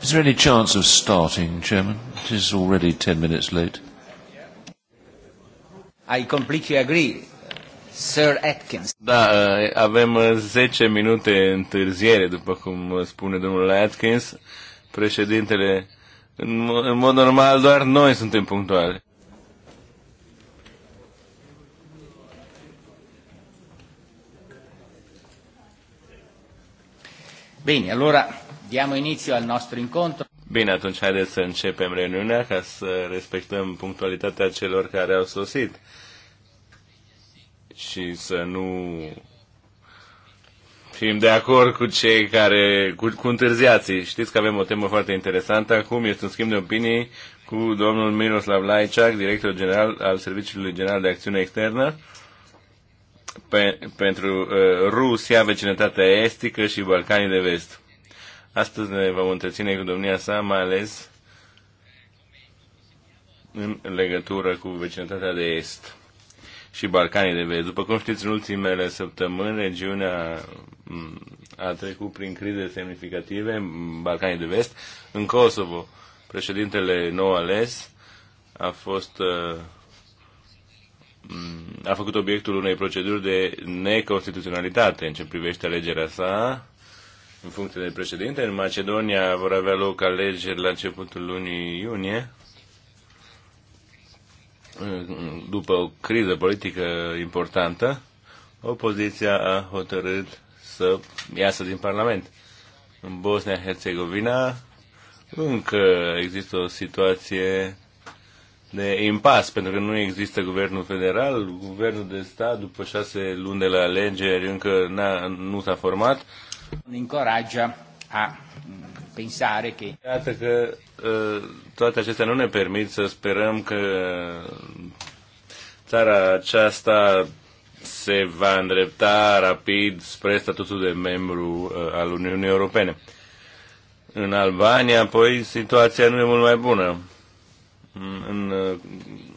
Is there any chance of starting, Chairman? It is already ten minutes late. I completely agree. Sir Atkins. Da, uh, avem 10 uh, minute întârziere, după cum uh, spune domnul Atkins. Președintele, în, în mod normal, doar noi suntem punctuali. Bine, allora Diamo inizio al nostro incontro. Bine, atunci haideți să începem reuniunea ca să respectăm punctualitatea celor care au sosit și să nu fim de acord cu cei care, cu, cu întârziații. Știți că avem o temă foarte interesantă acum, este un schimb de opinii cu domnul Miroslav Laiciac, director general al Serviciului General de Acțiune Externă pe, pentru uh, Rusia, vecinătatea estică și Balcanii de Vest. Astăzi ne vom întreține cu domnia sa, mai ales în legătură cu vecinătatea de est și Balcanii de vest. După cum știți, în ultimele săptămâni, regiunea a trecut prin crize semnificative în Balcanii de vest. În Kosovo, președintele nou ales a fost uh, a făcut obiectul unei proceduri de neconstituționalitate în ce privește alegerea sa în funcție de președinte. În Macedonia vor avea loc alegeri la începutul lunii iunie, după o criză politică importantă, opoziția a hotărât să iasă din Parlament. În Bosnia-Herzegovina încă există o situație de impas, pentru că nu există guvernul federal, guvernul de stat după șase luni de la alegeri încă nu s-a format Incoraggia a mm, pensare che... Iată că toate acestea nu ne permit să sperăm că țara aceasta se va îndrepta rapid spre statutul de membru al Uniunii Europene. În Albania, apoi, situația nu e mult mai bună. În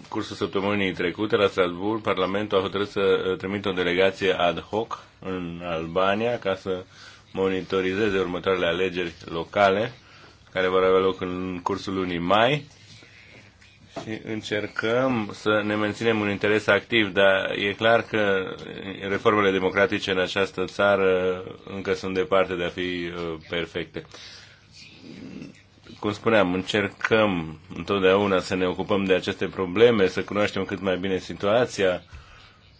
cursul săptămânii trecute la Strasbourg, Parlamentul a hotărât să trimită o delegație ad hoc în Albania ca să uh, monitorizeze următoarele alegeri locale, care vor avea loc în cursul lunii mai și încercăm să ne menținem un interes activ, dar e clar că reformele democratice în această țară încă sunt departe de a fi uh, perfecte. Cum spuneam, încercăm întotdeauna să ne ocupăm de aceste probleme, să cunoaștem cât mai bine situația,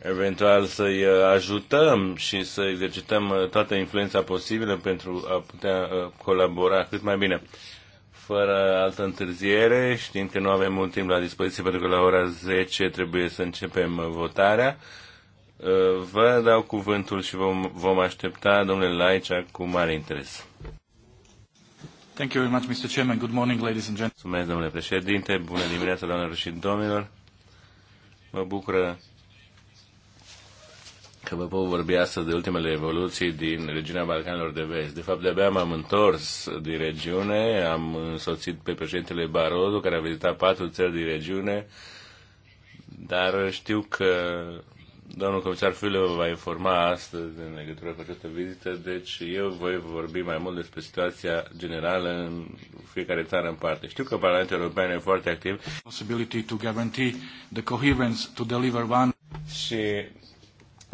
eventual să-i uh, ajutăm și să exercităm uh, toată influența posibilă pentru a putea uh, colabora cât mai bine. Fără altă întârziere, știind că nu avem mult timp la dispoziție pentru că la ora 10 trebuie să începem votarea, vă dau cuvântul și vom, vom aștepta domnule Laicea cu mare interes. Thank you very much, Mr. Chairman. Good morning, ladies and gentlemen. Mulțumesc, domnule președinte. Bună dimineața, doamnelor și domnilor. Mă bucură că vă pot vorbi astăzi de ultimele evoluții din regiunea Balcanilor de Vest. De fapt, de-abia m-am întors din regiune, am însoțit pe președintele Barroso, care a vizitat patru țări din regiune, dar știu că domnul comisar Fiule vă va informa astăzi în legătură cu această vizită, deci eu voi vorbi mai mult despre situația generală în fiecare țară în parte. Știu că Parlamentul European e foarte activ. Possibility to guarantee the coherence to deliver one. Și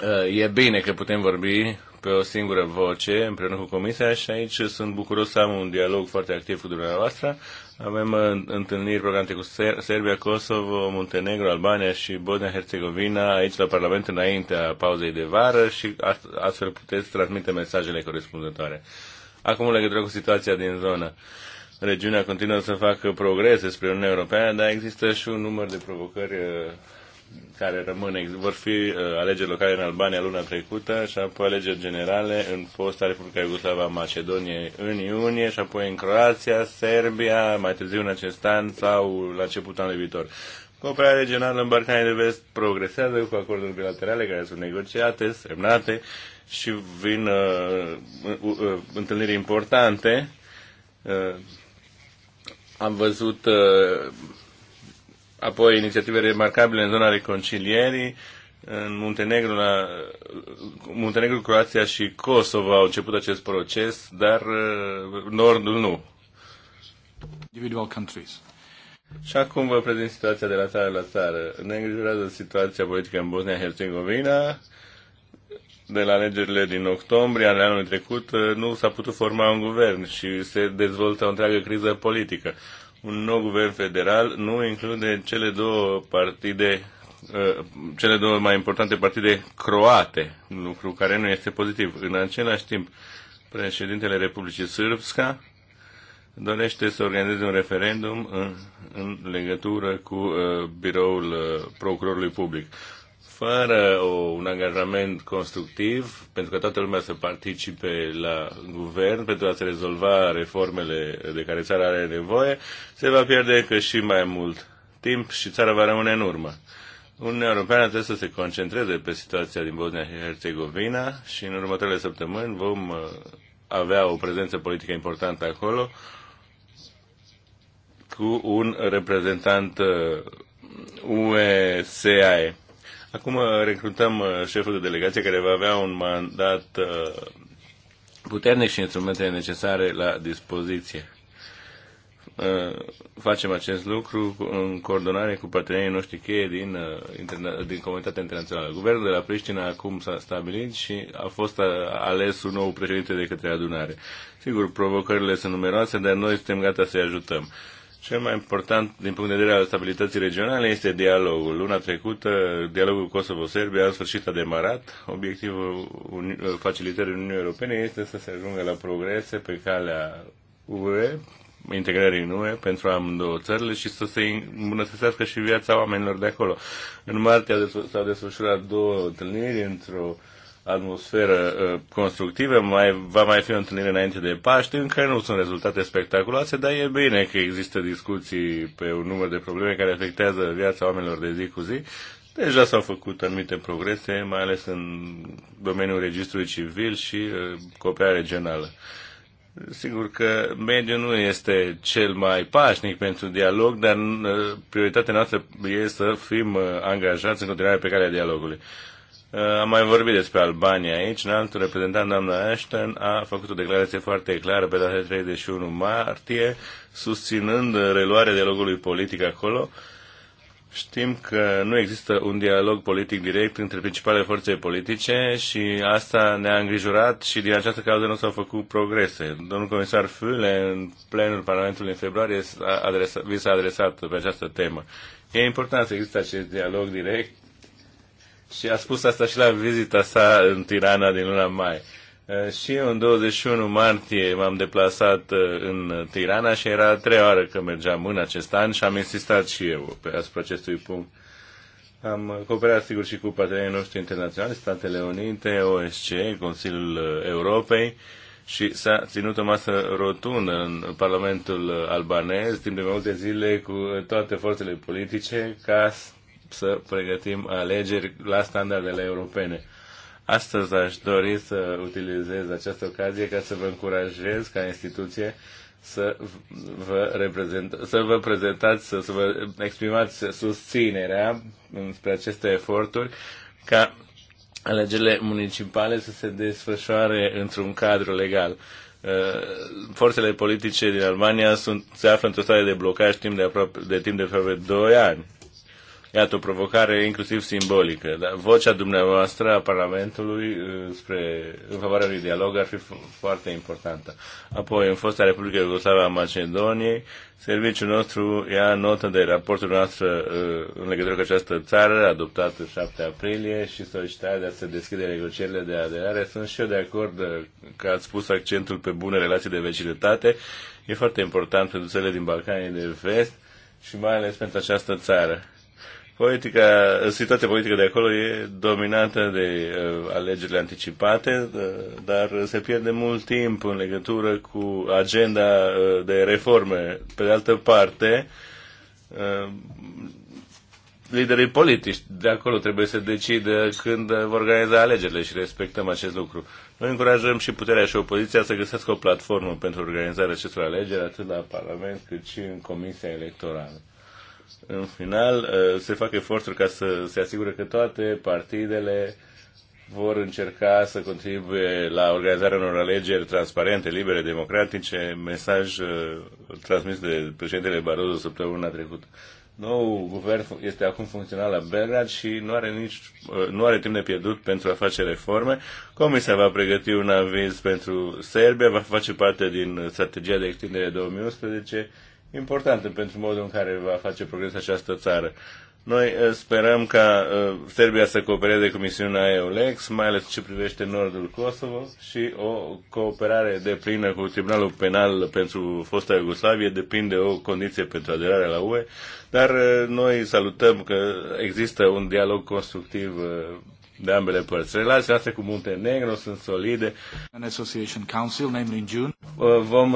Uh, e bine că putem vorbi pe o singură voce împreună cu Comisia și aici sunt bucuros să am un dialog foarte activ cu dumneavoastră. Avem uh, întâlniri programate cu Serbia, Kosovo, Muntenegro, Albania și Bosnia-Herzegovina aici la Parlament înaintea pauzei de vară și astfel puteți transmite mesajele corespunzătoare. Acum, legătură cu situația din zonă, regiunea continuă să facă progrese spre Uniunea Europeană, dar există și un număr de provocări uh, care rămâne, vor fi uh, alegeri locale în Albania luna trecută și apoi alegeri generale în fosta Republica Iugoslava Macedoniei în iunie și apoi în Croația, Serbia, mai târziu în acest an sau la începutul anului viitor. Cooperarea regională în Balcanii de Vest progresează cu acorduri bilaterale care sunt negociate, semnate și vin uh, uh, uh, întâlniri importante. Uh, am văzut uh, apoi inițiative remarcabile în zona reconcilierii, în Muntenegru, la Muntenegru, Croația și Kosovo au început acest proces, dar uh, Nordul nu. Individual countries. Și acum vă prezint situația de la țară la țară. Ne îngrijorează situația politică în Bosnia-Herzegovina. De la alegerile din octombrie ale anului trecut uh, nu s-a putut forma un guvern și se dezvoltă o întreagă criză politică un nou guvern federal nu include cele două partide uh, cele două mai importante partide croate, lucru care nu este pozitiv. În același timp, președintele Republicii Sârbska dorește să organizeze un referendum în, în legătură cu uh, biroul uh, procurorului public fără o, un angajament constructiv, pentru că toată lumea să participe la guvern, pentru a se rezolva reformele de care țara are nevoie, se va pierde că și mai mult timp și țara va rămâne în urmă. Uniunea Europeană trebuie să se concentreze pe situația din Bosnia și și în următoarele săptămâni vom uh, avea o prezență politică importantă acolo cu un reprezentant UE uh, Acum uh, recrutăm uh, șeful de delegație care va avea un mandat uh, puternic și instrumentele necesare la dispoziție. Facem acest lucru în coordonare cu partenerii noștri cheie din, din comunitatea internațională. Guvernul de la Priștina acum s-a stabilit și a fost ales un nou președinte de către adunare. Sigur, provocările sunt numeroase, dar noi suntem gata să-i ajutăm. Cel mai important din punct de vedere al stabilității regionale este dialogul. Luna trecută, dialogul Kosovo-Serbia a sfârșit a demarat. Obiectivul uni- facilitării Uniunii Europene este să se ajungă la progrese pe calea UE, integrării în UE pentru amândouă țările și să se îmbunătățească și viața oamenilor de acolo. În martie s-au desfășurat două întâlniri într-o uh, atmosferă uh, constructivă, mai, va mai fi o întâlnire înainte de Paște, încă nu sunt rezultate spectaculoase, dar e bine că există discuții pe un număr de probleme care afectează viața oamenilor de zi cu zi. Deja s-au făcut anumite progrese, mai ales în domeniul registrului civil și uh, copia regională. Sigur că mediul nu este cel mai pașnic pentru dialog, dar uh, prioritatea noastră e să fim angajați în continuare pe calea dialogului. Uh, am mai vorbit despre Albania aici. În altul reprezentant, doamna Ashton, a făcut o declarație foarte clară pe data 31 martie, susținând reluarea dialogului politic acolo. Știm că nu există un dialog politic direct între principalele forțe politice și asta ne-a îngrijorat și din această cauză nu s-au făcut progrese. Domnul comisar Füle, în plenul Parlamentului în februarie, vi s-a adresat pe această temă. E important să există acest dialog direct și a spus asta și la vizita sa în Tirana din luna mai. Și eu în 21 martie m-am deplasat în Tirana și era a treia oară că mergeam în acest an și am insistat și eu pe asupra acestui punct. Am cooperat sigur și cu partenerii noștri internaționali, Statele Unite, OSC, Consiliul Europei și s-a ținut o masă rotundă în Parlamentul albanez timp de multe zile cu toate forțele politice ca să pregătim alegeri la standardele europene. Astăzi aș dori să utilizez această ocazie ca să vă încurajez ca instituție să vă, reprezent, să vă prezentați, să, să vă exprimați susținerea spre aceste eforturi ca alegerile municipale să se desfășoare într-un cadru legal. Uh, forțele politice din Albania sunt, se află într-o stare de blocaj timp de, aproape, de timp de aproape 2 ani Iată o provocare inclusiv simbolică. Dar vocea dumneavoastră a Parlamentului uh, spre, în favoarea unui dialog ar fi foarte importantă. Apoi, în fosta Republică Iugoslavă a Macedoniei, serviciul nostru ia notă de raportul noastră uh, în legătură cu această țară, adoptată 7 aprilie, și solicitarea de a se deschide negocierile de aderare. Sunt și eu de acord uh, că ați pus accentul pe bune relații de vecinătate. E foarte important pentru țările din Balcanii de Vest și mai ales pentru această țară Politica, situația politică de acolo e dominată de uh, alegerile anticipate, uh, dar se pierde mult timp în legătură cu agenda uh, de reforme. Pe de altă parte, uh, liderii politici de acolo trebuie să decidă când uh, vor organiza alegerile și respectăm acest lucru. Noi încurajăm și puterea și opoziția să găsească o platformă pentru organizarea acestor alegeri, atât la Parlament cât și în Comisia Electorală în final, uh, se fac eforturi ca să se asigure că toate partidele vor încerca să contribuie la organizarea unor alegeri transparente, libere, democratice, mesaj uh, transmis de președintele Barroso săptămâna trecută. Noul guvern este acum funcțional la Belgrad și nu are, nici, uh, nu are timp de pierdut pentru a face reforme. Comisia va pregăti un aviz pentru Serbia, va face parte din strategia de extindere 2011 importantă pentru modul în care va face progres această țară. Noi eh, sperăm ca eh, Serbia să coopereze cu misiunea EULEX, mai ales ce privește nordul Kosovo și o cooperare de plină cu Tribunalul Penal pentru fosta Iugoslavie depinde o condiție pentru aderarea la UE, dar eh, noi salutăm că există un dialog constructiv de ambele părți. Relațiile astea cu Muntenegro sunt solide. An Association Council, namely in June. Vom,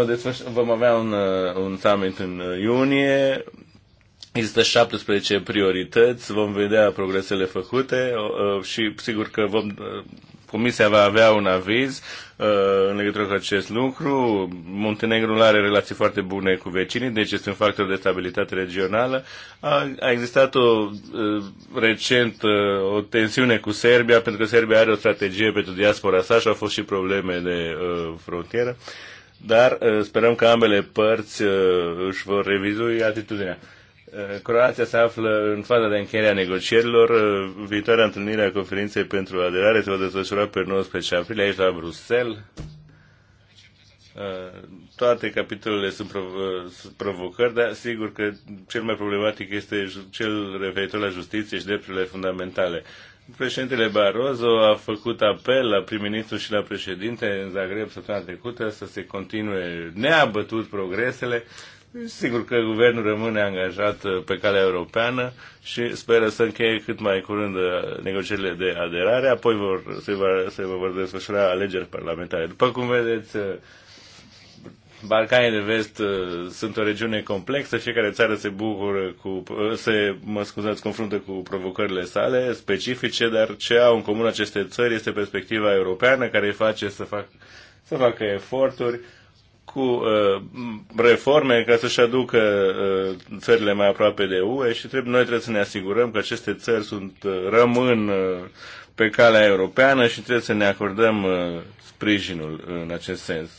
vom avea un, uh, un summit în uh, iunie. Există 17 priorități, vom vedea progresele făcute uh, și sigur că vom Comisia va avea un aviz uh, în legătură cu acest lucru. Muntenegru are relații foarte bune cu vecinii, deci este un factor de stabilitate regională. A, a existat o, uh, recent uh, o tensiune cu Serbia, pentru că Serbia are o strategie pentru diaspora sa și au fost și probleme de uh, frontieră, dar uh, sperăm că ambele părți uh, își vor revizui atitudinea. Eh, Croația se află în faza de încheiere a negocierilor. Eh, viitoarea întâlnire a conferinței pentru aderare se va desfășura pe 19 aprilie aici la Bruxelles. Eh, toate capitolele sunt, provocări, dar sigur că cel mai problematic este cel referitor la justiție și drepturile fundamentale. Președintele Barroso a făcut apel la prim-ministru și la președinte în Zagreb săptămâna trecută să se continue neabătut progresele Sigur că guvernul rămâne angajat uh, pe calea europeană și speră să încheie cât mai curând uh, negocierile de aderare, apoi vor, se, va, se vor desfășura alegeri parlamentare. După cum vedeți, uh, Balcanii de Vest sunt o regiune complexă, fiecare țară se bucură cu, se, mă scuzați, confruntă cu provocările sale specifice, dar ce au în comun aceste țări este perspectiva europeană care îi face să, fac, să facă eforturi cu uh, reforme ca să-și aducă uh, țările mai aproape de UE și trebuie, noi trebuie să ne asigurăm că aceste țări sunt, uh, rămân uh, pe calea europeană și trebuie să ne acordăm uh, sprijinul în acest sens.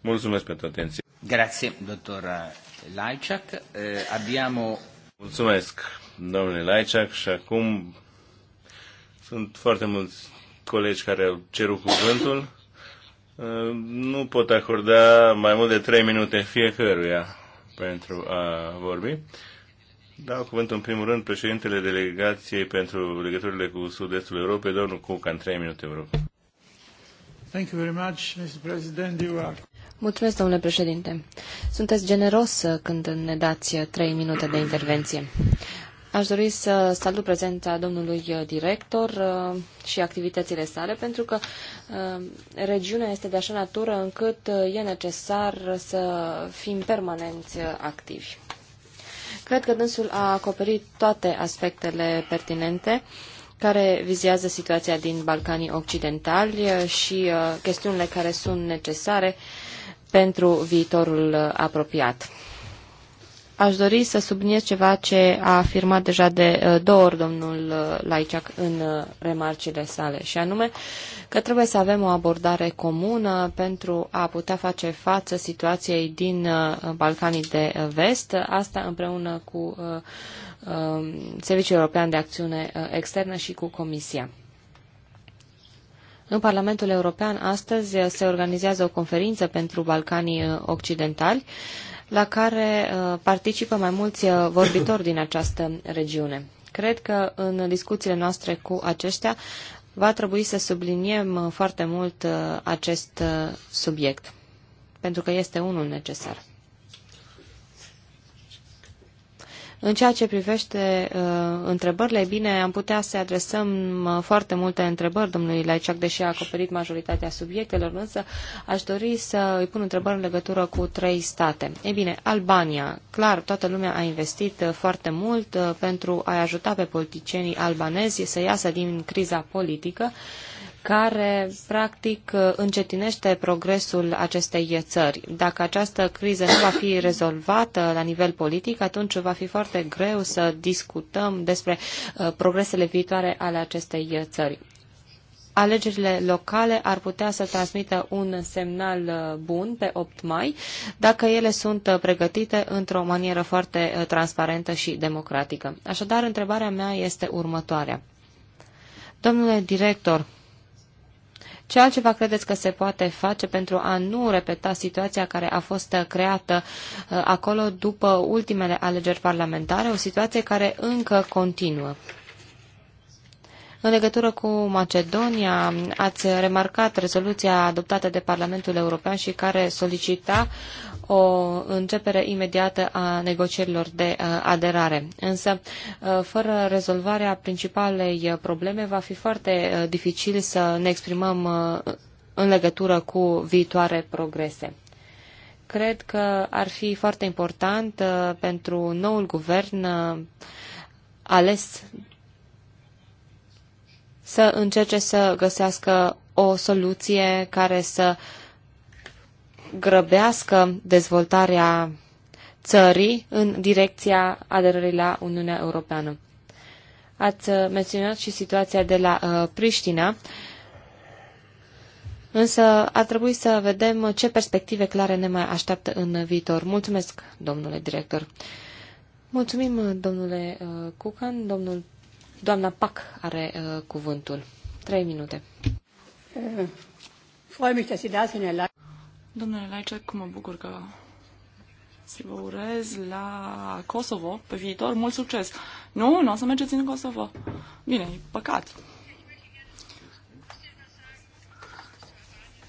Mulțumesc pentru atenție. Grazie, dottor Lajciak. Uh, abbiamo... Mulțumesc, domnule Lajciak, și acum sunt foarte mulți colegi care au cerut cuvântul. Nu pot acorda mai mult de 3 minute fiecăruia pentru a vorbi. Dau cuvântul în primul rând președintele delegației pentru legăturile cu sud-estul Europei, domnul Cuca, în 3 minute, vă rog. Thank you very much, Mr. President. You are... Mulțumesc, domnule președinte. Sunteți generos uh, când ne dați uh, trei minute de intervenție. Aș dori să salut prezența domnului uh, director uh, și activitățile sale, pentru că uh, regiunea este de așa natură încât e necesar să fim permanenți activi. Cred că dânsul a acoperit toate aspectele pertinente care vizează situația din Balcanii Occidentali și chestiunile care sunt necesare pentru viitorul apropiat. Aș dori să subliniez ceva ce a afirmat deja de uh, două ori domnul uh, Laiciac în uh, remarcile sale, și anume că trebuie să avem o abordare comună pentru a putea face față situației din Balcanii de Vest, asta împreună cu um, Serviciul European de Acțiune Externă și cu Comisia. În Parlamentul European astăzi se organizează o conferință pentru Balcanii Occidentali, la care uh, participă mai mulți uh, vorbitori din această regiune. Cred că în discuțiile noastre cu aceștia va trebui să subliniem uh, foarte mult acest subiect, pentru că este unul necesar. În ceea ce privește uh, întrebările, bine, am putea să adresăm uh, foarte multe întrebări domnului Laiceac, deși a acoperit majoritatea subiectelor, însă aș dori să îi pun întrebări în legătură cu trei state. Ei bine, Albania. Clar, toată lumea a investit uh, foarte mult uh, pentru a-i ajuta pe politicienii albanezi să iasă din criza politică. Uh, care practic încetinește progresul acestei țări. Dacă această criză nu va fi rezolvată la nivel politic, atunci va fi foarte greu să discutăm despre uh, progresele viitoare ale acestei țări. Alegerile locale ar putea să transmită un semnal uh, bun pe 8 mai, dacă ele sunt uh, pregătite într-o manieră foarte transparentă și democratică. Așadar, întrebarea mea este următoarea. Domnule director, ce altceva credeți că se poate face pentru a nu repeta situația care a fost creată uh, acolo după ultimele alegeri parlamentare, o situație care încă continuă? În legătură cu Macedonia, ați remarcat rezoluția adoptată de Parlamentul European și care solicita o începere imediată a negocierilor de uh, aderare. Însă, uh, fără rezolvarea principalei uh, probleme, va fi foarte dificil să ne exprimăm în legătură cu viitoare progrese cred că ar fi foarte important pentru noul guvern ales să încerce să găsească o soluție care să grăbească dezvoltarea țării în direcția aderării la Uniunea Europeană. Ați uh, menționat și situația de la uh, Priștina, însă ar trebui să vedem ce perspective clare ne mai așteaptă în viitor. Mulțumesc, domnule director. Mulțumim, uh, domnule Cucan. Domnul, doamna Pac are uh, cuvântul. Trei minute. Uh, Domnule Laicec, mă bucur că să vă urez la Kosovo pe viitor. Mult succes! Nu, nu o să mergeți în Kosovo. Bine, e păcat.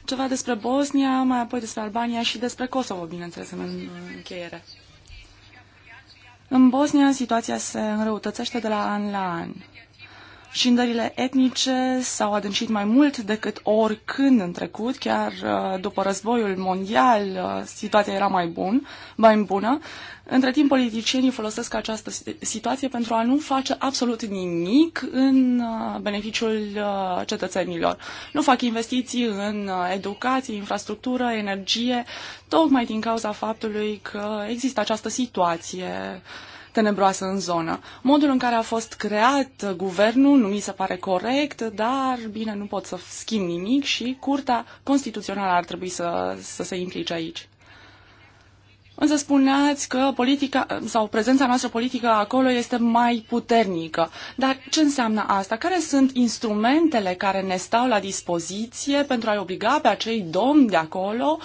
Ceva despre Bosnia, mai apoi despre Albania și despre Kosovo, bineînțeles, în încheiere. În Bosnia, situația se înrăutățește de la an la an. Scindările etnice s-au adâncit mai mult decât oricând în trecut, chiar uh, după războiul mondial uh, situația era mai, bun, mai bună. Între timp, politicienii folosesc această situație pentru a nu face absolut nimic în uh, beneficiul cetățenilor. Nu fac investiții în educație, infrastructură, energie, tocmai din cauza faptului că există această situație tenebroasă în zonă. Modul în care a fost creat guvernul nu mi se pare corect, dar bine, nu pot să schimb nimic și Curtea Constituțională ar trebui să, să se implice aici. Însă spuneați că politica sau prezența noastră politică acolo este mai puternică. Dar ce înseamnă asta? Care sunt instrumentele care ne stau la dispoziție pentru a-i obliga pe acei domni de acolo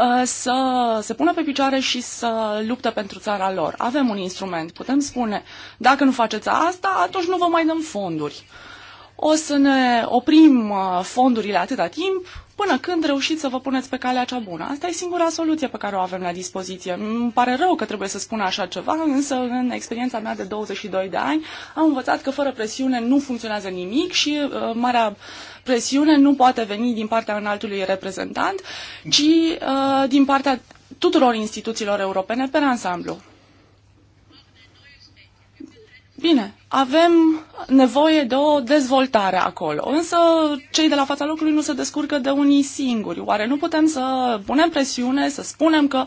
Uh, să se pună pe picioare și să lupte pentru țara lor. Avem un instrument, putem spune, dacă nu faceți asta, atunci nu vă mai dăm fonduri. O să ne oprim uh, fondurile atâta timp până când reușiți să vă puneți pe calea cea bună. Asta e singura soluție pe care o avem la dispoziție. Îmi pare rău că trebuie să spun așa ceva, însă în experiența mea de 22 de ani am învățat că fără presiune nu funcționează nimic și uh, marea presiune nu poate veni din partea înaltului reprezentant, ci uh, din partea tuturor instituțiilor europene pe ansamblu. Bine, avem nevoie de o dezvoltare acolo, însă cei de la fața locului nu se descurcă de unii singuri. Oare nu putem să punem presiune, să spunem că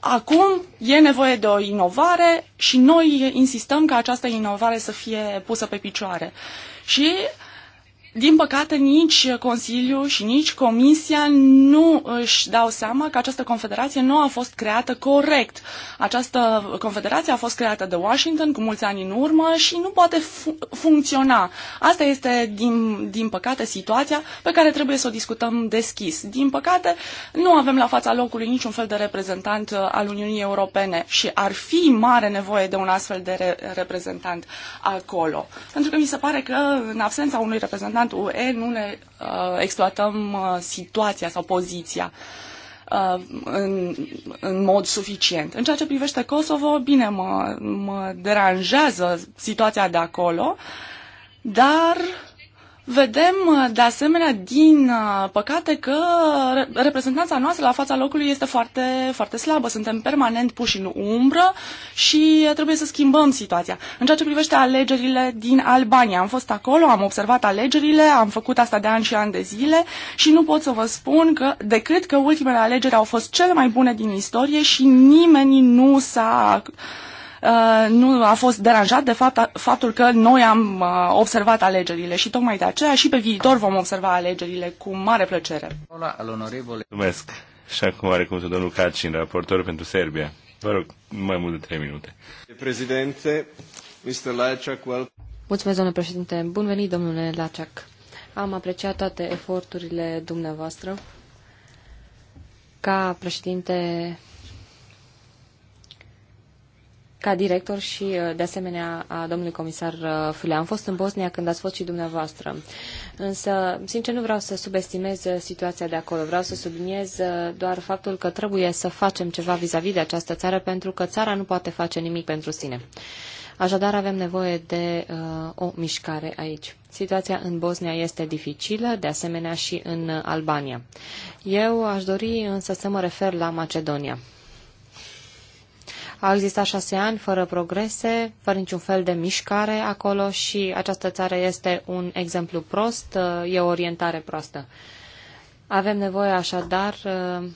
acum e nevoie de o inovare și noi insistăm ca această inovare să fie pusă pe picioare. Și uh, din păcate, nici Consiliul și nici Comisia nu își dau seama că această confederație nu a fost creată corect. Această confederație a fost creată de Washington cu mulți ani în urmă și nu poate fu- funcționa. Asta este, din, din păcate, situația pe care trebuie să o discutăm deschis. Din păcate, nu avem la fața locului niciun fel de reprezentant uh, al Uniunii Europene și ar fi mare nevoie de un astfel de re- reprezentant acolo. Pentru că mi se pare că, în absența unui reprezentant, reprezentant UE nu ne uh, exploatăm uh, situația sau poziția uh, în, în mod suficient. În ceea ce privește Kosovo, bine, mă, mă deranjează situația de acolo, dar uh, Vedem, uh, de asemenea, din uh, păcate că reprezentanța noastră la fața locului este foarte, foarte slabă. Suntem permanent puși în umbră și trebuie să schimbăm situația. În ceea ce privește alegerile din Albania, am fost acolo, am observat alegerile, am făcut asta de ani și ani de zile și nu pot să vă spun că, decât că ultimele alegeri au fost cele mai bune din istorie și nimeni nu s-a Uh, nu a fost deranjat de fapt, faptul că noi am uh, observat alegerile și tocmai de aceea și pe viitor vom observa alegerile cu mare plăcere. Mulțumesc. Și acum are să domnul Cacin, raportor pentru Serbia. Vă rog, mai mult de 3 minute. Președinte, Mr. Lajcak, well... Mulțumesc, domnule președinte. Bun venit, domnule Lajcak. Am apreciat toate eforturile dumneavoastră ca președinte ca director și, uh, de asemenea, a domnului comisar uh, Fulea. Am fost în Bosnia când ați fost și dumneavoastră. Însă, sincer, nu vreau să subestimez uh, situația de acolo. Vreau să subliniez doar faptul că trebuie să facem ceva vis-a-vis -vis de această țară, pentru că țara nu poate face nimic pentru sine. Așadar, avem nevoie de uh, o mișcare aici. Situația în Bosnia este dificilă, de asemenea și în Albania. Eu aș dori însă să mă refer la Macedonia. Au existat șase ani fără progrese, fără niciun fel de mișcare acolo și această țară este un exemplu prost, uh, e o orientare proastă. Avem nevoie așadar uh,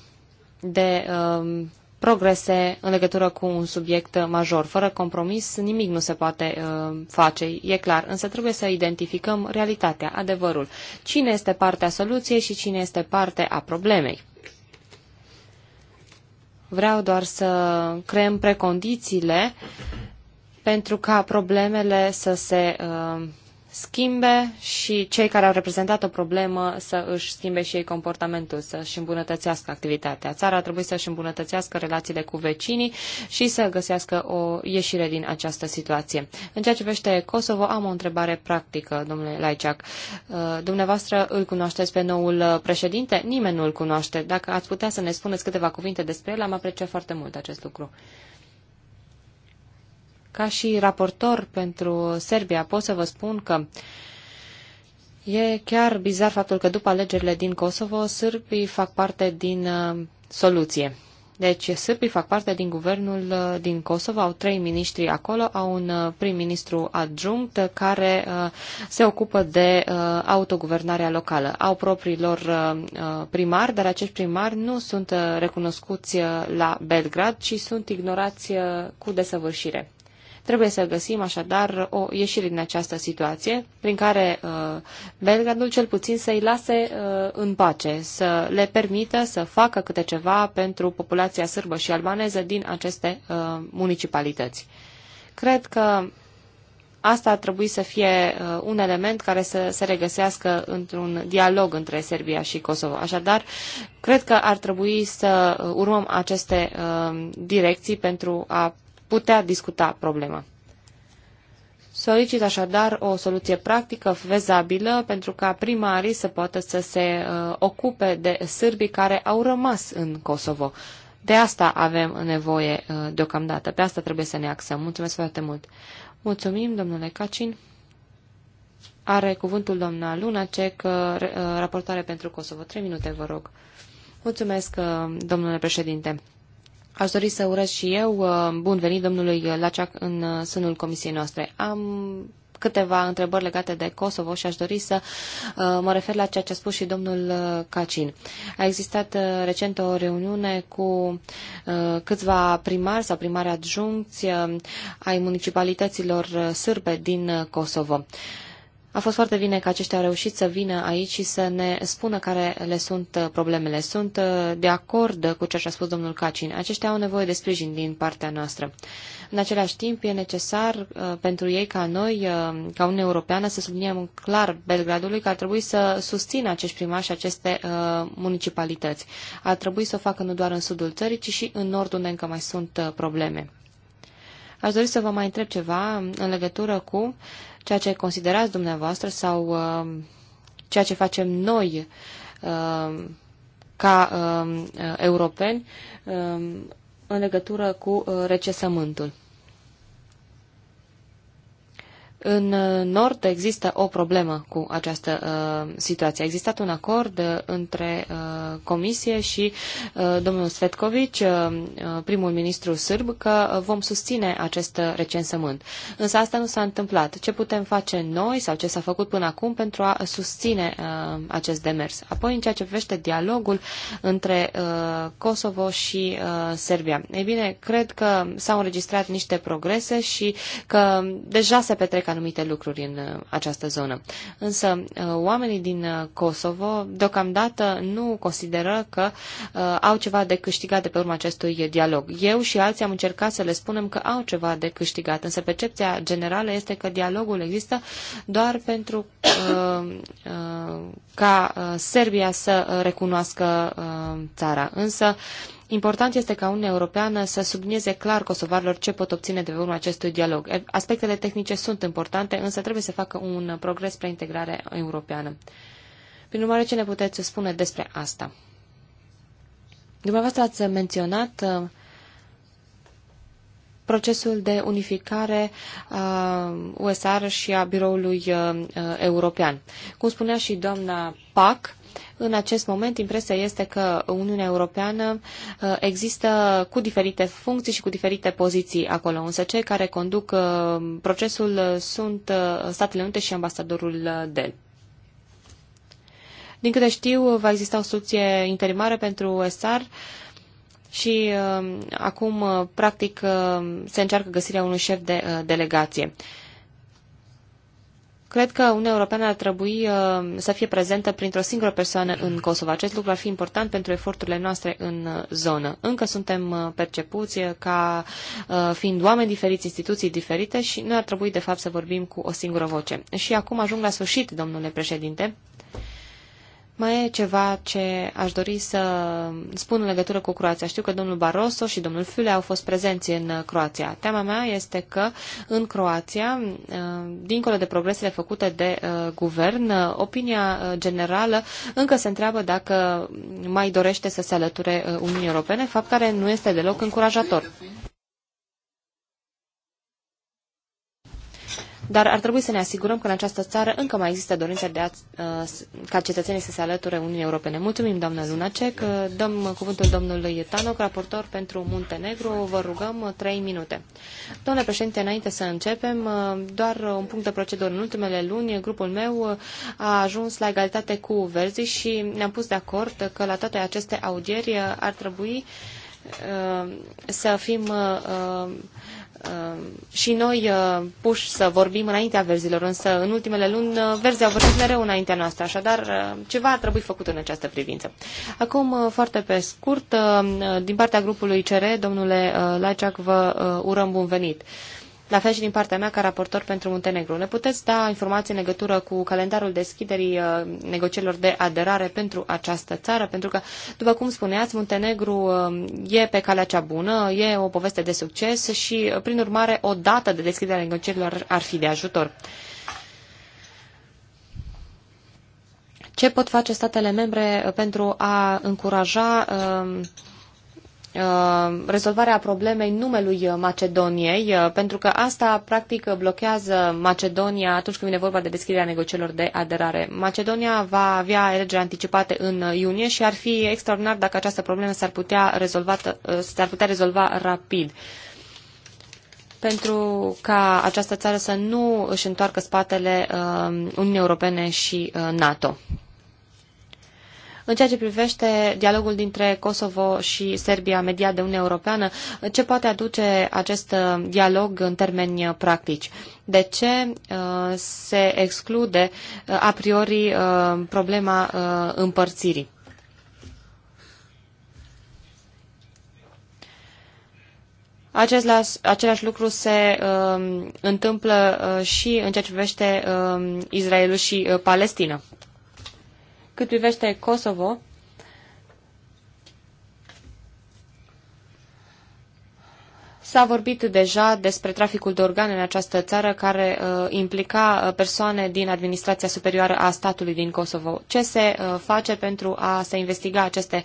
de um, progrese în legătură cu un subiect major. Fără compromis nimic nu se poate uh, face, e clar, însă trebuie să identificăm realitatea, adevărul. Cine este partea soluției și cine este parte a problemei. Vreau doar să creăm precondițiile pentru ca problemele să se uh, schimbe și cei care au reprezentat o problemă să își schimbe și ei comportamentul, să își îmbunătățească activitatea. Țara ar trebui să își îmbunătățească relațiile cu vecinii și să găsească o ieșire din această situație. În ceea ce vește Kosovo, am o întrebare practică, domnule Laiceac. Uh, dumneavoastră îl cunoașteți pe noul președinte? Nimeni nu îl cunoaște. Dacă ați putea să ne spuneți câteva cuvinte despre el, am apreciat foarte mult acest lucru. Ca și raportor pentru Serbia, pot să vă spun că e chiar bizar faptul că după alegerile din Kosovo, sârbii fac parte din uh, soluție. Deci sârbii fac parte din guvernul uh, din Kosovo, au trei miniștri acolo, au un uh, prim-ministru adjunct care se ocupă de autoguvernarea locală. Au propriilor primari, dar acești primari nu sunt recunoscuți la Belgrad, ci sunt ignorați cu desăvârșire. Trebuie să găsim așadar o ieșire din această situație prin care uh, Belgradul cel puțin să-i lase uh, în pace, să le permită să facă câte ceva pentru populația sârbă și albaneză din aceste uh, municipalități. Cred că asta ar trebui să fie uh, un element care să se regăsească într-un dialog între Serbia și Kosovo. Așadar, cred că ar trebui să uh, urmăm aceste uh, direcții pentru a putea discuta problema. Solicit așadar o soluție practică, fezabilă, pentru ca primarii să poată să se uh, ocupe de sârbii care au rămas în Kosovo. De asta avem nevoie uh, deocamdată, pe asta trebuie să ne axăm. Mulțumesc foarte mult! Mulțumim, domnule Cacin! Are cuvântul doamna Lunacek, uh, uh raportare pentru Kosovo. Trei minute, vă rog. Mulțumesc, uh, domnule președinte! Aș dori să urez și eu uh, bun venit domnului Laciac în uh, sânul comisiei noastre. Am câteva întrebări legate de Kosovo și aș dori să uh, mă refer la ceea ce a spus și domnul Cacin. A existat recent o reuniune cu câțiva primari sau primari adjuncți ai municipalităților sârbe din Kosovo. A fost foarte bine că aceștia au reușit să vină aici și să ne spună care le sunt uh, problemele. Sunt uh, de acord cu ceea ce a spus domnul Cacin. Aceștia au nevoie de sprijin din partea noastră. În același timp, e necesar uh, pentru ei ca noi, ca Uniunea Europeană, să subliniem clar Belgradului că ar trebui să susțină acești primari și aceste municipalități. Ar trebui să o facă nu doar în sudul țării, ci și în nord unde încă mai sunt probleme. Aș dori să vă mai întreb ceva în legătură cu ceea ce considerați dumneavoastră sau uh, ceea ce facem noi uh, ca uh, europeni în legătură cu recesământul. În uh, Nord există o problemă cu această uh, situație. A existat un acord uh, între uh, Comisie și uh, domnul Svetkovic, uh, uh primul ministru sârb, că uh, vom susține acest recensământ. Însă asta nu s-a întâmplat. Ce putem face noi sau ce s-a făcut până acum pentru a susține uh, acest demers? Apoi, în ceea ce privește dialogul între uh, Kosovo și uh, Serbia. Ei bine, cred că s-au înregistrat niște progrese și că deja se petrec anumite lucruri în uh, această zonă. Însă, uh, oamenii din uh, Kosovo deocamdată nu consideră că au ceva de câștigat de pe urma acestui dialog. Eu și alții am încercat să le spunem că au ceva de câștigat, însă percepția generală este că dialogul există doar pentru ca Serbia să recunoască țara. Însă, Important este ca Uniunea Europeană să sublinieze clar kosovarilor ce pot obține de pe urma acestui dialog. Aspectele tehnice sunt importante, însă trebuie să facă un progres spre integrare europeană. Prin urmare, ce ne puteți spune despre asta? Dumneavoastră ați menționat uh, procesul de unificare a USR și a biroului uh, european. Cum spunea și doamna PAC, în acest moment, impresia este că Uniunea Europeană uh, există cu diferite funcții și cu diferite poziții acolo, însă cei care conduc uh, procesul sunt uh, Statele Unite și ambasadorul Del. Din câte știu, va exista o soluție interimară pentru SAR și acum, practic, se încearcă găsirea unui șef de delegație. Cred că Uniunea Europeană ar trebui uh, să fie prezentă printr-o singură persoană în Kosovo. Acest lucru ar fi important pentru eforturile noastre în uh, zonă. Încă suntem uh, percepuți ca fiind oameni diferiți, instituții diferite și noi ar trebui, de fapt, să vorbim cu o singură voce. Și acum ajung la sfârșit, domnule președinte. Mai e ceva ce aș dori să spun în legătură cu Croația. Știu că domnul Barroso și domnul Fiule au fost prezenți în uh, Croația. Teama mea este că în Croația, uh, dincolo de progresele făcute de uh, guvern, opinia generală încă se întreabă dacă mai dorește să se alăture Uniunii Europene, fapt care nu este deloc încurajator. dar ar trebui să ne asigurăm că în această țară încă mai există dorința de a, uh, ca cetățenii să se alăture Uniunii Europene. Mulțumim, doamnă Lunacek. Dăm cuvântul domnului Tanoc, raportor pentru Muntenegru. Vă rugăm uh, trei minute. Domnule președinte, înainte să începem, uh, doar un punct de procedură. În ultimele luni, grupul meu a ajuns la egalitate cu Verzi și ne-am pus de acord că la toate aceste audieri ar trebui să fim Ehm, și noi eh, puși să vorbim înaintea verzilor, însă în ultimele luni eh, verzii au vorbit mereu înaintea noastră, așadar eh, ceva ar trebui făcut în această privință. Acum, foarte pe scurt, din partea grupului CR, domnule Laceac, vă urăm bun venit la fel și din partea mea ca raportor pentru Muntenegru. Ne puteți da informații în legătură cu calendarul deschiderii uh, negocierilor de aderare pentru această țară, pentru că, după cum spuneați, Muntenegru uh, e pe calea cea bună, e o poveste de succes și, uh, prin urmare, o dată de deschidere a negocierilor ar fi de ajutor. Ce pot face statele membre pentru a încuraja uh, Uh, rezolvarea problemei numelui Macedoniei, uh, pentru că asta practic blochează Macedonia atunci când vine vorba de deschiderea negocierilor de aderare. Macedonia va avea elegeri anticipate în iunie și ar fi extraordinar dacă această problemă s-ar putea, rezolvată, uh, s-ar putea rezolva rapid pentru ca această țară să nu își întoarcă spatele Uniunii Europene și NATO. În ceea ce privește dialogul dintre Kosovo și Serbia mediat de Uniunea Europeană, ce poate aduce acest uh, dialog în termeni uh, practici? De ce uh, se exclude a priori problema împărțirii? Acest la, același lucru se uh, întâmplă uh, și în ceea ce privește uh, Israelul și uh, Palestina. Cât privește Kosovo, S-a vorbit deja despre traficul de organe în această țară care uh, implica uh, persoane din administrația superioară a statului din Kosovo. Ce se uh, face pentru a se investiga aceste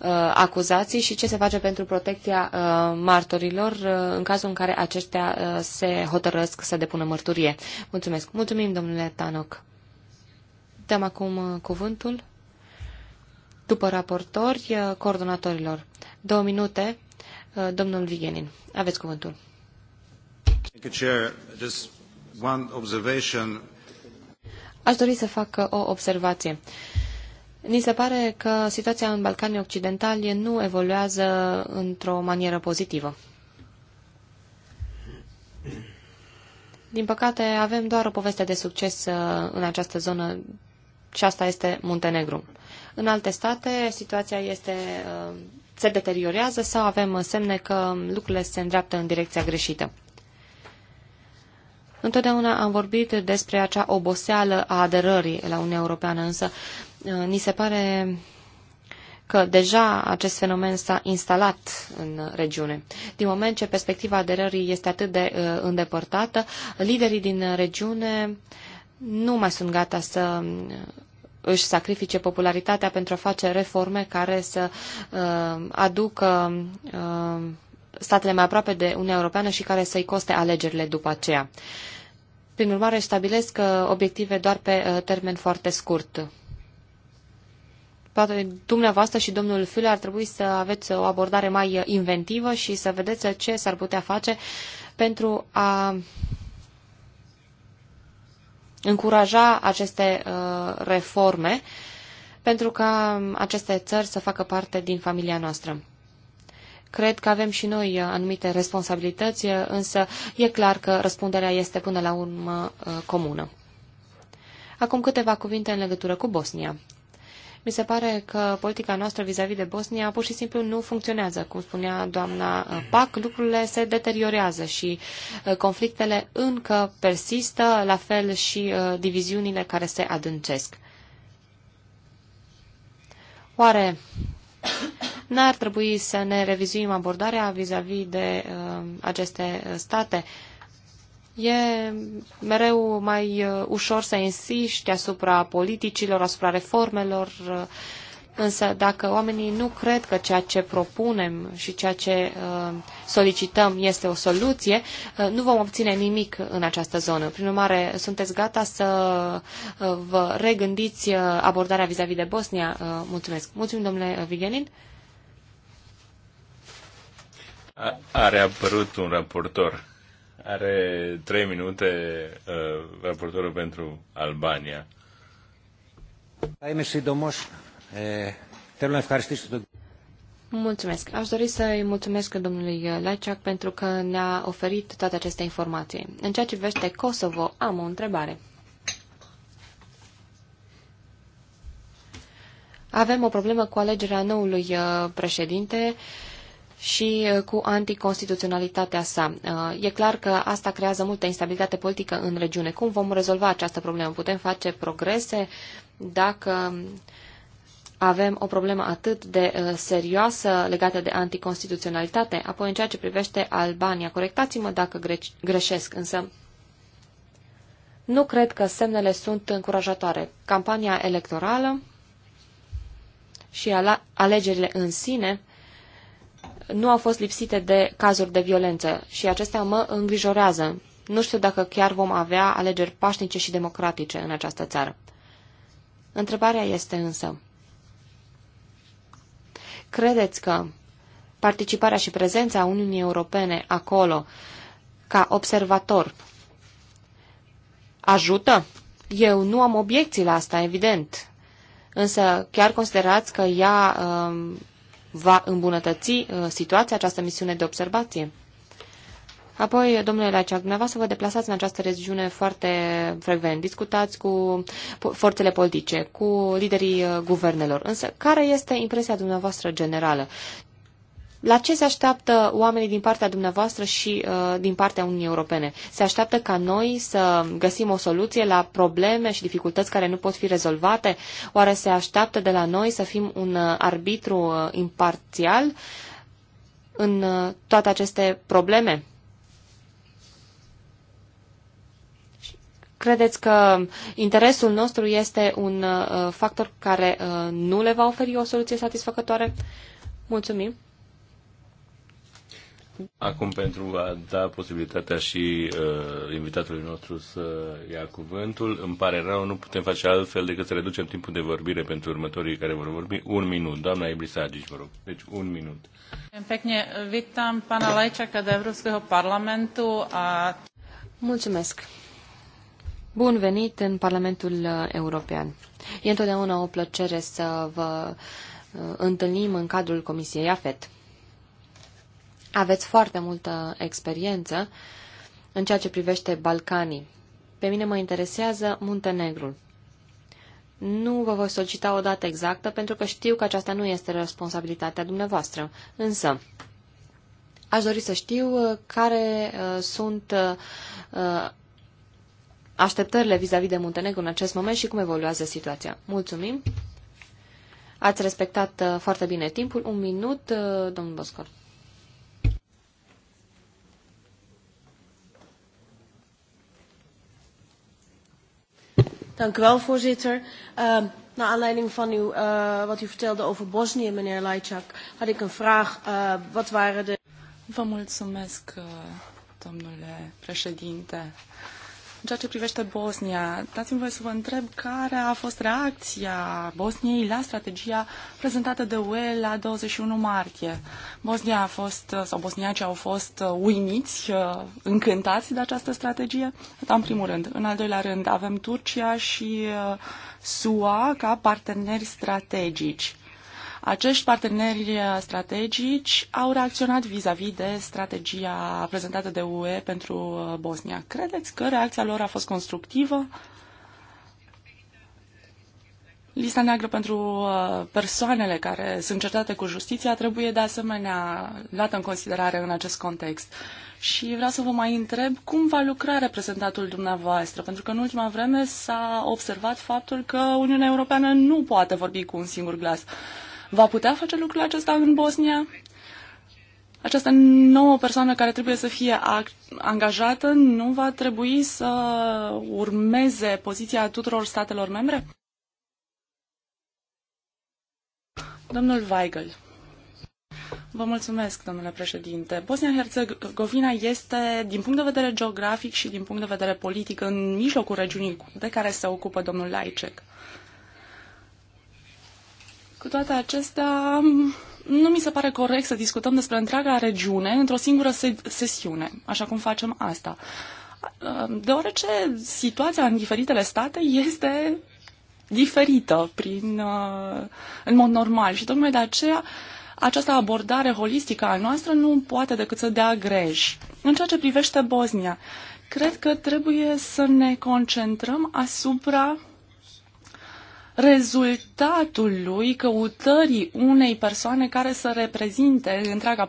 uh, acuzații și ce se face pentru protecția uh, martorilor uh, în cazul în care aceștia uh, se hotărăsc să depună mărturie? Mulțumesc. Mulțumim, domnule Tanoc. Dăm acum uh, cuvântul, după raportori, uh, coordonatorilor. Două minute, uh, domnul Vigenin. Aveți cuvântul. Aș dori să fac o observație. Ni se pare că situația în Balcanii Occidentali nu evoluează într-o manieră pozitivă. Din păcate, avem doar o poveste de succes în această zonă și asta este Muntenegru. În alte state, situația este, uh, se deteriorează sau avem semne că lucrurile se îndreaptă în direcția greșită. Întotdeauna am vorbit despre acea oboseală a aderării la Uniunea Europeană, însă uh, ni se pare că deja acest fenomen s-a instalat în regiune. Din moment ce perspectiva aderării este atât de uh, îndepărtată, liderii din regiune uh, nu mai sunt gata să uh, își sacrifice popularitatea pentru a face reforme care să uh, aducă uh, statele mai aproape de Uniunea Europeană și care să-i coste alegerile după aceea. Prin urmare, stabilesc uh, obiective doar pe uh, termen foarte scurt. Poate dumneavoastră și domnul Fiule ar trebui să aveți o abordare mai uh, inventivă și să vedeți ce s-ar putea face pentru a încuraja aceste uh, reforme pentru ca aceste țări să facă parte din familia noastră. Cred că avem și noi uh, anumite responsabilități, uh, însă e clar că răspunderea este până la urmă comună. Acum câteva cuvinte în legătură cu Bosnia. Mi se pare că politica noastră vis-a-vis -vis de Bosnia pur și simplu nu funcționează. Cum spunea doamna Pac, lucrurile se deteriorează și uh, conflictele încă persistă, la fel și uh, diviziunile care se adâncesc. Oare n-ar trebui să ne revizuim abordarea vis-a-vis -vis de uh, aceste state? Uh, E mereu mai uh, ușor să insiști asupra politicilor, asupra reformelor, uh, însă dacă oamenii nu cred că ceea ce propunem și ceea ce uh, solicităm este o soluție, nu vom obține nimic în această zonă. Prin urmare, sunteți gata să vă regândiți abordarea vis-a-vis -vis de Bosnia? Mulțumesc. Mulțumim, domnule Vigenin. Are apărut un raportor are trei minute uh, raportorul pentru Albania. Mulțumesc. Aș dori să-i mulțumesc domnului Laiciac pentru că ne-a oferit toate aceste informații. În ceea ce privește Kosovo, am o întrebare. Avem o problemă cu alegerea noului uh, președinte. Uh, și uh, cu anticonstituționalitatea sa. Uh, e clar că asta creează multă instabilitate politică în regiune. Cum vom rezolva această problemă? Putem face progrese dacă avem o problemă atât de uh, serioasă legată de anticonstituționalitate? Apoi, în ceea ce privește Albania, corectați-mă dacă greșesc, însă nu cred că semnele sunt încurajatoare. Campania electorală și alegerile în sine nu au fost lipsite de cazuri de violență și acestea mă îngrijorează. Nu știu dacă chiar vom avea alegeri pașnice și democratice în această țară. Întrebarea este însă, credeți că participarea și prezența Uniunii Europene acolo ca observator ajută? Eu nu am obiecții la asta, evident. Însă chiar considerați că ea um, va îmbunătăți uh, situația această misiune de observație? Apoi, domnule Laceac, dumneavoastră vă deplasați în această regiune foarte frecvent, discutați cu forțele politice, cu liderii uh, guvernelor, însă care este impresia dumneavoastră generală? La ce se așteaptă oamenii din partea dumneavoastră și uh, din partea Uniunii Europene? Se așteaptă ca noi să găsim o soluție la probleme și dificultăți care nu pot fi rezolvate? Oare se așteaptă de la noi să fim un uh, arbitru uh, imparțial în uh, toate aceste probleme? Credeți că interesul nostru este un uh, factor care uh, nu le va oferi o soluție satisfăcătoare? Mulțumim! Acum, pentru a da posibilitatea și uh, invitatului nostru să ia cuvântul, îmi pare rău, nu putem face altfel decât să reducem timpul de vorbire pentru următorii care vor vorbi. Un minut. Doamna Ibrisagici, vă rog. Deci, un minut. Pekne, vitam pana Lajčaka de Evropského parlamentu a... Mulțumesc. Bun venit în Parlamentul European. E întotdeauna o plăcere să vă uh, întâlnim în cadrul Comisiei AFET. Aveți foarte multă experiență în ceea ce privește Balcanii. Pe mine mă interesează Muntenegrul. Nu vă voi solicita o dată exactă, pentru că știu că aceasta nu este responsabilitatea dumneavoastră. Însă, aș dori să știu uh, care uh, sunt uh, așteptările vis-a-vis -vis de Muntenegru în acest moment și cum evoluează situația. Mulțumim! Ați respectat foarte bine timpul. Un minut, domnul Boscor. Dank u wel, voorzitter. Uh, naar aanleiding van uw, uh, wat u vertelde over Bosnië, meneer Lajčak, had ik een vraag. Uh, wat waren de... Vă mulțumesc, eh, domnule președinte. Uh, în ceea ce privește Bosnia, dați-mi voie să vă întreb care a fost reacția Bosniei la strategia prezentată de UE la 21 martie. Bosnia a fost, sau bosniacii au fost uimiți, încântați de această strategie? Da, în primul rând. În al doilea rând, avem Turcia și uh, SUA ca parteneri strategici. Acești parteneri strategici au reacționat vis-a-vis -vis de strategia prezentată de UE pentru uh, Bosnia. Credeți că reacția lor a fost constructivă? Lista neagră pentru uh, persoanele care sunt certate cu justiția trebuie de asemenea luată în considerare în acest context. Și vreau să vă mai întreb cum va lucra reprezentatul dumneavoastră, pentru că în ultima vreme s-a observat faptul că Uniunea Europeană nu poate vorbi cu un singur glas va putea face lucrul acesta în Bosnia? Această nouă persoană care trebuie să fie angajată nu va trebui să urmeze poziția tuturor statelor membre? Domnul Weigel. Vă mulțumesc, domnule președinte. Bosnia-Herzegovina este, din punct de vedere geografic și din punct de vedere politic, în mijlocul regiunii de care se ocupă domnul Laicek. Cu toate acestea, nu mi se pare corect să discutăm despre întreaga regiune într-o singură se- sesiune, așa cum facem asta. Deoarece situația în diferitele state este diferită prin, uh, în mod normal și tocmai de aceea această abordare holistică a noastră nu poate decât să dea greș. În ceea ce privește Bosnia, cred că trebuie să ne concentrăm asupra rezultatul lui căutării unei persoane care să reprezinte întreaga,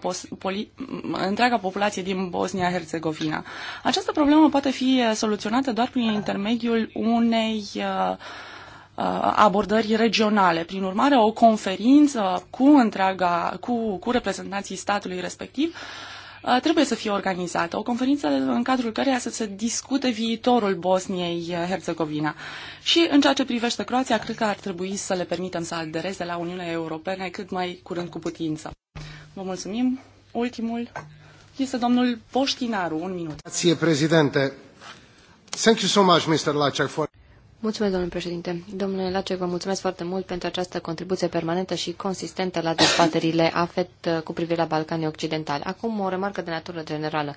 întreaga populație din Bosnia-Herzegovina. Această problemă poate fi uh, soluționată doar prin intermediul unei uh, uh, abordări regionale. Prin urmare, o conferință cu întreaga, cu, cu reprezentanții statului respectiv uh, Uh, trebuie să fie organizată, o conferință în cadrul căreia să se discute viitorul Bosniei uh, Herzegovina. Și în ceea ce privește Croația, cred că ar trebui să le permitem să adereze la Uniunea Europene cât mai curând cu putință. Vă mulțumim. Ultimul este domnul Poștinaru. Un minut. Grazie, președinte. Thank you so much, Mr. Lacek, for... Mulțumesc, domnule președinte. Domnule Lace, vă mulțumesc foarte mult pentru această contribuție permanentă și consistentă la dezbaterile AFET uh, cu privire la Balcanii Occidentali. Acum o remarcă de natură generală.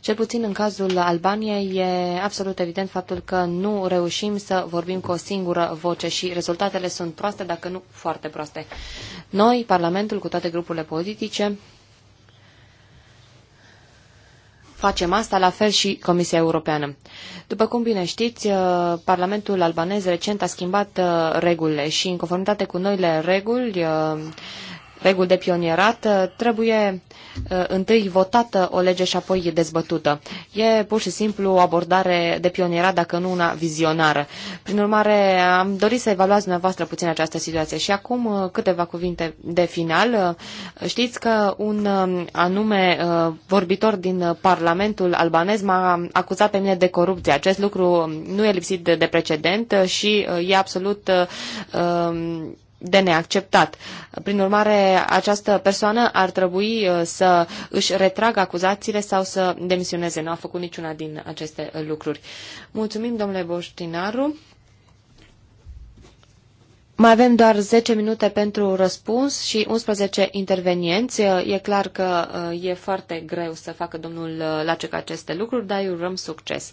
Cel puțin în cazul Albaniei e absolut evident faptul că nu reușim să vorbim cu o singură voce și rezultatele sunt proaste, dacă nu foarte proaste. Noi, Parlamentul, cu toate grupurile politice, Facem asta la fel și Comisia Europeană. După cum bine știți, uh, Parlamentul albanez recent a schimbat uh, regulile și în conformitate cu noile reguli, uh, Regul de pionierat, uh, trebuie uh, întâi votată o lege și apoi dezbătută. E pur și simplu o abordare de pionierat, dacă nu una vizionară. Prin urmare, am dorit să evaluați dumneavoastră puțin această situație. Și acum uh, câteva cuvinte de final. Știți că un um, anume vorbitor din Parlamentul albanez m-a acuzat pe mine de corupție. Acest lucru um, nu e lipsit de precedent și e absolut um, de neacceptat. Prin urmare, această persoană ar trebui uh, să își retragă acuzațiile sau să demisioneze. Nu a făcut niciuna din aceste lucruri. Mulțumim, domnule Boștinaru. Mai avem doar 10 minute pentru răspuns și 11 intervenienți. E clar că uh, e foarte greu să facă domnul uh, Lacec aceste lucruri, dar eu urăm succes.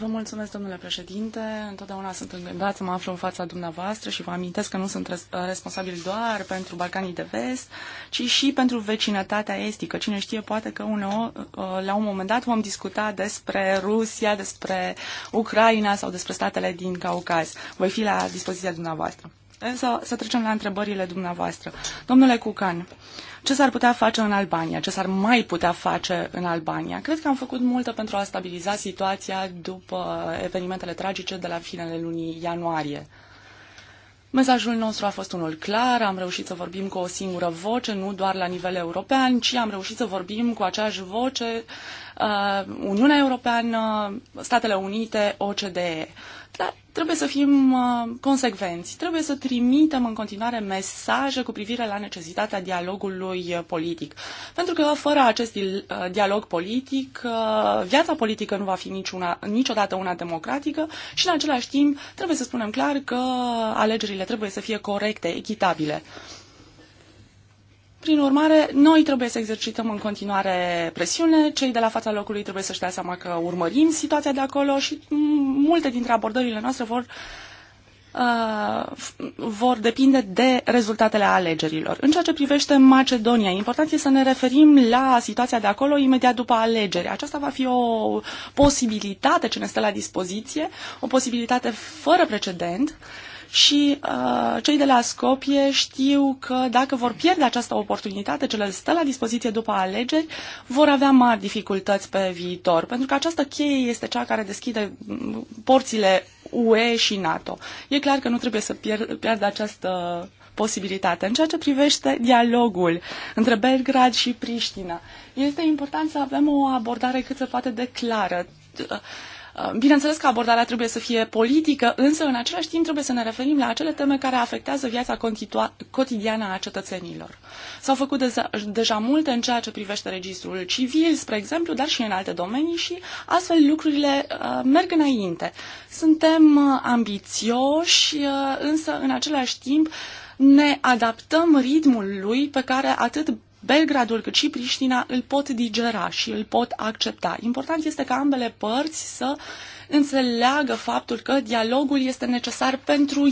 Vă mulțumesc, domnule președinte. Întotdeauna sunt îngândat să mă aflu în fața dumneavoastră și vă amintesc că nu sunt uh, responsabil doar pentru Balcanii de Vest, ci și pentru vecinătatea estică. Cine știe, poate că uneori, la un moment dat vom discuta despre Rusia, despre Ucraina sau despre statele din Caucaz. Voi fi la dispoziția dumneavoastră. Însă să trecem la întrebările dumneavoastră. Domnule Cucan, ce s-ar putea face în Albania? Ce s-ar mai putea face în Albania? Cred că am făcut multă pentru a stabiliza situația după evenimentele tragice de la finele lunii ianuarie. Mesajul nostru a fost unul clar, am reușit să vorbim cu o singură voce, nu doar la nivel european, ci am reușit să vorbim cu aceeași voce uh, Uniunea Europeană, Statele Unite, OCDE. Uh, dar trebuie să fim uh, consecvenți, trebuie să trimitem în continuare mesaje cu privire la necesitatea dialogului uh, politic. Pentru că fără acest uh, dialog politic, viața politică nu va fi niciuna, niciodată una democratică și în același timp trebuie să spunem clar că alegerile trebuie să fie corecte, echitabile. Prin urmare, noi trebuie să exercităm în continuare presiune, cei de la fața locului trebuie să-și dea seama că urmărim situația de acolo și multe dintre abordările noastre vor, uh, vor depinde de rezultatele alegerilor. În ceea ce privește Macedonia, important este să ne referim la situația de acolo imediat după alegeri. Aceasta va fi o posibilitate ce ne stă la dispoziție, o posibilitate fără precedent uh, și uh, cei de la Scopie știu că dacă vor pierde această oportunitate ce le stă la dispoziție după alegeri, vor avea mari dificultăți pe viitor, pentru că această cheie este cea care deschide mm, porțile UE și NATO. E clar că nu trebuie să pier- pierdă această posibilitate. În ceea ce privește dialogul între Belgrad și Priștina, este important să avem o abordare cât se poate de clară. Uh, bineînțeles că abordarea trebuie să fie politică, însă în același timp trebuie să ne referim la acele teme care afectează viața cotidiană a cetățenilor. S-au făcut deja multe în ceea ce privește registrul civil, spre exemplu, dar și în alte domenii și astfel lucrurile uh, merg înainte. Suntem uh, ambițioși, însă în același timp ne adaptăm ritmului pe care atât Belgradul cât și Priștina îl pot digera și îl pot accepta. Important este ca ambele părți să înțeleagă faptul că dialogul este necesar pentru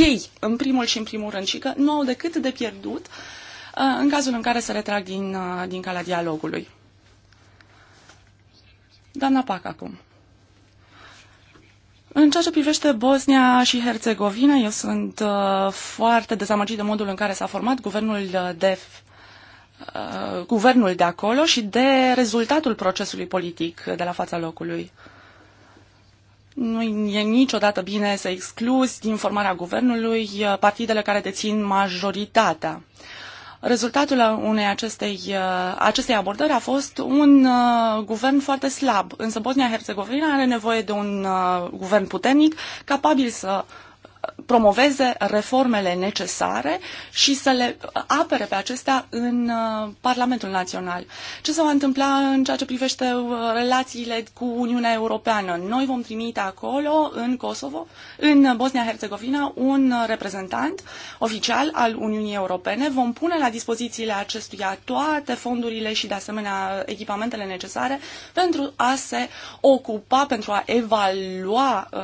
ei, în primul și în primul rând, și că nu au decât de pierdut uh, în cazul în care se retrag din, uh, din calea dialogului. Doamna Pac acum. În ceea ce privește Bosnia și Herțegovina, eu sunt uh, foarte dezamăgit de modul în care s-a format guvernul uh, DEF Uh, guvernul de acolo și de rezultatul procesului politic de la fața locului. Nu e niciodată bine să excluzi din formarea guvernului uh, partidele care dețin majoritatea. Rezultatul unei acestei, uh, acestei abordări a fost un guvern foarte slab, însă Bosnia-Herzegovina are nevoie de un guvern puternic capabil să promoveze reformele necesare și să le apere pe acestea în uh, Parlamentul Național. Ce se va întâmpla în ceea ce privește uh, relațiile cu Uniunea Europeană? Noi vom trimite acolo, în Kosovo, în Bosnia-Herzegovina, un uh, reprezentant oficial al Uniunii Europene. Vom pune la dispozițiile acestuia toate fondurile și, de asemenea, echipamentele necesare pentru a se ocupa, pentru a evalua uh,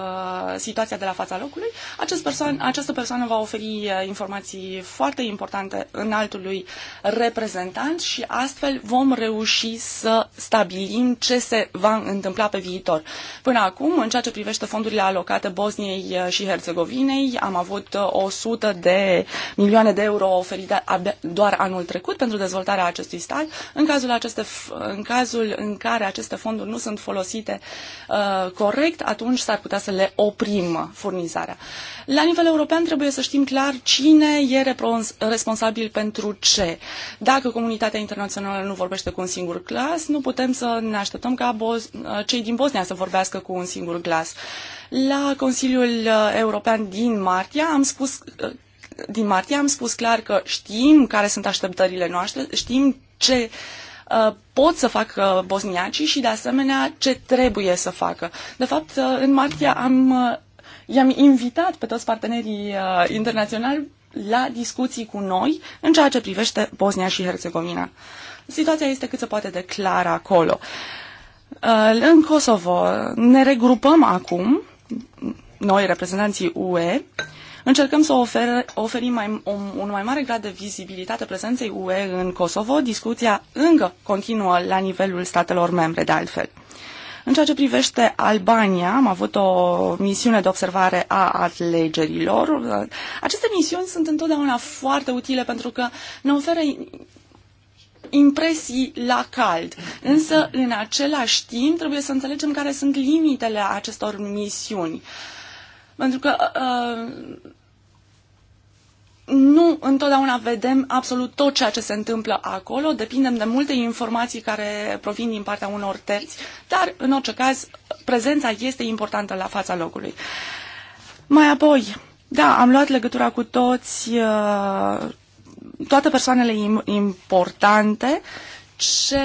situația de la fața locului. Acest persoană, această persoană va oferi uh, informații foarte importante lui reprezentant și astfel vom reuși să stabilim ce se va întâmpla pe viitor. Până acum, în ceea ce privește fondurile alocate Bosniei uh, și Herțegovinei, am avut 100 uh, de milioane de euro oferite doar anul trecut pentru dezvoltarea acestui stat. În cazul, aceste, în, cazul în care aceste fonduri nu sunt folosite uh, corect, atunci s-ar putea să le oprim furnizarea. La la nivel european trebuie să știm clar cine e responsabil pentru ce. Dacă comunitatea internațională nu vorbește cu un singur glas, nu putem să ne așteptăm ca cei din Bosnia să vorbească cu un singur glas. La Consiliul uh, European din martie am spus uh, din martie am spus clar că știm care sunt așteptările noastre, știm ce uh, pot să facă bosniacii și, de asemenea, ce trebuie să facă. De fapt, în martie am i-am invitat pe toți partenerii uh, internaționali la discuții cu noi în ceea ce privește Bosnia și Herțegovina. Situația este cât se poate de clară acolo. Uh, în Kosovo ne regrupăm acum, noi reprezentanții UE, încercăm să ofer, oferim mai, un, un mai mare grad de vizibilitate prezenței UE în Kosovo. Discuția încă continuă la nivelul statelor membre, de altfel. În ceea ce privește Albania, am avut o misiune de observare a alegerilor. Aceste misiuni sunt întotdeauna foarte utile pentru că ne oferă impresii la cald. Însă, în același timp, trebuie să înțelegem care sunt limitele acestor misiuni. Pentru că uh, nu întotdeauna vedem absolut tot ceea ce se întâmplă acolo, depindem de multe informații care provin din partea unor terți, dar, în orice caz, prezența este importantă la fața locului. Mai apoi, da, am luat legătura cu toți, uh, toate persoanele importante, ce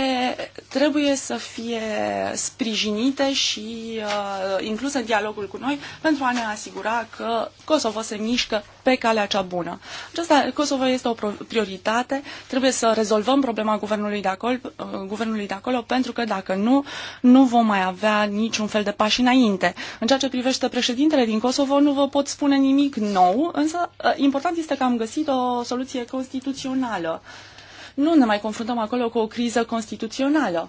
trebuie să fie sprijinite și uh, incluse în dialogul cu noi pentru a ne asigura că Kosovo se mișcă pe calea cea bună. Aceasta, Kosovo este o prioritate, trebuie să rezolvăm problema guvernului de, acolo, uh, guvernului de acolo, pentru că dacă nu, nu vom mai avea niciun fel de pași înainte. În ceea ce privește președintele din Kosovo, nu vă pot spune nimic nou, însă uh, important este că am găsit o soluție constituțională. Uh, nu ne mai confruntăm acolo cu o criză constituțională.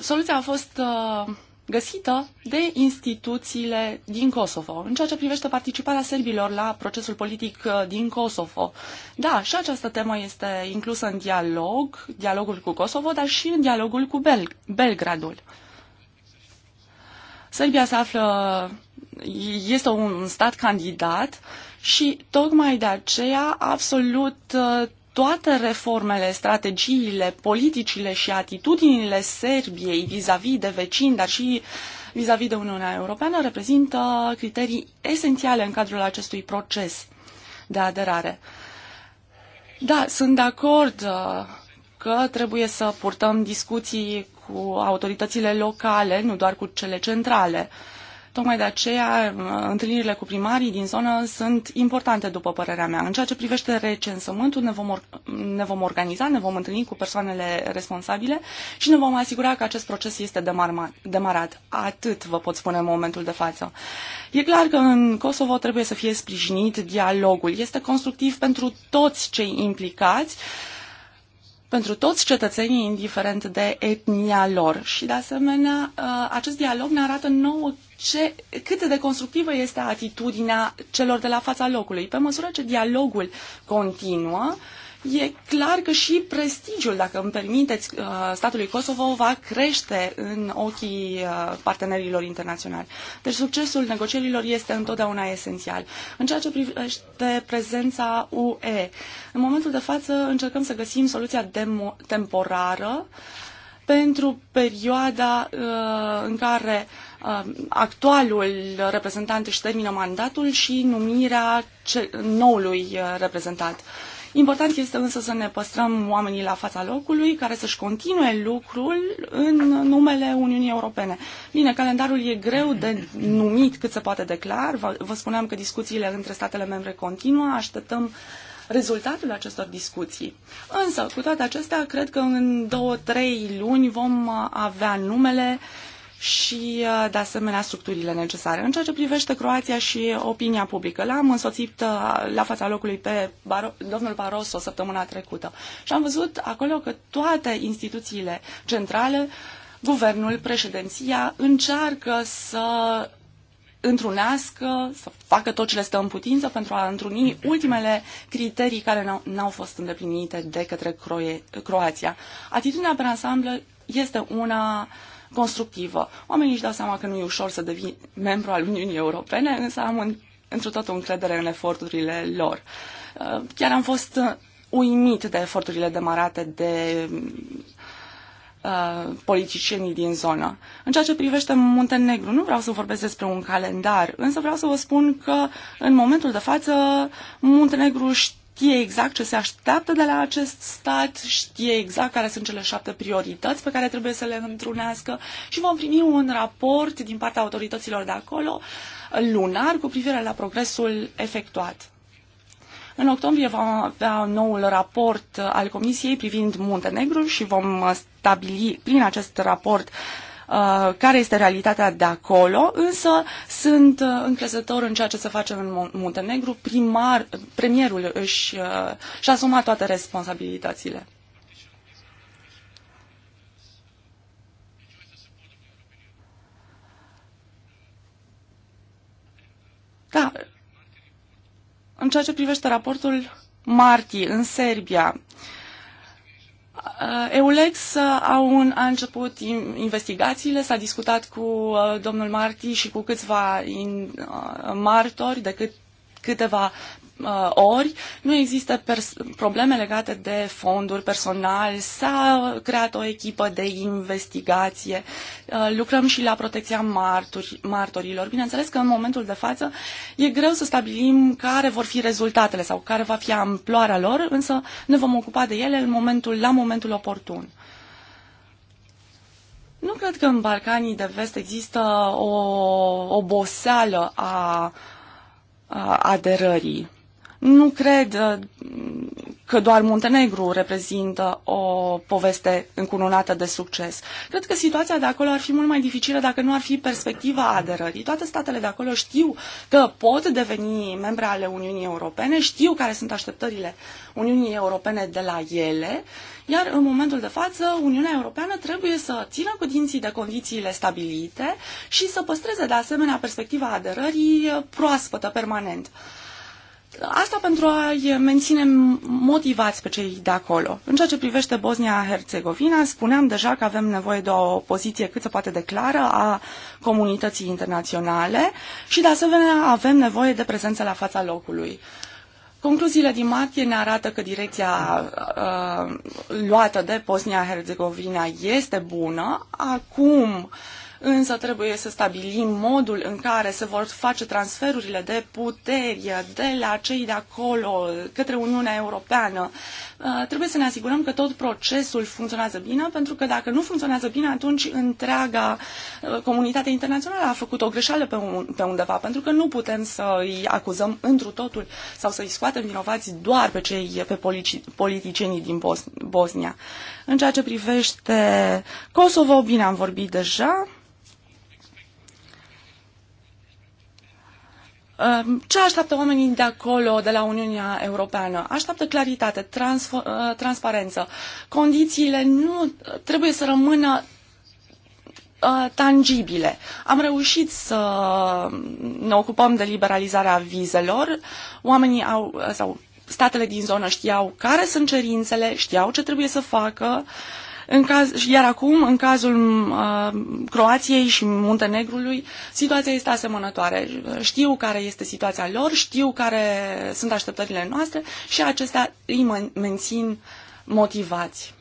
Soluția a fost uh, găsită de instituțiile din Kosovo, în ceea ce privește participarea serbilor la procesul politic uh, din Kosovo. Da, și această temă este inclusă în dialog, dialogul cu Kosovo, dar și în dialogul cu Bel- Belgradul. Serbia se află, este un stat candidat și tocmai de aceea, absolut uh, toate reformele, strategiile, politicile și atitudinile Serbiei vis-a-vis -vis de vecini, dar și vis-a-vis -vis de Uniunea Europeană, reprezintă criterii esențiale în cadrul acestui proces de aderare. Da, sunt de acord uh, că trebuie să purtăm discuții cu autoritățile locale, nu doar cu cele centrale. Uh, Tocmai de aceea, întâlnirile cu primarii din zonă sunt importante, după părerea mea. În ceea ce privește recensământul, ne vom, ne vom organiza, ne vom întâlni cu persoanele responsabile și ne vom asigura că acest proces este demar, demarat. Atât vă pot spune în momentul de față. E clar că în Kosovo trebuie să fie sprijinit dialogul. Este constructiv pentru toți cei implicați. Uh, pentru toți cetățenii, indiferent de etnia lor. Și, de asemenea, uh, acest dialog ne arată nouă ce, cât de constructivă este atitudinea celor de la fața locului. Pe măsură ce dialogul continuă, uh, E clar că și prestigiul, dacă îmi permiteți, uh, statului Kosovo va crește în ochii uh, partenerilor internaționali. Deci succesul negocierilor este întotdeauna esențial. În ceea ce privește prezența UE, în momentul de față încercăm să găsim soluția temporară pentru perioada uh, în care uh, actualul reprezentant își termină mandatul și numirea ce- noului uh, reprezentant. Uh, Important este însă să ne păstrăm oamenii la fața locului care să-și continue lucrul în numele Uniunii Europene. Bine, calendarul e greu de numit cât se poate de clar. Vă spuneam că discuțiile între statele membre continuă. Așteptăm rezultatul acestor discuții. Însă, cu toate acestea, cred că în două, trei luni vom avea numele și, uh, de asemenea, structurile necesare. În ceea ce privește Croația și opinia publică, l-am însoțit uh, la fața locului pe Bar- domnul Barroso săptămâna trecută și am văzut acolo că toate instituțiile centrale, guvernul, președinția, încearcă să întrunească, să facă tot ce le stă în putință pentru a întruni ultimele criterii care n-au fost îndeplinite de către Croie, Croația. Atitudinea pe ansamblu este una uh, constructivă. Oamenii își dau seama că nu e ușor să devii membru al Uniunii Europene, însă am în, într toată încredere în eforturile lor. Uh, chiar am fost uh, uimit de eforturile demarate de uh, politicienii din zonă. În ceea ce privește Muntenegru, nu vreau să vorbesc despre un calendar, însă vreau să vă spun că în momentul de față Muntenegru știe știe exact ce se așteaptă de la acest stat, știe exact care sunt cele șapte priorități pe care trebuie să le întrunească și vom primi un raport din partea autorităților de acolo lunar cu privire la progresul efectuat. În octombrie vom avea noul raport al Comisiei privind Muntenegru și vom stabili prin acest raport Uh, care este realitatea de acolo, însă sunt uh, încrezător în ceea ce se face în Muntenegru. Primar, premierul își, uh, și-a asumat toate responsabilitățile. Da. În ceea ce privește raportul Marti în Serbia, uh, Uh, Eulex uh, a, un, a început investigațiile, s-a discutat cu uh, domnul Marti și cu câțiva martori de câteva Uh, ori nu există probleme legate de fonduri, personal, s-a creat o echipă de investigație, uh, lucrăm și la protecția marturi, martorilor. Bineînțeles că în momentul de față e greu să stabilim care vor fi rezultatele sau care va fi amploarea lor, însă ne vom ocupa de ele în momentul, la momentul oportun. Nu cred că în Balcanii de Vest există o oboseală a, a aderării. Nu cred uh, că doar Muntenegru reprezintă o poveste încununată de succes. Cred că situația de acolo ar fi mult mai dificilă dacă nu ar fi perspectiva aderării. Toate statele de acolo știu că pot deveni membre ale Uniunii Europene, știu care sunt așteptările Uniunii Europene de la ele, iar în momentul de față Uniunea Europeană trebuie să țină cu dinții de condițiile stabilite și să păstreze de asemenea perspectiva aderării proaspătă permanent. Asta pentru a-i menține motivați pe cei de acolo. În ceea ce privește Bosnia-Herzegovina, spuneam deja că avem nevoie de o poziție cât se poate de clară a comunității internaționale și, de asemenea, avem nevoie de prezență la fața locului. Concluziile din martie ne arată că direcția uh, luată de Bosnia-Herzegovina este bună. Acum uh, însă trebuie să stabilim modul în care se vor face transferurile de puteri de la cei de acolo către Uniunea Europeană. Uh, trebuie să ne asigurăm că tot procesul funcționează bine, pentru că dacă nu funcționează bine, atunci întreaga uh, comunitate internațională a făcut o greșeală pe, un, pe undeva, pentru că nu putem să îi acuzăm întru totul sau să îi scoatem vinovați doar pe cei pe politici, politicienii din Bos- Bosnia. În ceea ce privește Kosovo, bine am vorbit deja. Ehm, ce așteaptă oamenii de acolo, de la Uniunea Europeană? Așteaptă claritate, trans, eh, transparență. Condițiile nu eh, trebuie să rămână eh, tangibile. Am reușit să ne ocupăm de liberalizarea vizelor. Oamenii au, sau statele din zonă știau care sunt cerințele, știau ce trebuie să facă. Uh, în caz, iar acum, în cazul uh, Croației și Muntenegrului, situația este asemănătoare. Știu care este situația lor, știu care sunt așteptările noastre și acestea îi mențin motivați.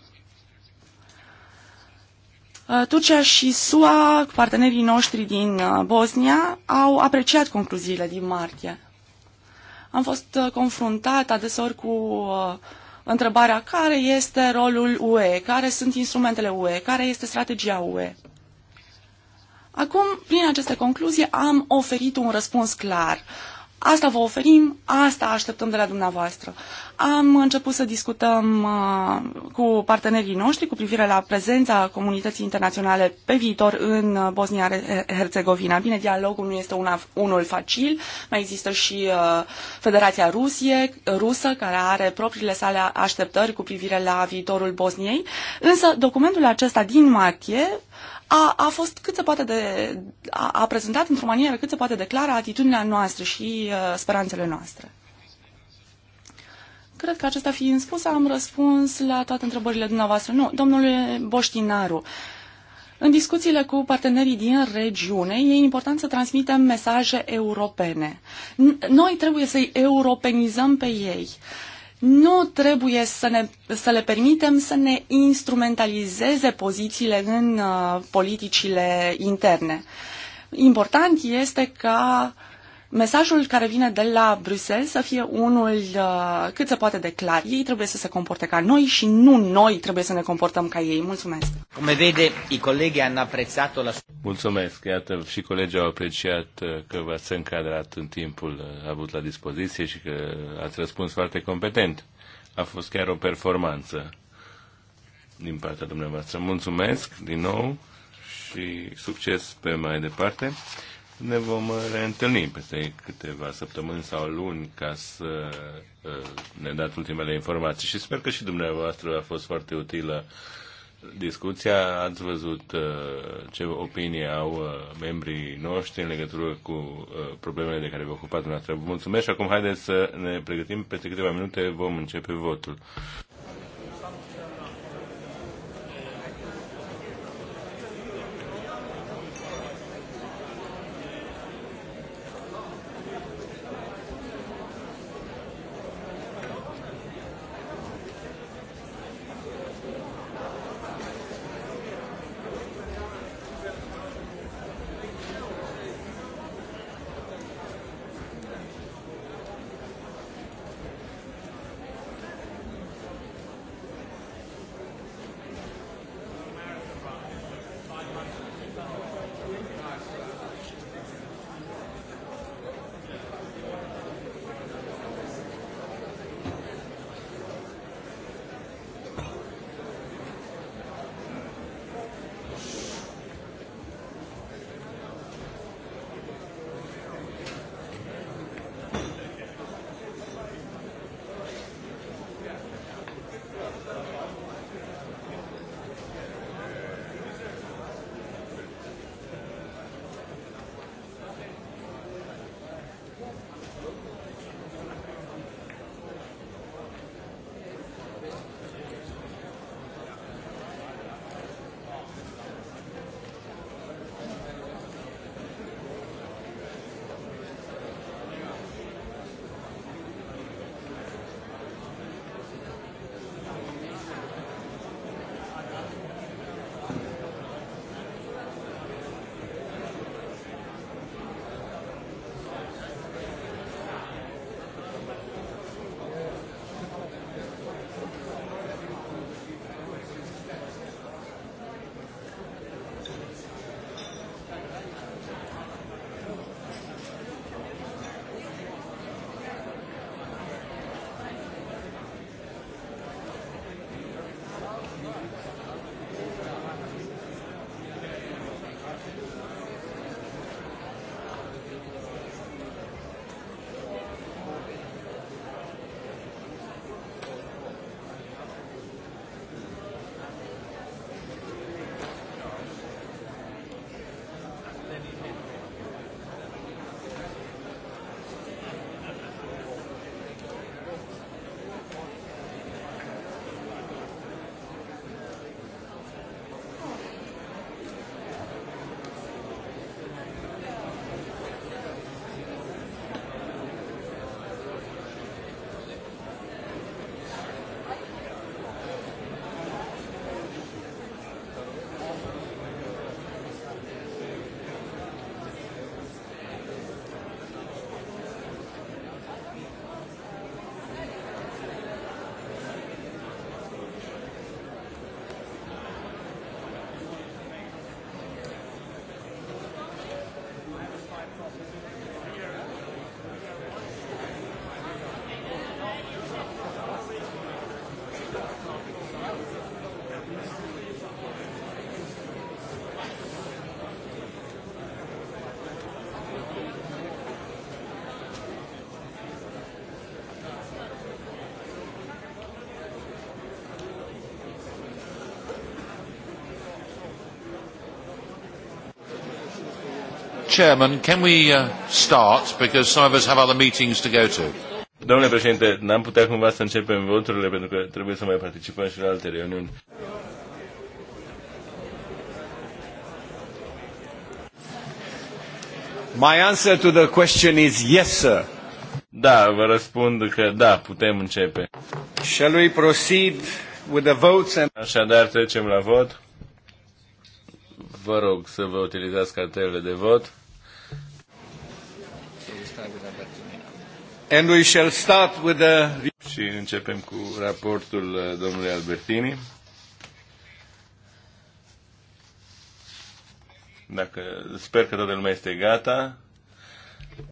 Uh, Turcia și SUA, partenerii noștri din uh, Bosnia, au apreciat concluziile din martie. Am fost uh, confruntat adeseori cu uh, întrebarea care este rolul UE, care sunt instrumentele UE, care este strategia UE. Acum, prin aceste concluzii, am oferit un răspuns clar. Uh, Asta vă oferim, asta așteptăm de la dumneavoastră. Am început să discutăm uh, cu partenerii noștri cu privire la prezența comunității internaționale pe viitor în uh, Bosnia-Herzegovina. Bine, dialogul nu este una, unul facil. Mai există și uh, Federația Rusie, Rusă, care are propriile sale așteptări cu privire la viitorul Bosniei. Însă, documentul acesta din martie a, a fost cât se poate de. a, a prezentat într-o manieră cât se poate de clară atitudinea noastră și uh, speranțele noastre. Cred că acesta fiind spus, am răspuns la toate întrebările dumneavoastră. Nu, domnule Boștinaru, în discuțiile cu partenerii din regiune, e important să transmitem mesaje europene. Noi trebuie să-i europenizăm pe ei. Uh, nu trebuie să, ne, să le permitem să ne instrumentalizeze pozițiile în uh, politicile interne. Important este ca uh, mesajul care vine de la Bruxelles să fie unul uh, cât se poate de clar. Ei trebuie să se comporte ca noi și nu noi trebuie să ne comportăm ca ei. Mulțumesc! Cum vede, i au apreciat-o la... Mulțumesc! Iată, și colegii au apreciat uh, că v-ați încadrat în timpul uh, avut la dispoziție și că ați răspuns foarte competent. A fost chiar o performanță din partea dumneavoastră. Mulțumesc din nou și succes pe mai departe ne vom uh, reîntâlni peste câteva săptămâni sau luni ca să uh, ne dați ultimele informații și sper că și dumneavoastră a fost foarte utilă discuția. Ați văzut uh, ce opinie au membrii noștri în legătură cu problemele de care vă ocupați dumneavoastră. Mulțumesc și acum haideți să ne pregătim. Peste câteva minute vom începe votul. Chairman, can we uh, start because some of us have other meetings to go to? Domnule președinte, n-am putea cumva să începem voturile pentru că trebuie să mai participăm și la alte reuniuni. My answer to the question is yes, sir. Da, vă răspund că da, putem începe. Shall we proceed with the votes and... Așadar, trecem la vot. Vă rog să vă utilizați cartelele de vot. And we shall start with the... Și începem cu raportul uh, domnului Albertini. Dacă sper că toată lumea este gata.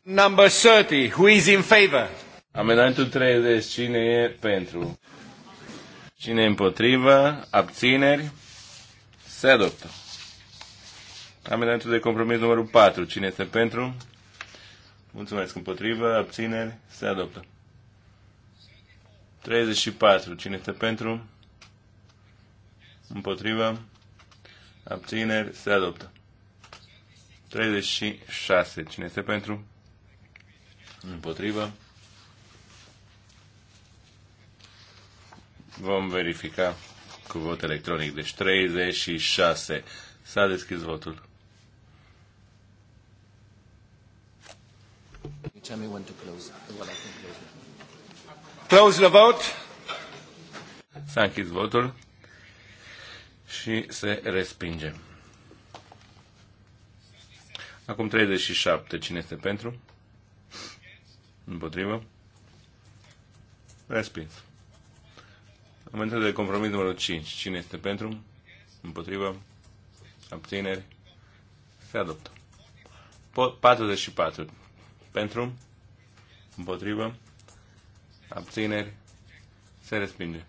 Number 30, who is in favor? Amendamentul 30, cine e pentru? Cine e împotrivă? Abțineri? Se adoptă. Amendamentul de compromis numărul 4, cine este pentru? Mulțumesc. Împotrivă, abțineri, se adoptă. 34. Cine este pentru? Împotrivă, abțineri, se adoptă. 36. Cine este pentru? Împotrivă. Vom verifica cu vot electronic. Deci 36. S-a deschis votul. tell me when to close. Well, I can close Close the vote. S-a închis votul și se respinge. Acum 37. Cine este pentru? Împotrivă? Respins. Amendele de compromis numărul 5. Cine este pentru? Împotrivă? Abțineri? Se adoptă. 44. Pentru? Împotrivă? Abțineri? Se respinge.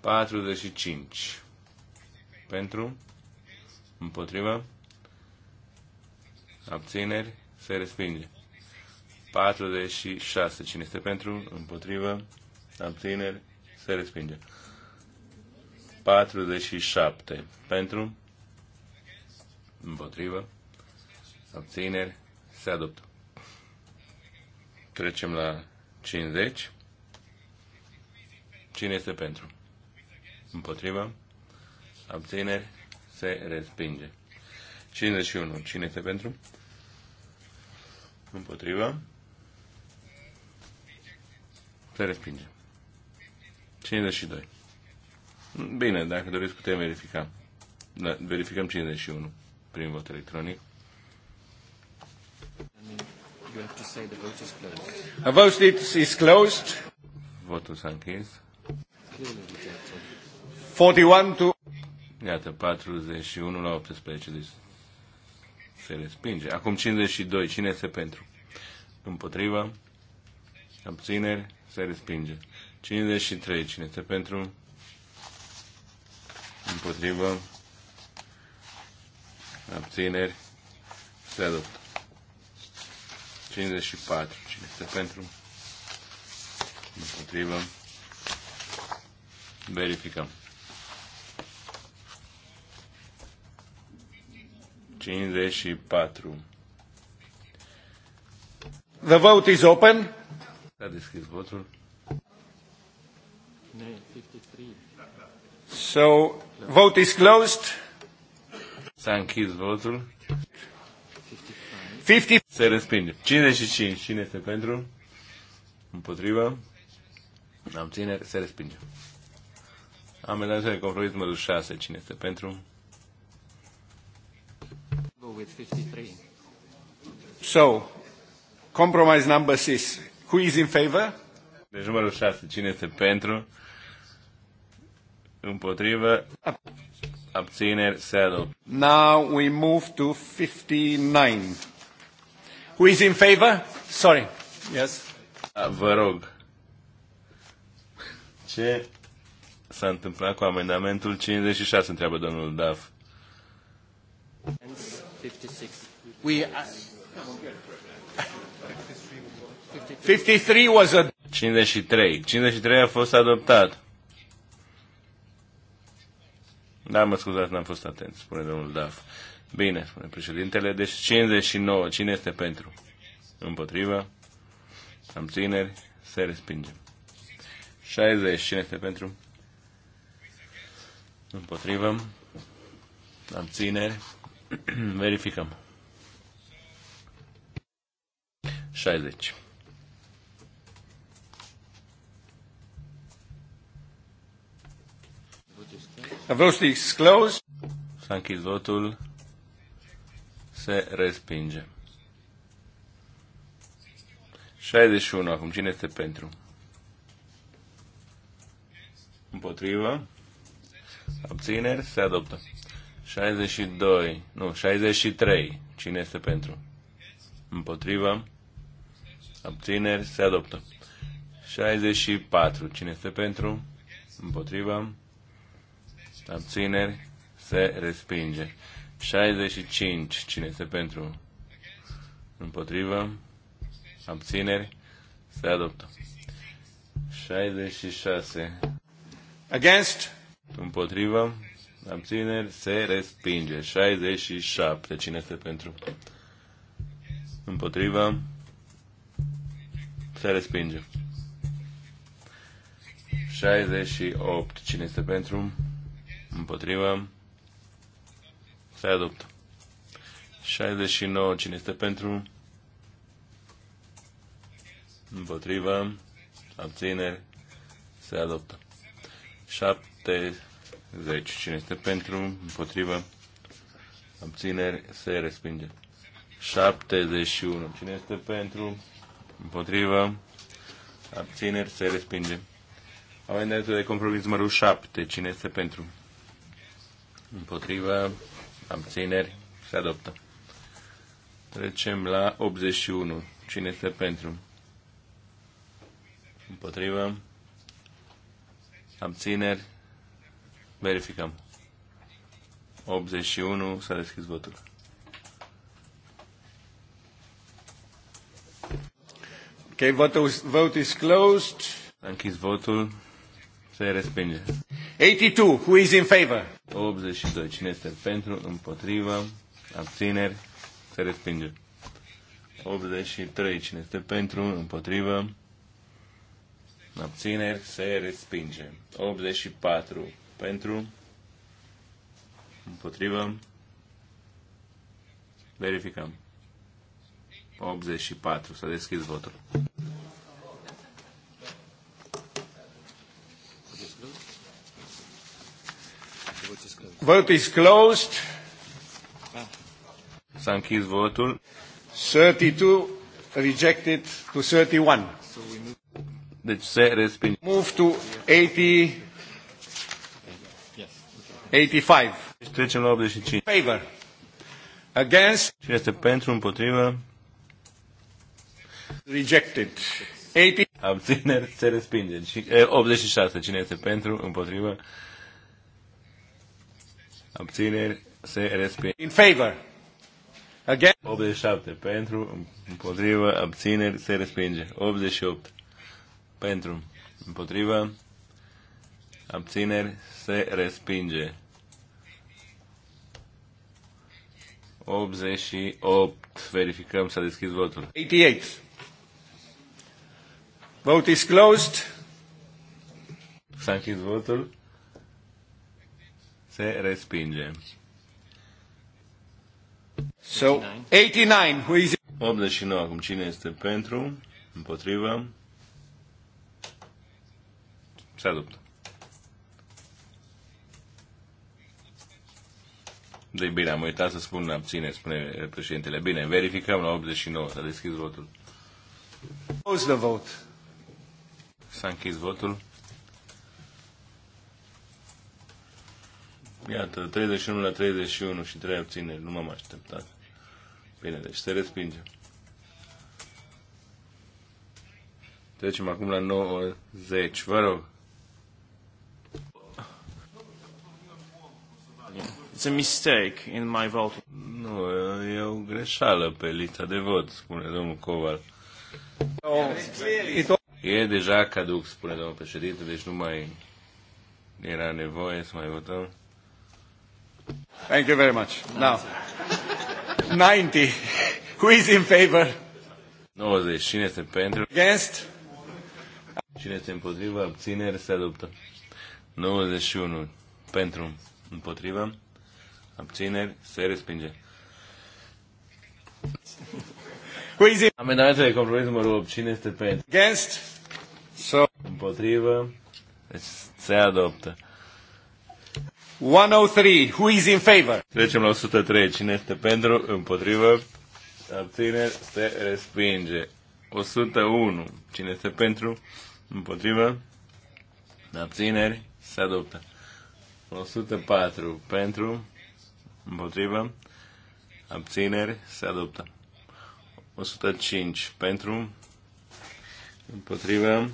45. Pentru? Împotrivă? Abțineri? Se respinge. 46. Cine este pentru? Împotrivă? Abțineri? Se respinge. 47. Pentru? Împotrivă? Abțineri? Se adoptă. Trecem la 50. Cine este pentru? Împotriva? Abțineri? Se respinge. 51. Cine este pentru? Împotriva? Se respinge. 52. Bine, dacă doriți putem verifica. Da, verificăm 51 prin vot electronic. You have to say the vote is closed. vote is closed. Votul s-a închis. 41 to... Iată, 41 la 18, deci se respinge. Acum 52. Cine este pentru? Împotriva? Abțineri? Se respinge. 53. Cine este pentru? Împotriva? Abțineri? Se adoptă. 54. Cine este pentru? Împotrivă. Verificăm. 54. The vote is open. S-a deschis votul. So, vote is closed. S-a închis votul. 50. Se respinge. 55. Cine este pentru? Împotriva. Am ține. Se respinge. Amendamentul de compromis numărul 6. Cine este pentru? Go with 53. So, compromise number 6. Who is in favor? Deci numărul 6. Cine este pentru? Împotrivă. Abțineri. Se adoptă. Now we move to 59. Who is in favor? Sorry. Yes. Ah, vă rog. Ce s-a întâmplat cu amendamentul 56, întreabă domnul Daf. 56. We, 53 uh, was a... 53. 53 a fost adoptat. Da, mă scuzați, n-am fost atent, spune domnul Daf. Bine, spune președintele. Deci 59. Cine este pentru? Împotrivă. țineri. Se respingem 60. Cine este pentru? Împotrivă. țineri. Verificăm. 60. The vote is closed. S-a închis votul se respinge. 61. Acum cine este pentru? Împotrivă. Abțineri. Se adoptă. 62. Nu, 63. Cine este pentru? Împotrivă. Abțineri. Se adoptă. 64. Cine este pentru? Împotrivă. Abțineri. Se respinge. 65. Cine este pentru? Împotrivă? Abțineri? Se adoptă. 66. Against? Împotrivă? Abțineri? Se respinge. 67. Cine este pentru? Împotrivă? Se respinge. 68. Cine este pentru? Împotrivă? Se adopt. 69. Cine este pentru? Împotrivă. Abțineri. Se adoptă. 70. Cine este pentru? Împotrivă. Abțineri. Se respinge. 71. Cine este pentru? Împotrivă. Abțineri. Se respinge. Amendamentul de compromis numărul 7. Cine este pentru? Împotrivă abțineri, se adoptă. Trecem la 81. Cine este pentru? Împotrivă. Abțineri. Verificăm. 81. S-a deschis votul. Ok, votul, vote is closed. S-a închis votul. Se respinge. 82. Who is in favor? 82. Cine este pentru, împotrivă, abțineri, se respinge. 83. Cine este pentru, împotrivă, abțineri, se respinge. 84. Pentru, împotrivă, verificăm. 84. să deschid votul. Vote is closed. S-a închis votul. 32 rejected to 31. Deci se respinge. Move to 80. 85. Deci trecem la 85. Favor. Against. Cine este pentru, împotrivă? Rejected. 80. Abțineri se respinge. 86. Cine este pentru, împotrivă? abțineri, se respinge. In favor. Again. 87 pentru, împotrivă, abțineri, se respinge. 88 pentru, împotrivă, abțineri, se respinge. 88. Verificăm, s-a deschis votul. 88. Vote is closed. S-a închis votul se respinge. So, 89, who is 89, acum cine este pentru, împotrivă, se adoptă. De bine, am uitat să spun abține, spune președintele. Bine, verificăm la 89, s-a deschis votul. Close the vote. S-a închis votul. Iată, 31 la 31 și 3 obțineri, nu m-am așteptat. Bine, deci se respinge. Trecem acum la 90, vă rog. It's a mistake in my vote. Nu, e o greșeală pe lista de vot, spune domnul Coval. E deja caduc, spune domnul președinte, deci nu mai era nevoie să mai votăm. Thank you very much. Now, 90. Who is in favor? 90. Cine este pentru? Against? Cine este împotrivă? Abțineri se adoptă. 91. Pentru. Împotrivă. Abțineri se respinge. Who is in? Amendamentul de compromis numărul 8. Cine este pentru? Against? So. Împotrivă. Deci se adoptă. 103. Who is in favor? Trecem la 103. Cine este pentru? Împotrivă. Abțineri. Se respinge. 101. Cine este pentru? Împotrivă. Abțineri. Se adoptă. 104. Pentru. Împotrivă. Abțineri. Se adoptă. 105. Pentru. Împotrivă.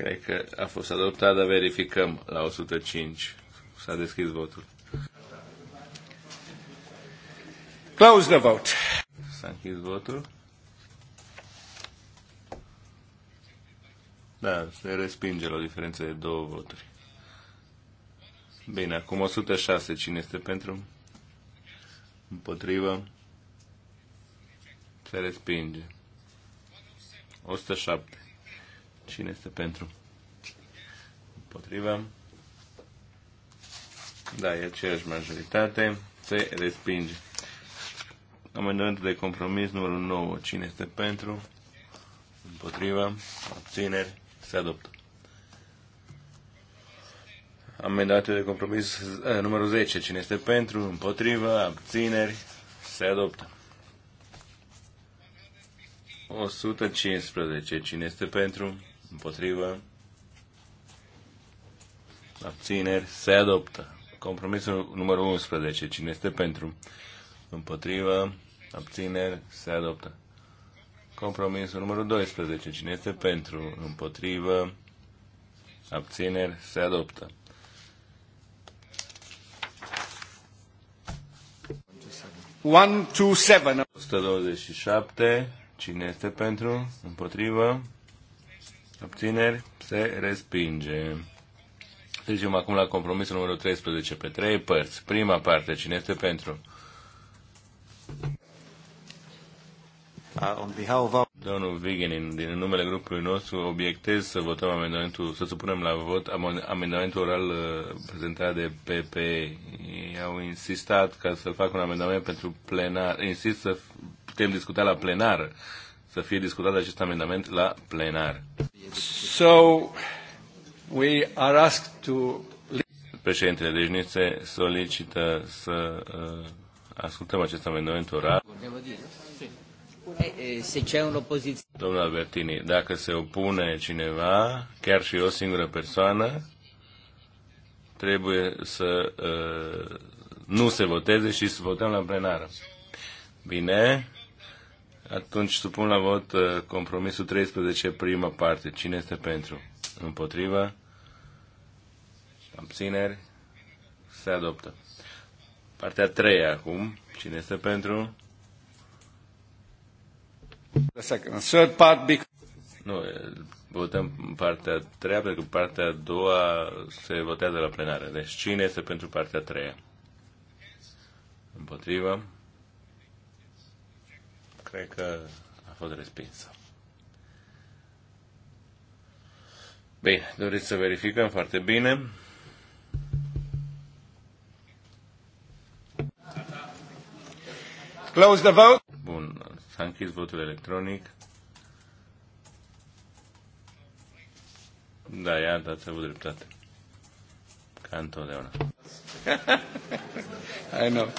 Cred că a fost adoptat, dar verificăm la 105. S-a deschis votul. Close the vote. S-a închis votul. Da, se respinge la o diferență de două voturi. Bine, acum 106. Cine este pentru? Împotrivă? Se respinge. 107. Cine este pentru? Împotriva. Da, e aceeași majoritate. Se respinge. Amendamentul de compromis numărul 9. Cine este pentru? Împotriva. Abțineri. Se adoptă. Amendamentul de compromis eh, numărul 10. Cine este pentru? Împotriva. Abțineri. Se adoptă. 115. Cine este pentru? împotrivă, abțineri, se adoptă. Compromisul numărul 11, cine este pentru, împotrivă, abțineri, se adoptă. Compromisul numărul 12, cine este pentru, împotrivă, abțineri, se adoptă. One, two, seven. 127. Cine este pentru? Împotrivă? Abțineri? Se respinge. Trecem acum la compromisul numărul 13 pe trei părți. Prima parte, cine este pentru? Ah, Domnul Vigenin, din numele grupului nostru, obiectez să votăm amendamentul, să supunem la vot amendamentul oral uh, prezentat de PP. Ei au insistat ca să fac un amendament pentru plenar. Insist să putem discuta la plenar să fie discutat acest amendament la plenar. So, we are asked to... Președintele, deci solicită să uh, ascultăm acest amendament oral. Se Domnul Albertini, dacă se opune cineva, chiar și o singură persoană, trebuie să uh, nu se voteze și să votăm la plenară. Bine. Atunci supun la vot uh, compromisul 13, prima parte. Cine este pentru? Împotriva? Abțineri? Se adoptă. Partea 3 treia acum. Cine este pentru? The second. Third part because... Nu, votăm partea 3 treia, pentru că partea a doua se votează la plenară. Deci cine este pentru partea 3? treia? Împotriva? cred că a fost respinsă. Bine, doriți să verificăm foarte bine. Close the vote. Bun, s-a închis votul electronic. Da, iată, dați avut dreptate. Ca întotdeauna. I know.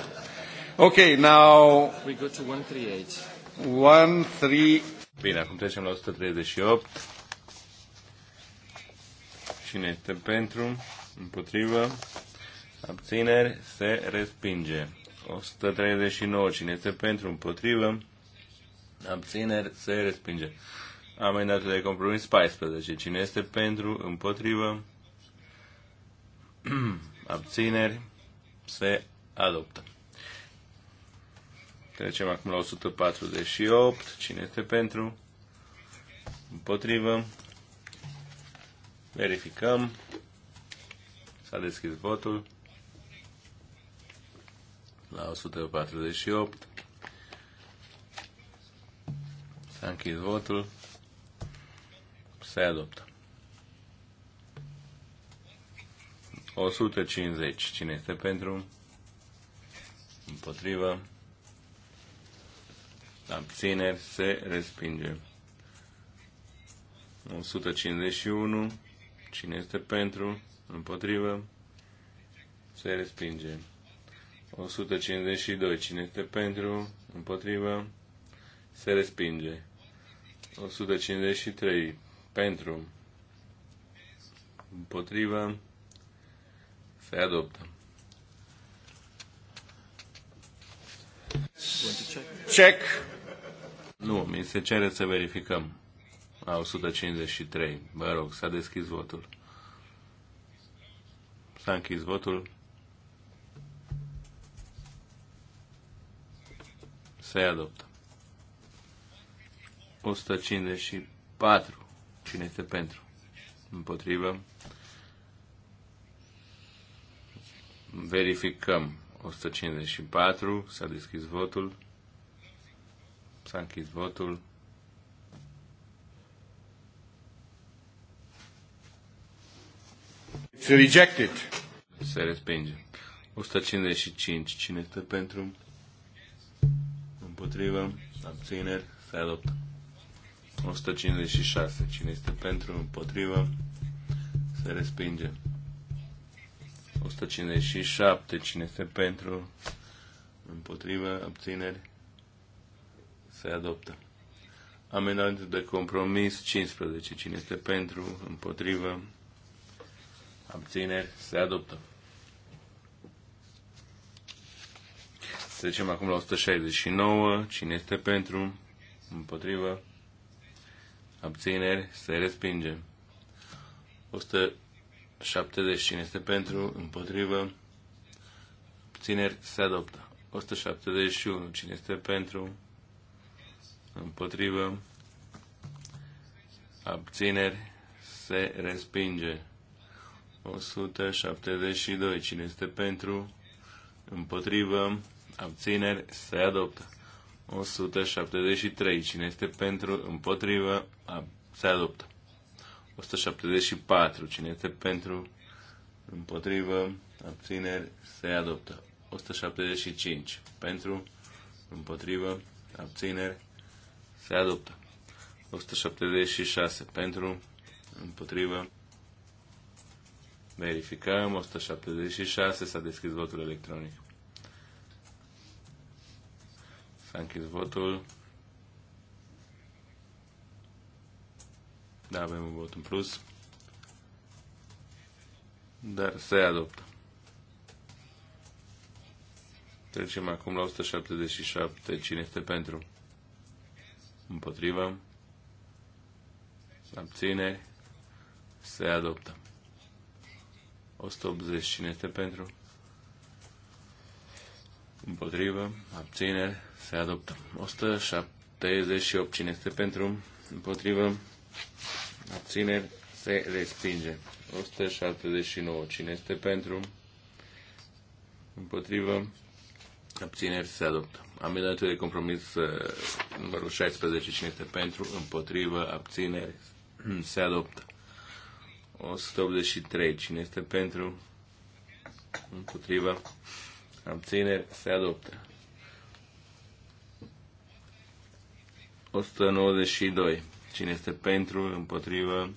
Okay, now... We go to 138. One, three... Bine, acum trecem la 138. Cine este pentru? Împotrivă? Abțineri? Se respinge. 139. Cine este pentru? Împotrivă? Abțineri? Se respinge. Amendatul de compromis 14. Cine este pentru? Împotrivă? Abțineri? Se adoptă. Trecem acum la 148. Cine este pentru? Împotrivă. Verificăm. S-a deschis votul. La 148. S-a închis votul. Se adoptă. 150. Cine este pentru? Împotrivă abțineri, se respinge. 151, cine este pentru, împotrivă, se respinge. 152, cine este pentru, împotrivă, se respinge. 153, pentru, împotrivă, se adoptă. Check. Nu, mi se cere să verificăm. A 153. Vă rog, s-a deschis votul. S-a închis votul. Se adoptă. 154. Cine este pentru? Împotrivă. Verificăm. 154. S-a deschis votul. S-a închis votul. It's rejected. Se respinge. 155. Cine este pentru? Împotrivă. Abțineri. Se adoptă. 156. Cine este pentru? Împotrivă. Se respinge. 157. Cine este pentru? Împotrivă. Abțineri. Se adoptă. Amendamentul de compromis 15. Cine este pentru, împotrivă, abțineri, se adoptă. zicem acum la 169. Cine este pentru, împotrivă, abțineri, se respinge. 170. Cine este pentru, împotrivă, abțineri, se adoptă. 171. Cine este pentru, împotrivă, abțineri, se respinge. 172. Cine este pentru, împotrivă, abțineri, se adoptă. 173. Cine este pentru, împotrivă, se adoptă. 174. Cine este pentru, împotrivă, abțineri, se adoptă. 175. Pentru, împotrivă, abțineri, se adoptă. 176 pentru, împotrivă. Verificăm. 176 s-a deschis votul electronic. S-a închis votul. Da, avem un vot în plus. Dar se adoptă. Trecem acum la 177. Cine este pentru? împotrivă, abține, se adoptă. 180 cine este pentru? Împotrivă, abține, se adoptă. 178 cine este pentru? Împotrivă, abține, se respinge. 179 cine este pentru? Împotrivă, abține, se adoptă. Amendamentul de compromis uh, numărul 16, cine este pentru, împotrivă, abțineri, se adoptă. 183, cine este pentru, împotrivă, abțineri, se adoptă. 192, cine este pentru, împotrivă,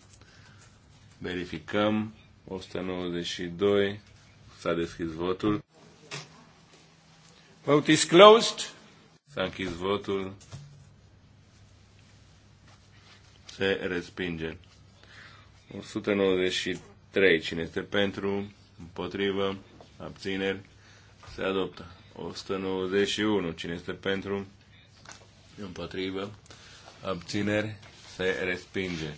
verificăm. 192, s-a deschis votul. Vote is closed. S-a închis votul. Se respinge. 193. Cine este pentru? Împotrivă? Abțineri? Se adoptă. 191. Cine este pentru? Împotrivă? Abțineri? Se respinge.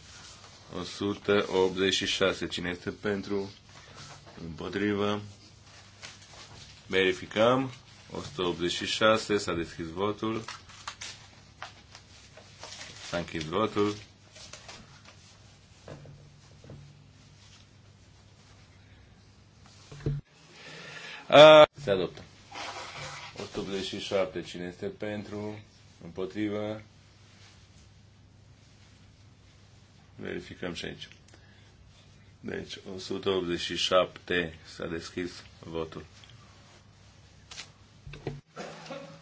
186. Cine este pentru? Împotrivă? Verificăm. 186, s-a deschis votul. S-a închis votul. A... Uh. Se adoptă. 187, cine este pentru? Împotrivă? Verificăm și aici. Deci, 187 s-a deschis votul.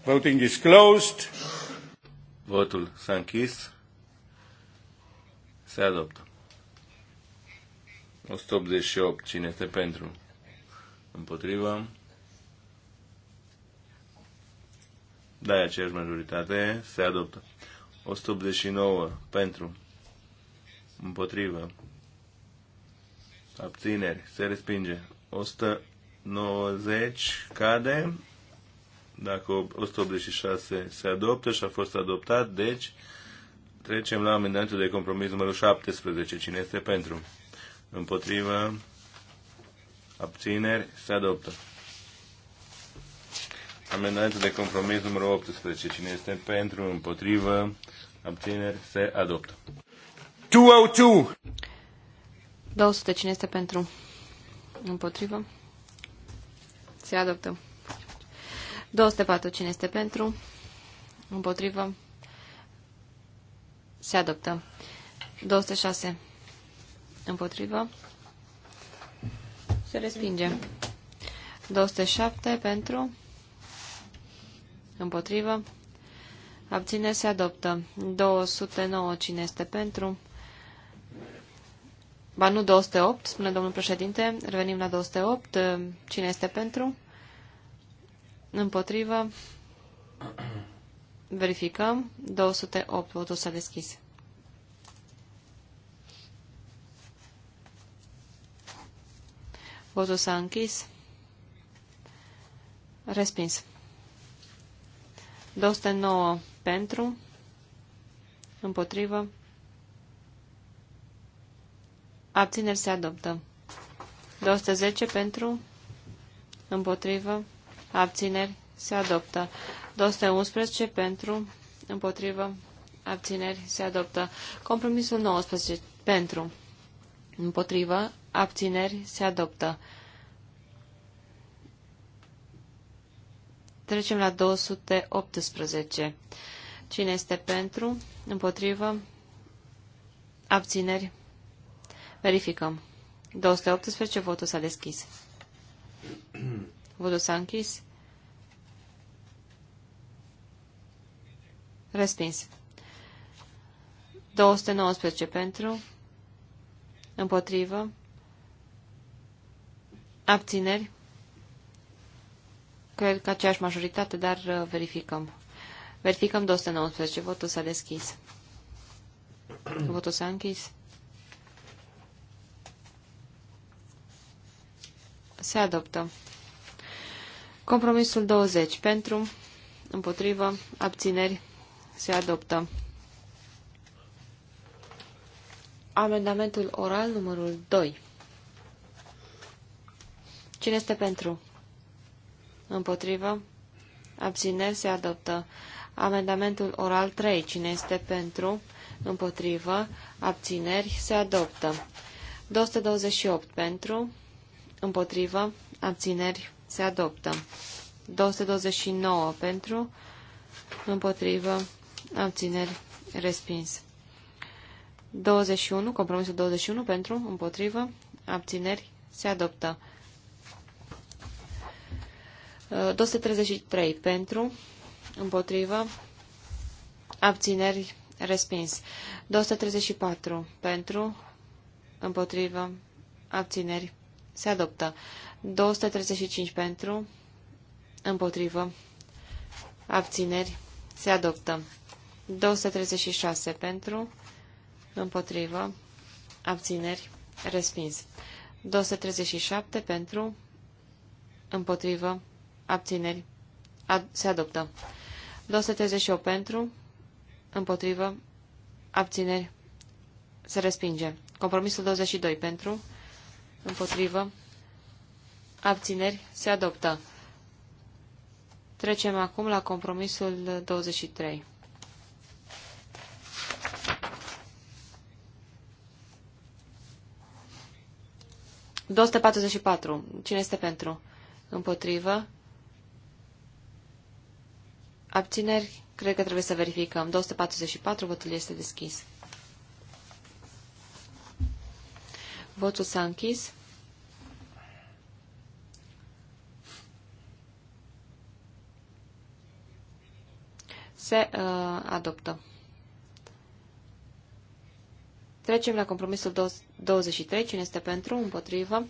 Voting is closed. Votul s-a închis. Se adoptă. 188. Cine este pentru? Împotriva. Da, aceeași majoritate. Se adoptă. 189. Pentru. Împotrivă. Abțineri. Se respinge. 190. Cade. Dacă 186 se adoptă și a fost adoptat, deci trecem la amendamentul de compromis numărul 17. Cine este pentru? Împotrivă? Abțineri? Se adoptă. Amendamentul de compromis numărul 18. Cine este pentru? Împotrivă? Abțineri? Se adoptă. 202. 200. Cine este pentru? Împotrivă? Se adoptă. 204. Cine este pentru? Împotrivă? Se adoptă. 206. Împotrivă? Se respinge. 207 pentru? Împotrivă? Abține, se adoptă. 209. Cine este pentru? Ba nu 208, spune domnul președinte. Revenim la 208. Cine este pentru? împotrivă, verificăm, 208, votul s-a deschis. Votul s-a închis. Respins. 209 pentru, împotrivă, abțineri se adoptă. 210 pentru, împotrivă, abțineri, se adoptă. 211 pentru, împotrivă, abțineri, se adoptă. Compromisul 19 pentru, împotrivă, abțineri, se adoptă. Trecem la 218. Cine este pentru, împotrivă, abțineri, verificăm. 218, votul s-a deschis. Votul s-a închis. Respins. 219 pentru. Împotrivă. Abțineri. Cred că aceeași majoritate, dar uh, verificăm. Verificăm 219. Votul s-a deschis. Votul s-a închis. Se adoptă. Compromisul 20. Pentru, împotrivă, abțineri, se adoptă. Amendamentul oral numărul 2. Cine este pentru? Împotrivă? Abțineri se adoptă. Amendamentul oral 3. Cine este pentru? Împotrivă? Abțineri se adoptă. 228 pentru? Împotrivă? Abțineri se adoptă. 229 pentru, împotrivă, abțineri, respins. 21, compromisul 21 pentru, împotrivă, abțineri, se adoptă. 233 pentru, împotrivă, abțineri, respins. 234 pentru, împotrivă, abțineri, se adoptă. 235 pentru, împotrivă, abțineri, se adoptă. 236 pentru, împotrivă, abțineri, respins. 237 pentru, împotrivă, abțineri, ad se adoptă. 238 pentru, împotrivă, abțineri, se respinge. Compromisul 22 pentru, împotrivă, abțineri, se adoptă. Trecem acum la compromisul 23. 244. Cine este pentru? Împotrivă? Abțineri? Cred că trebuie să verificăm. 244, votul este deschis. Votul s-a închis. se uh, adoptă. Trecem la compromisul 23. Cine este pentru? Împotrivă.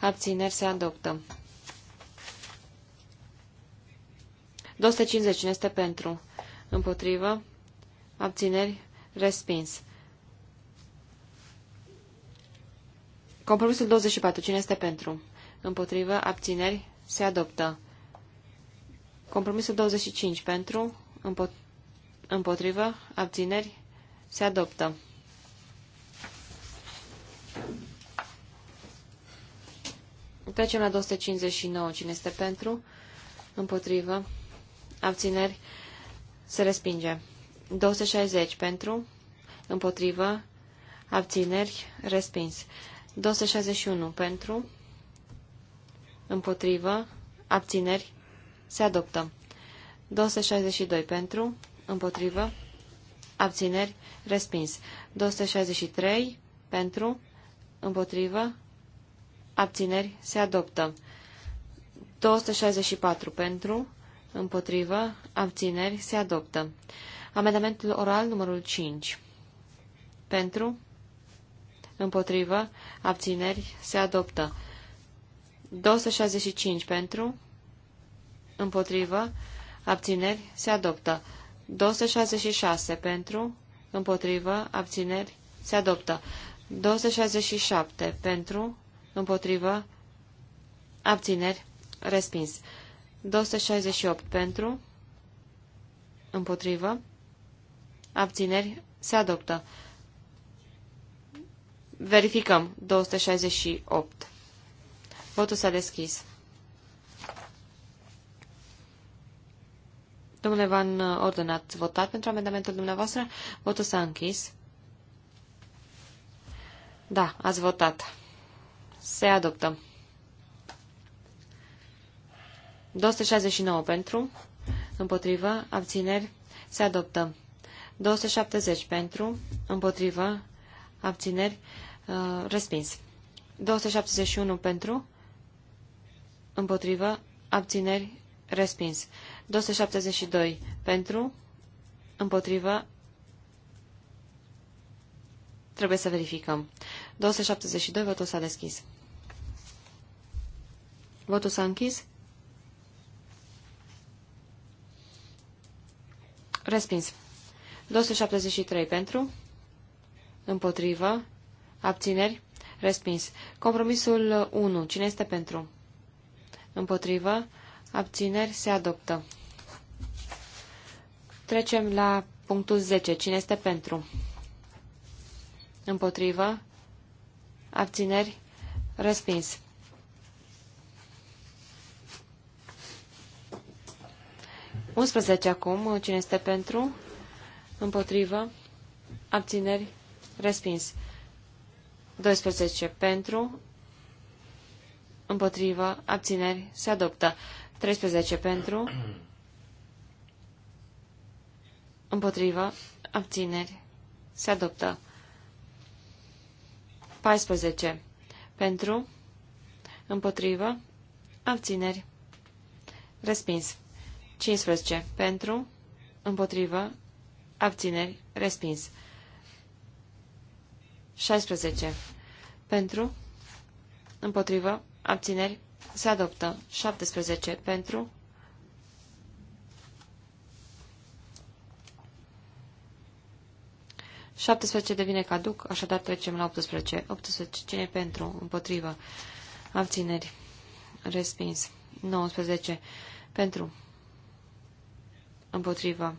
Abțineri se adoptă. 250. Cine este pentru? Împotrivă. Abțineri. Respins. Compromisul 24. Cine este pentru? Împotrivă. Abțineri. Se adoptă. Compromisul 25. Pentru. Împotrivă? Abțineri? Se adoptă. Trecem la 259. Cine este pentru? Împotrivă? Abțineri? Se respinge. 260 pentru? Împotrivă? Abțineri? Respins. 261 pentru? Împotrivă? Abțineri? Se adoptă. 262 pentru, împotrivă, abțineri, respins. 263 pentru, împotrivă, abțineri, se adoptă. 264 pentru, împotrivă, abțineri, se adoptă. Amendamentul oral numărul 5. Pentru, împotrivă, abțineri, se adoptă. 265 pentru, împotrivă, abțineri, se adoptă. 266 pentru, împotrivă, abțineri, se adoptă. 267 pentru, împotrivă, abțineri, respins. 268 pentru, împotrivă, abțineri, se adoptă. Verificăm. 268. Votul s-a deschis. Domnule Van Orden, ați votat pentru amendamentul dumneavoastră? Votul s-a închis. Da, ați votat. Se adoptă. 269 pentru, împotrivă, abțineri, se adoptă. 270 uh, pentru, împotrivă, abțineri, respins. 271 pentru, împotrivă, abțineri, respins. 272 pentru, împotrivă, trebuie să verificăm. 272, votul s-a deschis. Votul s-a închis. Respins. 273 pentru, împotrivă, abțineri, respins. Compromisul 1. Cine este pentru? Împotrivă, abțineri, se adoptă. Trecem la punctul 10. Cine este pentru? Împotrivă, abțineri, respins. Unsprezece acum. Cine este pentru? Împotrivă, abțineri, respins. 12 pentru, împotrivă, abțineri, se adoptă. 13 pentru, împotrivă, abțineri, se adoptă. 14 pentru, împotrivă, abțineri, respins. 15 pentru, împotrivă, abțineri, respins. 16 pentru, împotrivă, abțineri, se adoptă. 17 pentru, șaptesprezece devine caduc, așadar trecem la 18. 18. Cine pentru? Împotrivă. Abțineri. Respins. 19. Pentru. Împotrivă.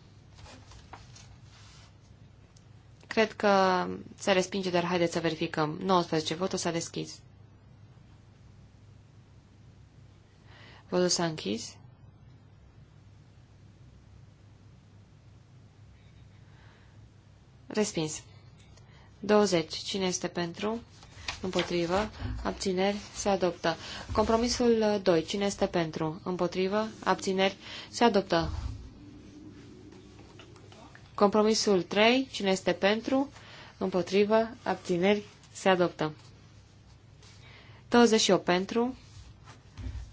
Cred că se respinge, dar haideți să verificăm. 19. Votul s-a deschis. Votul s închis. Respins. 20. Cine este pentru? Împotrivă. Abțineri. Se adoptă. Compromisul 2. Uh, Cine este pentru? Împotrivă. Abțineri. Se adoptă. Compromisul 3. Cine este pentru? Împotrivă. Abțineri. Se adoptă. 28 pentru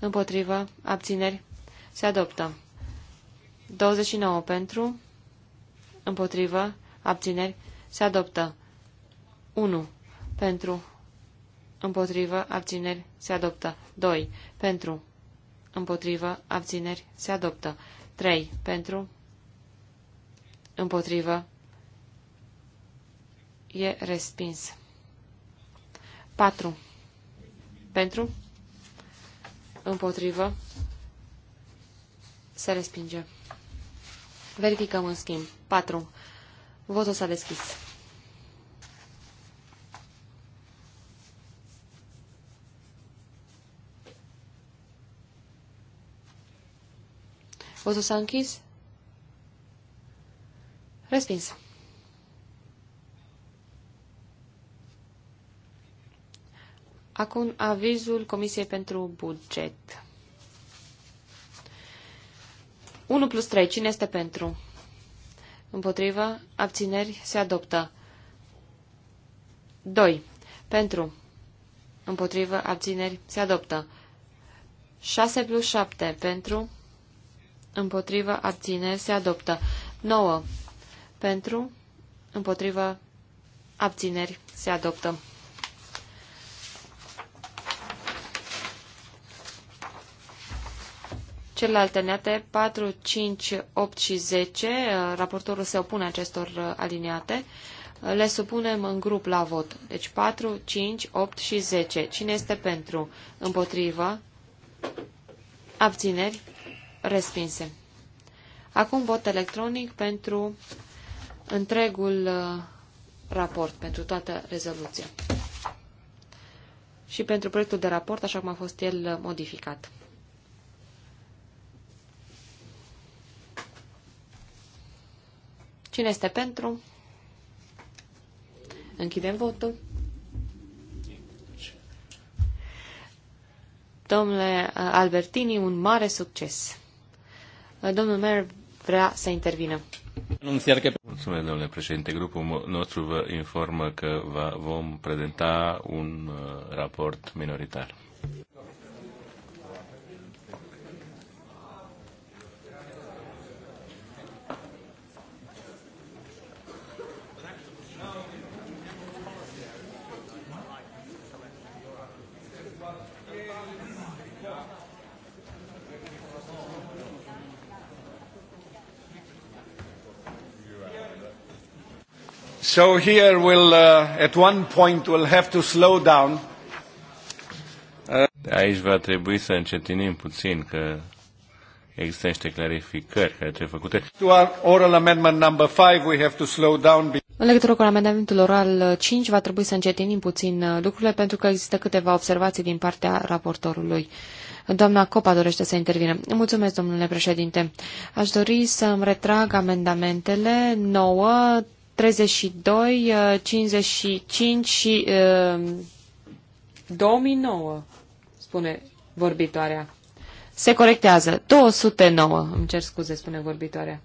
împotrivă, abțineri, se adoptă. 29 pentru, împotrivă, abțineri, se adoptă. 1 pentru, împotrivă, abțineri, se adoptă. 2 pentru, împotrivă, abțineri, se adoptă. 3 pentru, împotrivă, e respins. 4 pentru, împotrivă, se respinge. Verificăm în schimb. 4. Votul s-a deschis. Votul s-a închis. Respins. Acum avizul Comisiei pentru Buget. 1 plus 3. Cine este pentru? Împotrivă. Abțineri. Se adoptă. 2. Pentru. Împotrivă. Abțineri. Se adoptă. 6 plus 7. Pentru. Împotrivă. Abțineri. Se adoptă. 9. Pentru. Împotrivă. Abțineri. Se adoptă. Cele alineate 4, 5, 8 și 10, uh, raportorul se opune acestor uh, aliniate. Uh, le supunem în grup la vot. Deci 4, 5, 8 și 10. Cine este pentru? Împotrivă? Abțineri? Respinse. Acum vot electronic pentru întregul raport, pentru toată rezoluția. Și pentru proiectul de raport, așa cum a fost el modificat. Cine este pentru? Închidem votul. Domnule uh, Albertini, un mare succes. Uh, domnul Mer vrea să intervină. Mulțumesc, domnule președinte. Grupul nostru vă informă că va, vom prezenta un uh, raport minoritar. So here we'll, uh, at one point, we'll have to slow down. Uh... Aici va trebui să încetinim puțin, că există niște clarificări care trebuie făcute. To our oral amendment number five, we have to slow down. În legătură cu amendamentul oral 5, uh, va trebui să încetinim puțin uh, lucrurile, pentru că există câteva observații din partea raportorului. Doamna Copa dorește să intervină. Mulțumesc, domnule președinte. Aș dori să mi retrag amendamentele 9, 32, 55 uh, și uh, 2009, spune vorbitoarea. Se corectează. 209, îmi cer scuze, spune vorbitoarea.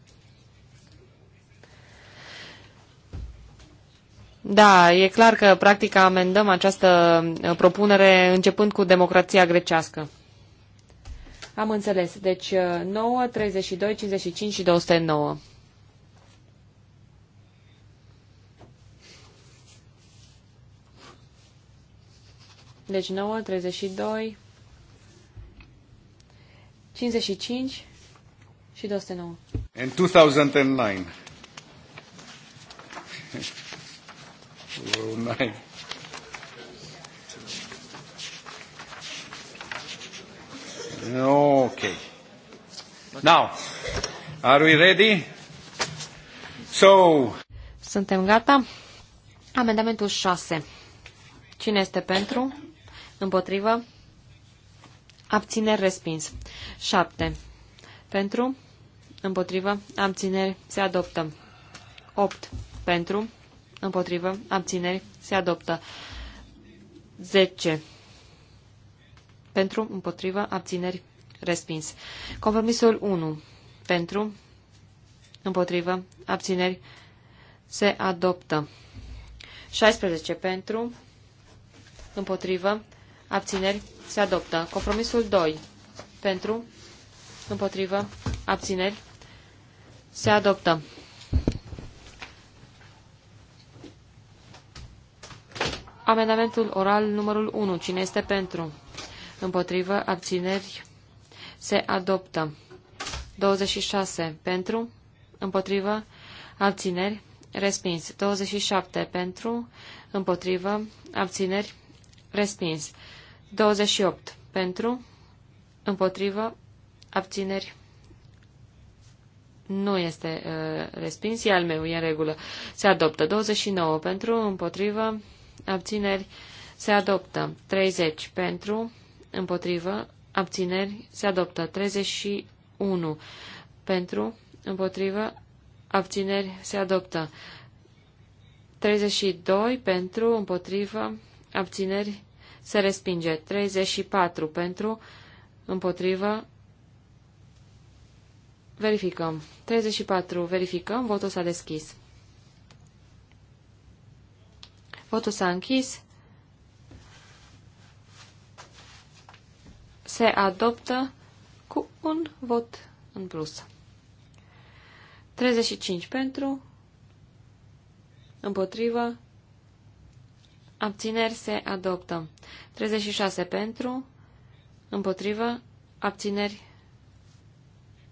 Da, e clar că practic amendăm această uh, propunere începând cu democrația grecească. Am înțeles. Deci 9, 32, 55 și 209. Deci 9, 32, 55 și 209. In 2009. oh, Okay. Now, are we ready? So... Suntem gata? Amendamentul 6. Cine este pentru? Împotrivă. Abțineri respins. 7. Pentru. Împotrivă. Abțineri se adoptă. 8. Pentru. Împotrivă. Abțineri se adoptă. 10. Pentru. Împotrivă. Abțineri respins. Compromisul 1. Pentru. Împotrivă. Abțineri se adoptă. 16. Pentru. Împotrivă. Abțineri. Se adoptă. Compromisul 2. Pentru. Împotrivă. Abțineri. Se adoptă. Amendamentul oral numărul 1. Cine este pentru? Împotrivă. Abțineri. Se adoptă. 26. Pentru. Împotrivă. Abțineri. Respins. 27. Pentru. Împotrivă. Abțineri. Respins. 28. Pentru, împotrivă, abțineri. Nu este uh, respins, e al meu, e în regulă. Se adoptă 29 pentru, împotrivă, abțineri, se adoptă 30 pentru, împotrivă, abțineri, se adoptă 31 pentru, împotrivă, abțineri, se adoptă 32 pentru, împotrivă, abțineri, se respinge. 34 pentru, împotrivă, verificăm. 34, verificăm, votul s-a deschis. Votul s-a închis. Se adoptă cu un vot în plus. 35 pentru, împotrivă, Abțineri se adoptă. 36 pentru, împotrivă, abțineri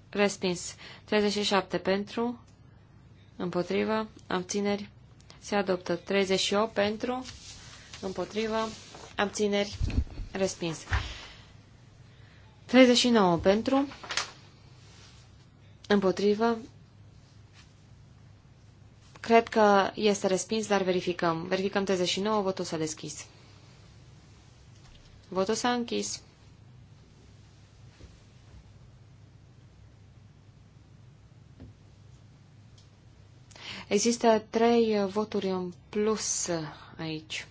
respins. 37 pentru, împotrivă, abțineri se adoptă. 38 pentru, împotrivă, abțineri respins. 39 pentru, împotrivă, Cred că este respins, dar verificăm. Verificăm 39, votul s-a deschis. Votul s-a închis. Există trei voturi în plus aici.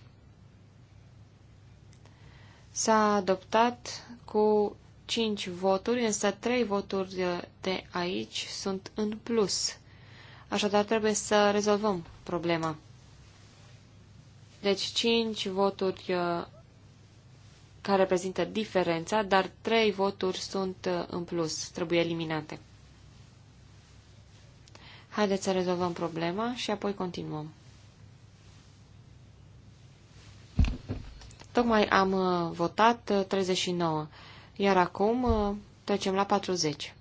S-a adoptat cu 5 voturi, însă 3 voturi de aici sunt în plus. Așadar, trebuie să rezolvăm problema. Deci, 5 voturi uh, care reprezintă diferența, dar 3 voturi sunt uh, în plus, trebuie eliminate. Haideți să rezolvăm problema și apoi continuăm. Tocmai am uh, votat 39, iar acum trecem la 40.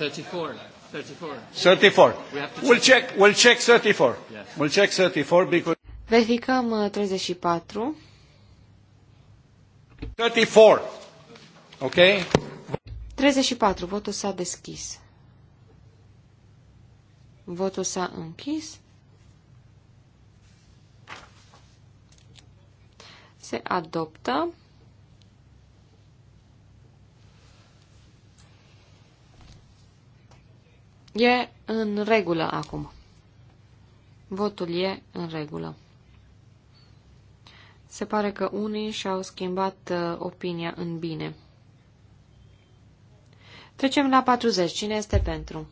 34. 34. 34. We'll check, we'll check 34. Yeah. We'll check 34 because... Verificăm 34. Uh, 34. Ok? 34. Votul s-a deschis. Votul s-a închis. Se adoptă. E în regulă acum. Votul e în regulă. Se pare că unii și-au schimbat uh, opinia în bine. Trecem la 40. Cine este pentru?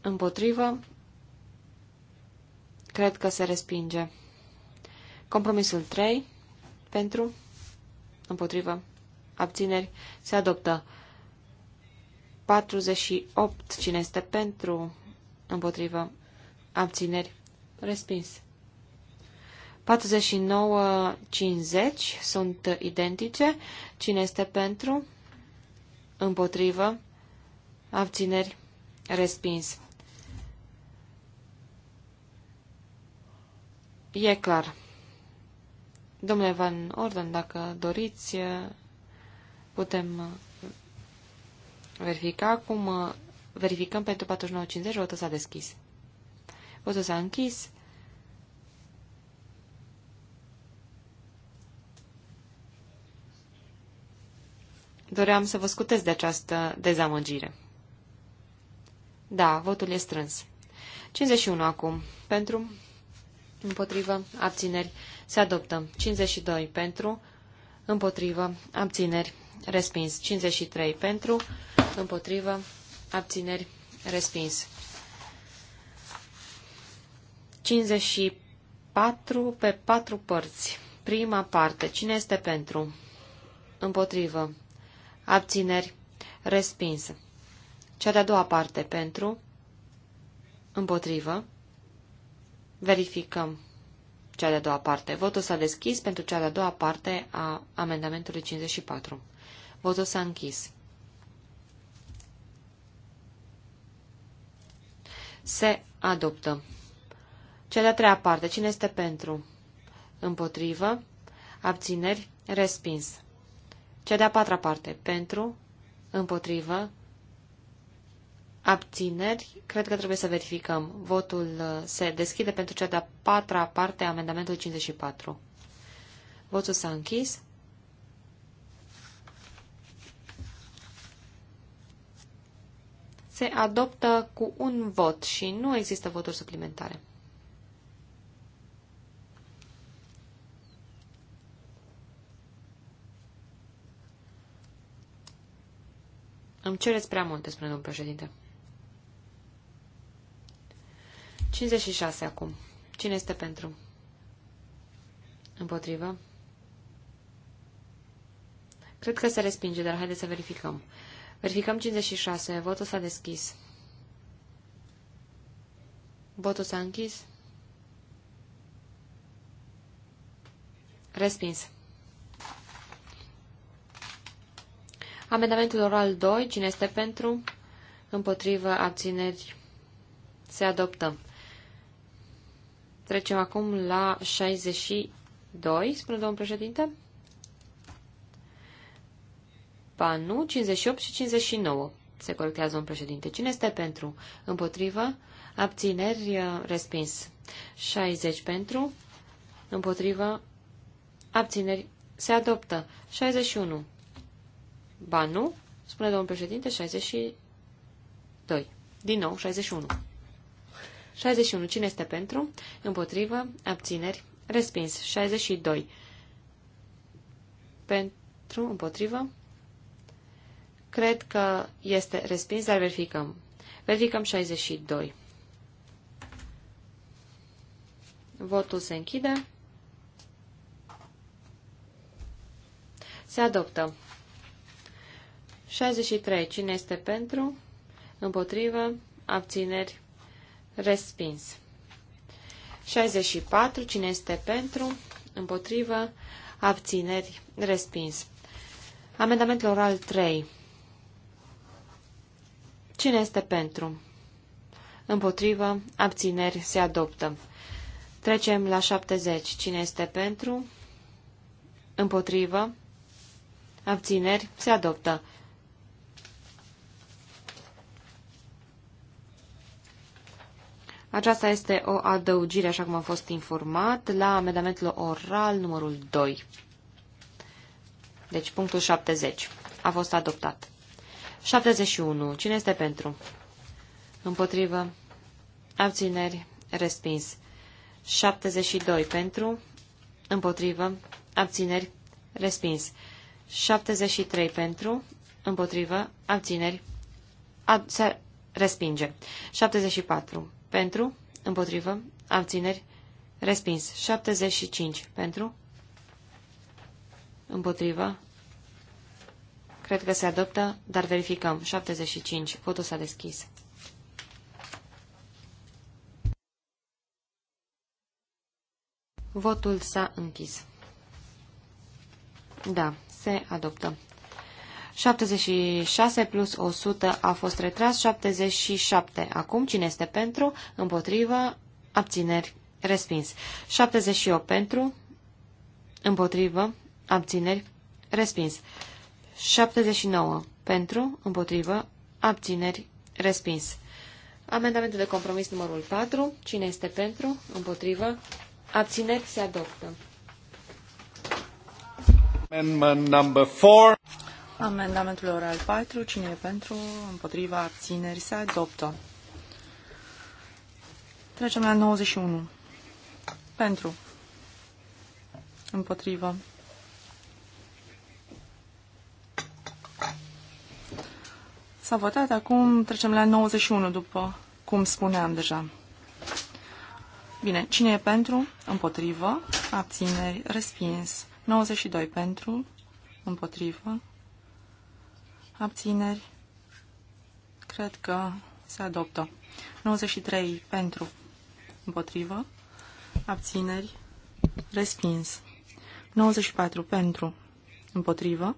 Împotrivă? Cred că se respinge. Compromisul 3. Pentru? Împotrivă? Abțineri? Se adoptă. 48. Cine este pentru? Împotrivă. Abțineri. Respins. 49, 50 sunt identice. Cine este pentru? Împotrivă. Abțineri. Respins. E clar. Domnule Van Orden, dacă doriți, putem verifica acum. Uh, verificăm pentru 49.50. Votul s-a deschis. Votul s-a închis. Doream să vă scutez de această dezamăgire. Da, votul e strâns. 51 acum. Pentru, împotrivă, abțineri. Se adoptă. 52 pentru, împotrivă, abțineri respins. 53 pentru, împotrivă, abțineri, respins. 54 pe 4 părți. Prima parte. Cine este pentru? Împotrivă. Abțineri. Respins. Cea de-a doua parte. Pentru. Împotrivă. Verificăm cea de-a doua parte. Votul s-a deschis pentru cea de-a doua parte a amendamentului 54. Votul s-a închis. Se adoptă. Cea de-a treia parte. Cine este pentru? Împotrivă. Abțineri. Respins. Cea de-a patra parte. Pentru. Împotrivă. Abțineri. Cred că trebuie să verificăm. Votul uh, se deschide pentru cea de-a patra parte a amendamentului 54. Votul s-a închis. se adoptă cu un vot și nu există voturi suplimentare. Îmi cereți prea multe, spune domnul președinte. 56 acum. Cine este pentru? Împotrivă? Cred că se respinge, dar haideți să verificăm. Verificăm 56. Votul s-a deschis. Votul s-a închis. Respins. Amendamentul oral 2. Cine este pentru? Împotrivă abțineri. Se adoptă. Trecem acum la 62, spune domnul președinte. Ba nu, 58 și 59. Se corectează un președinte. Cine este pentru? Împotrivă? Abțineri? Uh, respins. 60 pentru? Împotrivă? Abțineri? Se adoptă. 61. Ba nu, spune domnul președinte, 62. Din nou, 61. 61. Cine este pentru? Împotrivă? Abțineri? Respins. 62. Pentru? Împotrivă? Cred că este respins, dar verificăm. Verificăm 62. Votul se închide. Se adoptă. 63. Cine este pentru? Împotrivă? Abțineri? Respins. 64. Cine este pentru? Împotrivă? Abțineri? Respins. Amendamentul oral 3. Cine este pentru? Împotrivă, abțineri, se adoptă. Trecem la 70. Cine este pentru? Împotrivă, abțineri, se adoptă. Aceasta este o adăugire, așa cum am fost informat, la amendamentul oral numărul 2. Deci punctul 70 a fost adoptat. 71. Cine este pentru? Împotrivă. Abțineri. Respins. 72. Pentru. Împotrivă. Abțineri. Respins. 73. Pentru. Împotrivă. Abțineri. Ab se respinge. 74. Pentru. Împotrivă. Abțineri. Respins. 75. Pentru. Împotrivă. Cred că se adoptă, dar verificăm. 75. Votul s-a deschis. Votul s-a închis. Da, se adoptă. 76 plus 100 a fost retras, 77. Acum cine este pentru? Împotrivă, abțineri, respins. 78 pentru, împotrivă, abțineri, respins. 79. Pentru, împotrivă, abțineri, respins. Amendamentul de compromis numărul 4. Cine este pentru, împotrivă, abțineri, se adoptă. Amendment number 4. Amendamentul oral 4. Cine e pentru, împotrivă, abțineri, se adoptă. Trecem la 91. Pentru. Împotrivă. S-a votat, acum trecem la 91, după cum spuneam deja. Bine, cine e pentru? Împotrivă. Abțineri. Respins. 92 pentru. Împotrivă. Abțineri. Cred că se adoptă. 93 pentru. Împotrivă. Abțineri. Respins. 94 pentru. Împotrivă.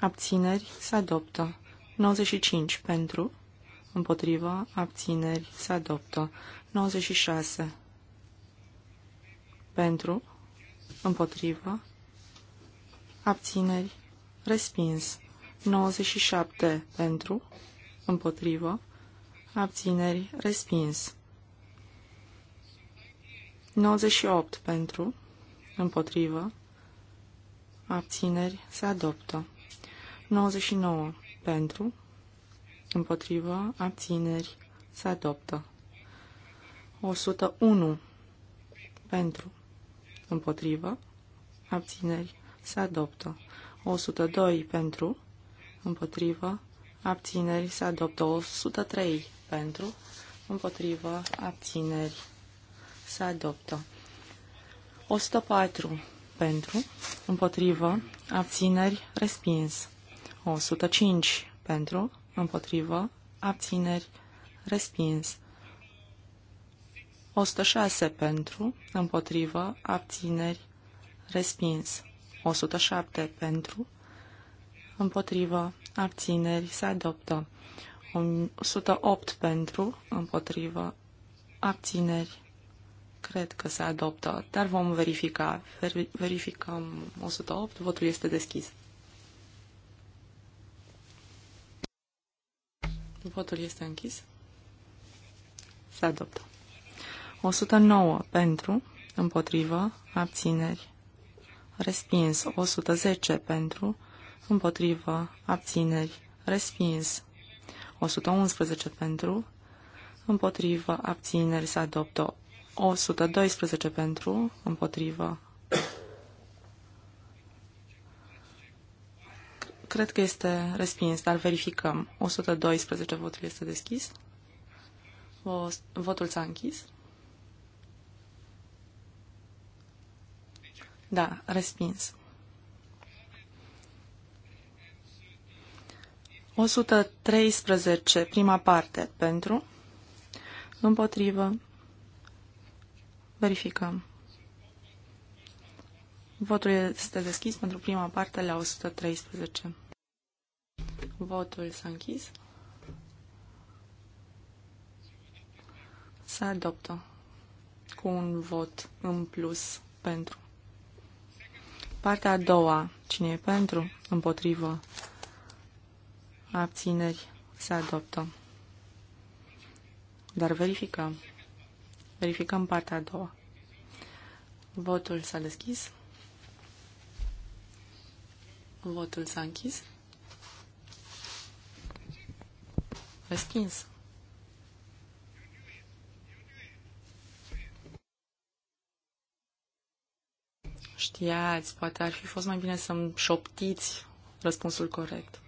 Abțineri. Se adoptă. 95 pentru, împotriva, abțineri, se adoptă. 96 pentru, împotriva, abțineri, respins. 97 pentru, împotrivă, abțineri, respins. 98 pentru, împotrivă, abțineri, se adoptă. 99 pentru, împotrivă, abțineri, se adoptă. 101 pentru, împotrivă, abțineri, se adoptă. 102 pentru, împotrivă, abțineri, se adoptă. 103 pentru, împotrivă, abțineri, se adoptă. 104 pentru, împotrivă, abțineri, respins. 105 pentru, împotrivă, abțineri, respins. 106 pentru, împotrivă, abțineri, respins. 107 pentru, împotrivă, abțineri, se adoptă. 108 pentru, împotrivă, abțineri, cred că se adoptă, dar vom verifica. Verificăm 108, votul este deschis. Votul este închis. Se adoptă. 109 pentru, împotrivă, abțineri. Respins. 110 pentru, împotrivă, abțineri. Respins. 111 pentru, împotrivă, abțineri. Se adoptă. 112 pentru, împotrivă, Cred că este respins, dar verificăm. 112 votul este deschis. Votul s-a închis. Da, respins. 113, prima parte, pentru, împotrivă, verificăm. Votul este deschis pentru prima parte la 113. Votul s-a închis. Se adoptă cu un vot în plus pentru. Partea a doua. Cine e pentru? Împotrivă. Abțineri. Se adoptă. Dar verificăm. Verificăm partea a doua. Votul s-a deschis. Votul s-a închis. Răschins. Știați, poate ar fi fost mai bine să-mi șoptiți răspunsul corect.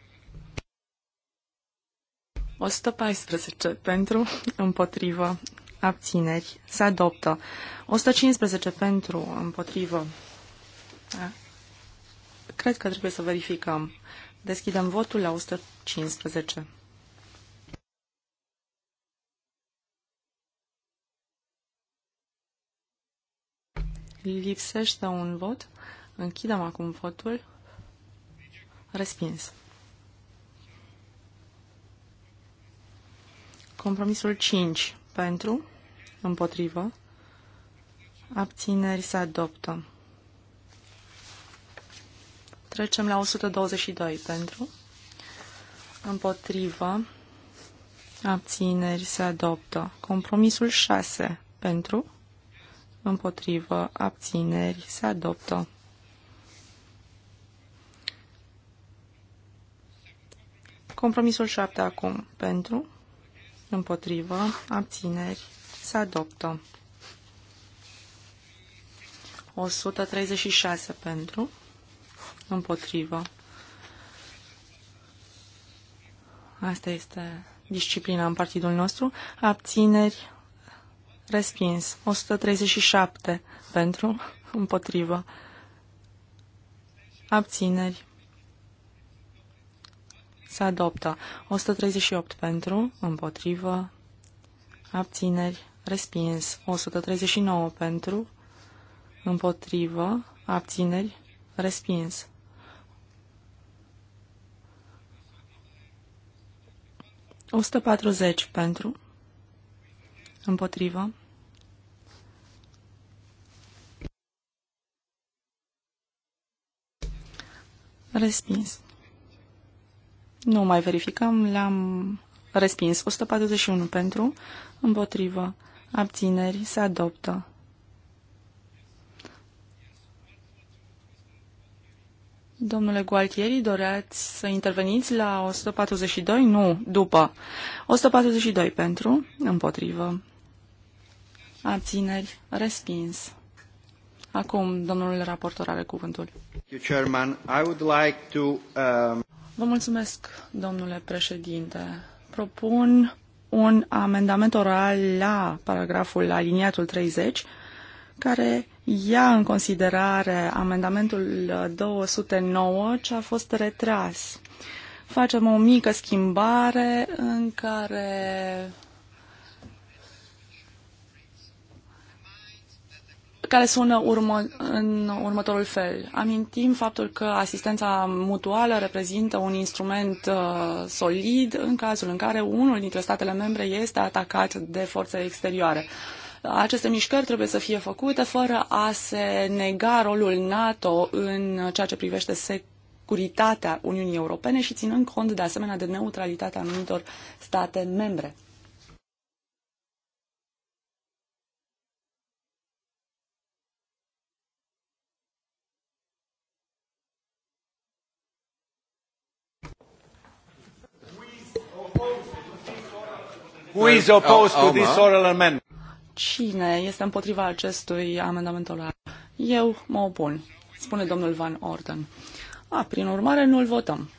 114 pentru, împotrivă, abțineri, se adoptă. 115 pentru, împotrivă, Cred că trebuie să verificăm. Deschidem votul la 115. Lipsește un vot. Închidem acum votul. Respins. Compromisul 5. Pentru. Împotrivă. Abțineri se adoptă. Trecem la 122 pentru. Împotrivă. Abțineri se adoptă. Compromisul 6 pentru. Împotrivă. Abțineri se adoptă. Compromisul 7 acum pentru. Împotrivă. Abțineri se adoptă. 136 pentru împotrivă. Asta este disciplina în partidul nostru. Abțineri, respins. 137 pentru, împotrivă. Abțineri. Se adoptă. 138 pentru, împotrivă. Abțineri, respins. 139 pentru, împotrivă. Abțineri, respins. 140 pentru, împotrivă. Respins. Nu mai verificăm, l-am respins. 141 pentru, împotrivă, abțineri, se adoptă. Domnule Gualtieri, doreați să interveniți la 142? Nu, după. 142 pentru, împotrivă. Abțineri, respins. Acum, domnul raportor are cuvântul. Um, Vă mulțumesc, domnule președinte. Propun un amendament oral la paragraful aliniatul 30, care ia în considerare amendamentul 209 uh, ce a fost retras. Facem o mică schimbare în care care sună urmă, în următorul fel. Amintim faptul că asistența mutuală reprezintă un instrument uh, solid în cazul în care unul dintre statele membre este atacat de forțe exterioare. Uh, aceste mișcări trebuie să fie făcute fără a se nega rolul NATO în ceea ce privește securitatea Uniunii Europene și ținând cont de asemenea de neutralitatea anumitor state membre. Who is opposed to this oral amendment? Cine este împotriva acestui amendament oral? Eu mă opun, spune domnul Van Orden. A, prin urmare, nu-l votăm.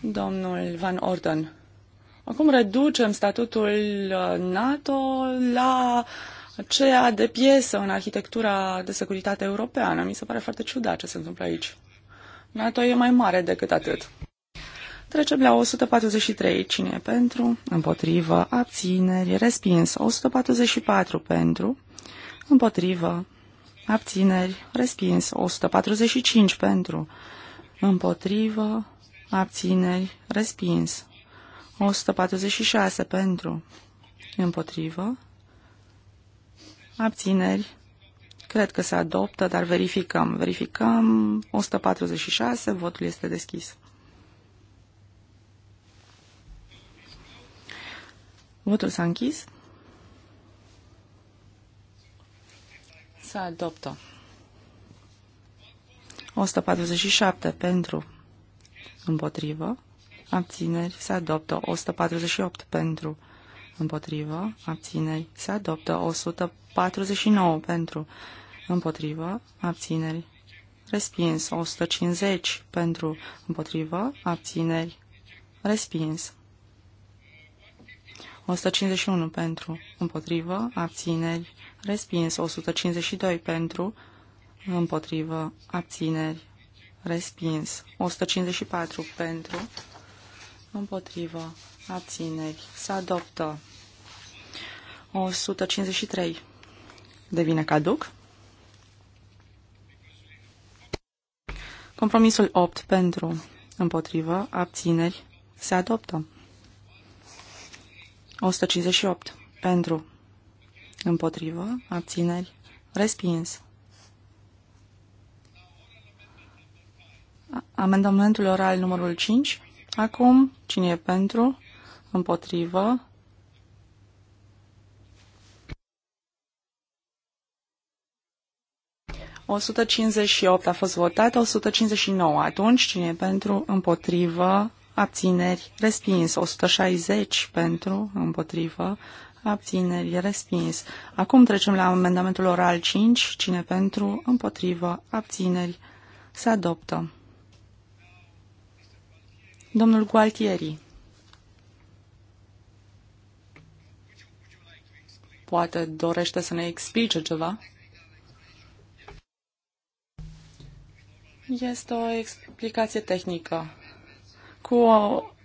Domnul Van Orden, acum reducem statutul uh, NATO la aceea de piesă în arhitectura de securitate europeană. Mi se pare foarte ciudat ce se întâmplă aici. NATO e mai mare decât atât. Trecem la 143. Cine pentru? Împotrivă. Abțineri. Respins. 144 pentru. Împotrivă. Abțineri. Respins. 145 pentru. Împotrivă. Abțineri. Respins. 146 pentru. Împotrivă. Abțineri. Cred că se adoptă, dar verificăm. Verificăm. 146. Votul este deschis. Votul s-a închis. Se adoptă. 147 pentru împotrivă, abțineri se adoptă 148 pentru împotrivă, abțineri se adoptă 149 pentru împotrivă, abțineri respins 150 pentru împotrivă, abțineri respins 151 pentru, împotrivă, abțineri, respins. 152 pentru, împotrivă, abțineri, respins. 154 pentru, împotrivă, abțineri, se adoptă. 153 devine caduc. Compromisul 8 pentru, împotrivă, abțineri, se adoptă. 158. Pentru. Împotrivă. Abțineri. Respins. Amendamentul oral numărul 5. Acum, cine e pentru? Împotrivă. O 158 a fost votat, 159. Atunci, cine e pentru? Împotrivă abțineri, respins. 160 pentru, împotrivă, abțineri, respins. Acum trecem la amendamentul oral 5, cine pentru, împotrivă, abțineri, se adoptă. Domnul Gualtieri. Poate dorește să ne explice ceva? Este o explicație tehnică cu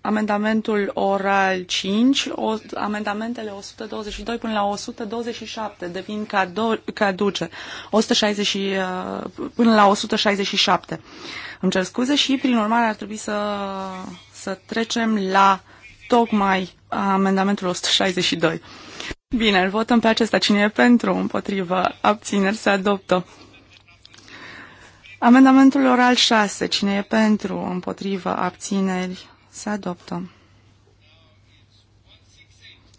amendamentul oral 5, o, amendamentele 122 până la 127 devin cado, caduce, 160, uh, până la 167. Îmi cer scuze și, prin urmare, ar trebui să, să trecem la tocmai amendamentul 162. Bine, îl votăm pe acesta. Cine e pentru, împotrivă, abțineri, se adoptă. Amendamentul oral 6. Cine e pentru, împotrivă, abțineri, se adoptă.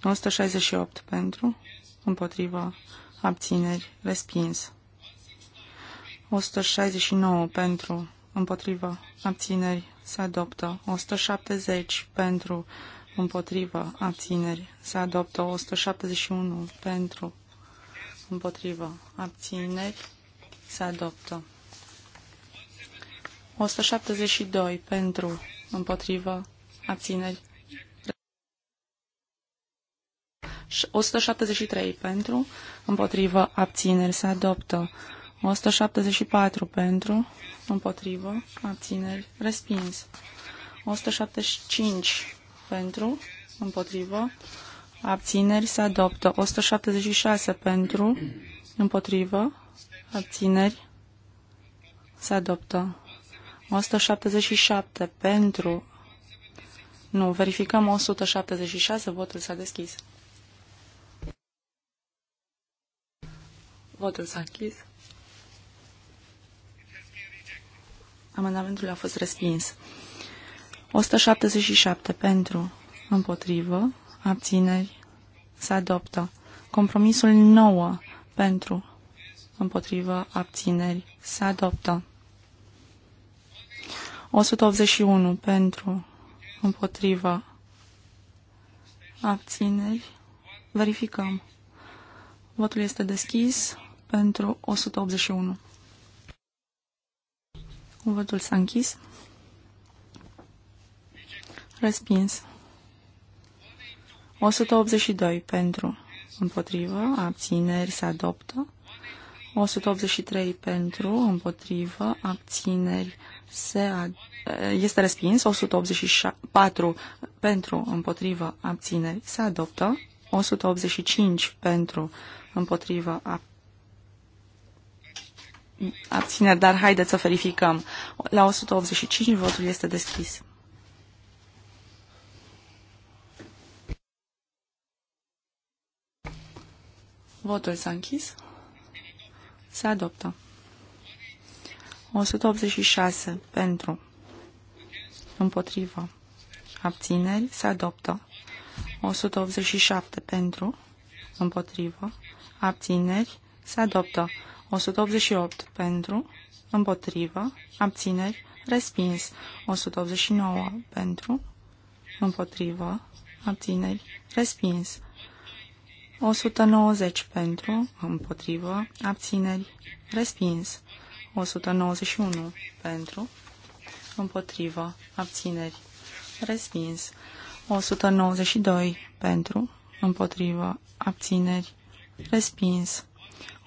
168 pentru, împotrivă, abțineri, respins. 169 pentru, împotrivă, abțineri, se adoptă. 170 pentru, împotrivă, abțineri, se adoptă. 171 pentru, împotrivă, abțineri, se adoptă. 172 pentru, împotrivă, abțineri. 173 pentru, împotrivă, abțineri, se adoptă. 174 pentru, împotrivă, abțineri, respins. 175 pentru, împotrivă, abțineri, se adoptă. 176 pentru, împotrivă, abțineri, se adoptă. 177 pentru. Nu, verificăm 176, votul s-a deschis. Votul s-a închis. Amendamentul a fost respins. 177 pentru, împotrivă, abțineri, se adoptă. Compromisul 9 pentru, împotrivă, abțineri, se adoptă. 181 pentru, împotriva, abțineri. Verificăm. Votul este deschis pentru 181. Votul s-a închis. Respins. 182 pentru, împotrivă, abțineri se adoptă. 183 pentru, împotrivă, abțineri se, este respins, 184 pentru, împotrivă, abțineri, se adoptă, 185 pentru, împotrivă, ab abțineri, dar haideți să verificăm. La 185 votul este deschis. Votul s-a închis. Se adoptă. 186 pentru, împotrivă, abțineri, se adoptă. 187 pentru, împotrivă, abțineri, se adoptă. 188 pentru, împotrivă, abțineri, respins. 189 pentru, împotrivă, abțineri, respins. 190 pentru, împotrivă, abțineri, respins. 191 pentru, împotrivă, abțineri, respins. 192 pentru, împotrivă, abțineri, respins.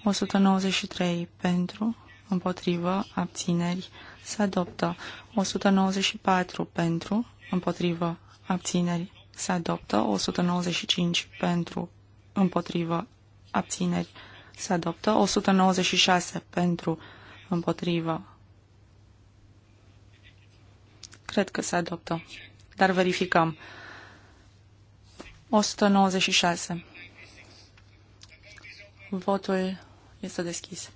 193 pentru, împotrivă, abțineri, se adoptă. 194 pentru, împotrivă, abțineri, se adoptă. 195 pentru, împotrivă, abțineri, se adoptă. 196 pentru, Împotrivă. Cred că se adoptă. Dar verificăm. 196. Votul este deschis.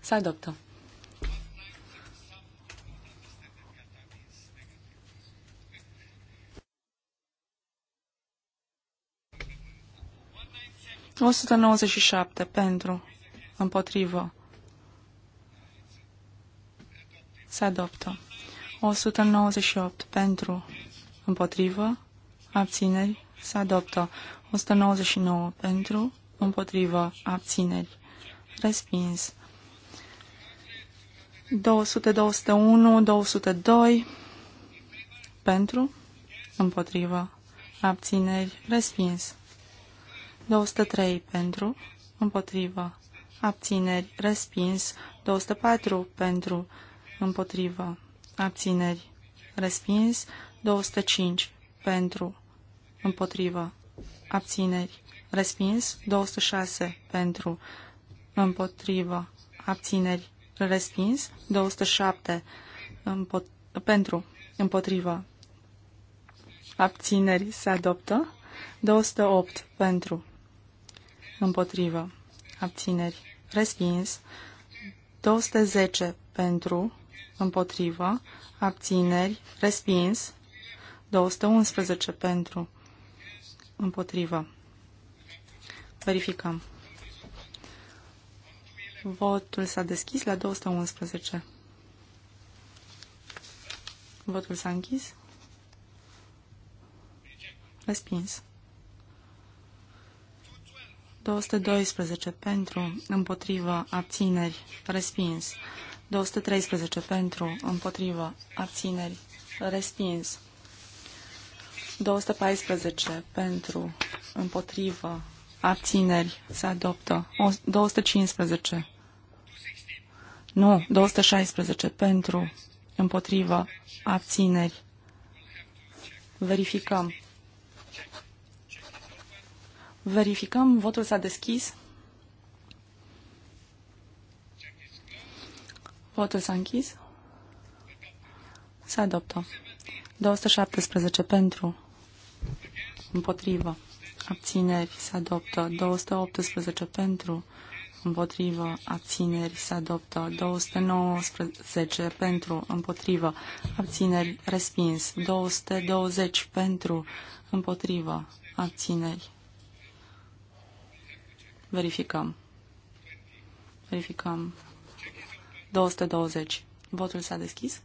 Se adoptă. 197 pentru, împotrivă, se adoptă. 198 pentru, împotrivă, abțineri, se adoptă. 199 pentru, împotrivă, abțineri, respins. 200, 201, 202 pentru, împotrivă, abțineri, respins. 203 pentru, împotrivă, abțineri, respins. 204 pentru, împotrivă, abțineri, respins. 205 pentru, împotrivă, abțineri, respins. 206 pentru, împotrivă, abțineri, respins. 207 împot pentru, împotrivă, abțineri, se adoptă. 208 pentru, împotrivă, abțineri, respins. 210 pentru, împotrivă, abțineri, respins. 211 pentru, împotrivă. Verificăm. Votul s-a deschis la 211. Votul s-a închis. Respins. 212 pentru, împotrivă, abțineri, respins. 213 pentru, împotrivă, abțineri, respins. 214 pentru, împotrivă, abțineri, se adoptă. 215. Nu, 216 pentru, împotrivă, abțineri. Verificăm. Verificăm, votul s-a deschis. Votul s-a închis. Se adoptă. 217 pentru. Împotrivă. Abțineri se adoptă. 218 pentru. Împotrivă. Abțineri se adoptă. 219 pentru. Împotrivă. Abțineri respins. 220 pentru. Împotrivă. Abțineri Verificăm. Verificăm. 220. Votul s-a deschis.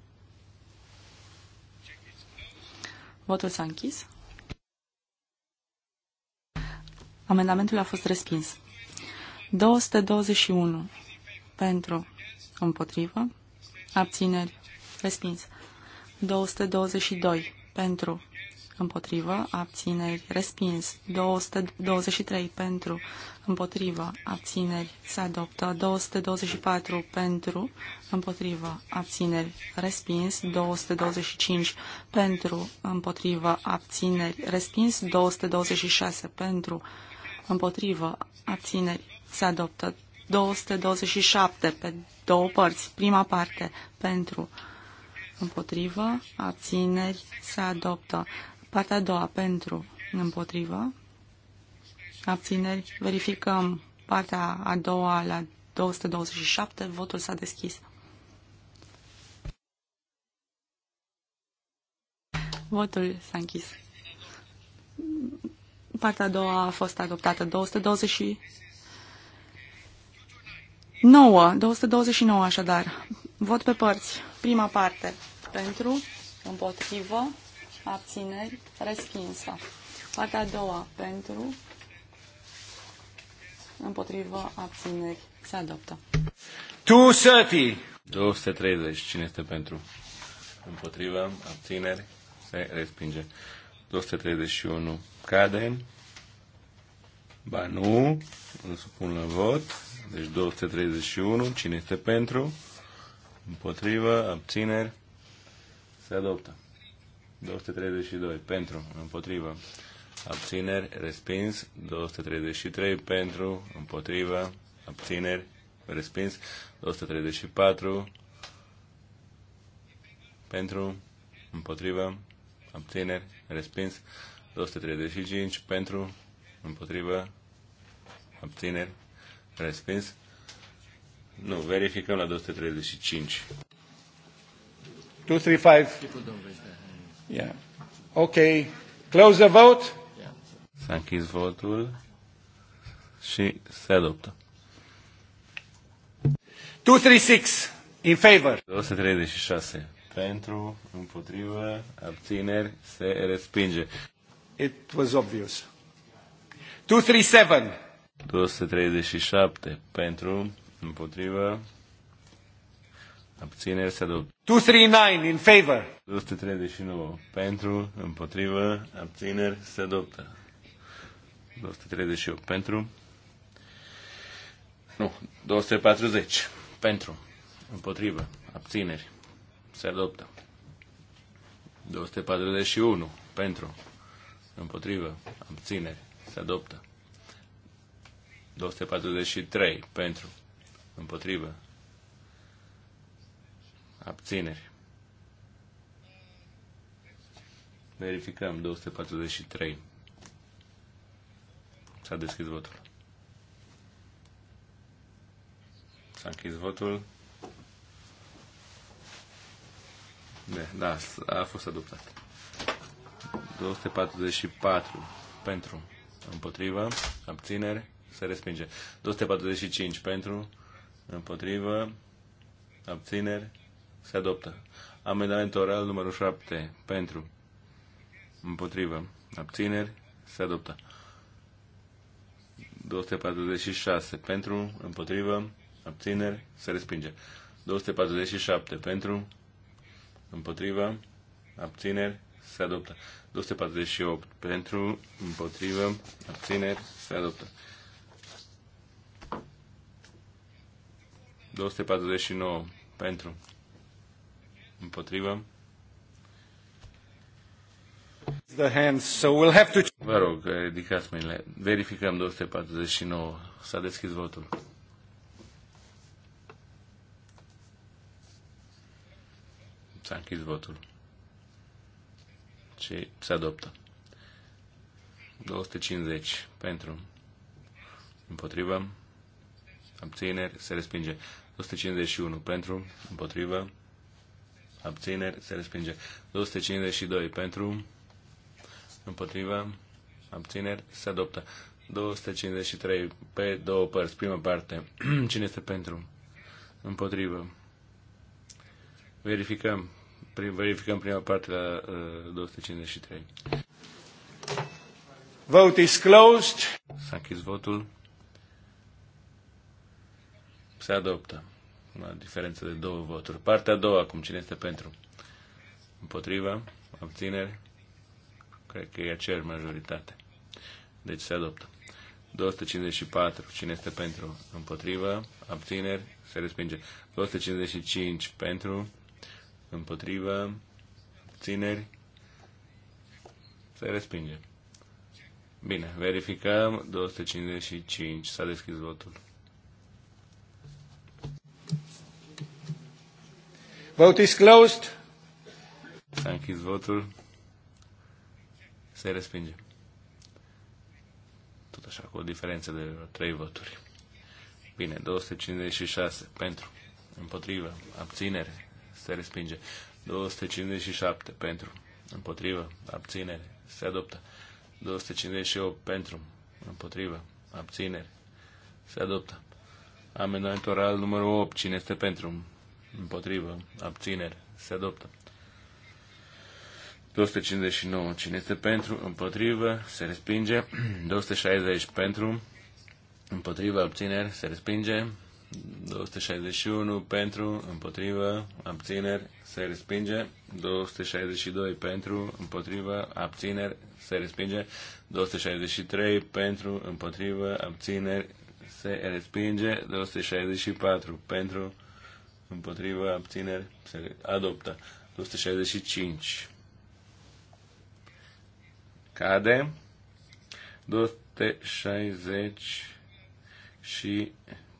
Votul s-a închis. Amendamentul a fost respins. 221. Pentru. Împotrivă. Abțineri. Respins. 222. Pentru împotrivă, abțineri, respins. 223 pentru, împotrivă, abțineri, se adoptă. 224 pentru, împotrivă, abțineri, respins. 225 pentru, împotrivă, abțineri, respins. 226 pentru, împotrivă, abțineri, se adoptă. 227 pe două părți, prima parte pentru, împotrivă, abțineri, se adoptă. Partea a doua pentru împotrivă. Abțineri. Verificăm partea a doua la 227. Votul s-a deschis. Votul s-a închis. Partea a doua a fost adoptată. 229. 229 așadar. Vot pe părți. Prima parte. Pentru, împotrivă, abțineri, respinsă. Partea a doua, pentru, împotrivă, abțineri, se adoptă. 230. 230. Cine este pentru? Împotriva, abțineri, se respinge. 231. Cade. Ba nu. Îl supun la vot. Deci 231. Cine este pentru? Împotrivă, abțineri, se adoptă. 232 pentru, împotrivă. Abțineri, respins. 233 pentru, împotrivă. Abțineri, respins. 234 pentru, împotrivă. Abțineri, respins. 235 pentru, împotrivă. Abțineri, respins. Nu, verificăm la 235. 235. Yeah. Ok. Close the vote. S-a închis votul și se adoptă. 236 in favor. 236 pentru, împotrivă, abțineri, se respinge. It was obvious. 237. 237 pentru, împotrivă, Abținere se adoptă. 239 in favor. 239 pentru, împotrivă, abțineri se adoptă. 238 pentru. Nu, 240 pentru, împotrivă, abțineri se adoptă. 241 pentru, împotrivă, abțineri se adoptă. 243 pentru, împotrivă, Abțineri. Verificăm 243. S-a deschis votul. S-a închis votul. De, da, a fost adoptat. 244 pentru, împotrivă, abțineri, se respinge. 245 pentru, împotrivă, abțineri, se adoptă. Amendamentul oral numărul 7. Pentru. Împotrivă. Abțineri. Se adoptă. 246. Pentru. Împotrivă. Abțineri. Se respinge. 247. Pentru. Împotrivă. Abțineri. Se adoptă. 248. Pentru. Împotrivă. Abțineri. Se adoptă. 249. Pentru. Împotrivă. The hands, so we'll have to... Vă rog, ridicați mâinile. Verificăm 249. S-a deschis votul. S-a închis votul. Și se adoptă. 250 pentru. Împotrivă. Abțineri. Se respinge. 251 pentru. Împotrivă abțineri, se respinge. 252 pentru, împotriva, abțineri, se adoptă. 253 pe două părți, prima parte. Cine este pentru? Împotrivă. Verificăm. Verificăm prima parte la uh, 253. Vote is closed. S-a închis votul. Se adoptă una diferență de două voturi. Partea a doua, acum, cine este pentru? Împotriva? Abțineri? Cred că e aceeași majoritate. Deci se adoptă. 254, cine este pentru? Împotriva? Abțineri? Se respinge. 255 pentru? Împotriva? Abțineri? Se respinge. Bine, verificăm 255. S-a deschis votul. Vote is closed. S-a închis votul. Se respinge. Tot așa, cu o diferență de trei voturi. Bine, 256 pentru, împotrivă, abținere, se respinge. 257 pentru, împotrivă, abținere, se adoptă. 258 pentru, împotrivă, abținere, se adoptă. Amendamentul oral numărul 8, cine este pentru? Împotrivă. Abțineri. Se adoptă. 259. Cine este pentru? Împotrivă. Se respinge. 260. Pentru. Împotrivă. Abțineri. Se respinge. 261 pentru, împotrivă, abțineri, se respinge. 262 pentru, împotrivă, abțineri, se respinge. 263 pentru, împotrivă, abțineri, se respinge. 264 pentru, împotriva, abțineri, se adoptă. 265 cade. 260 și...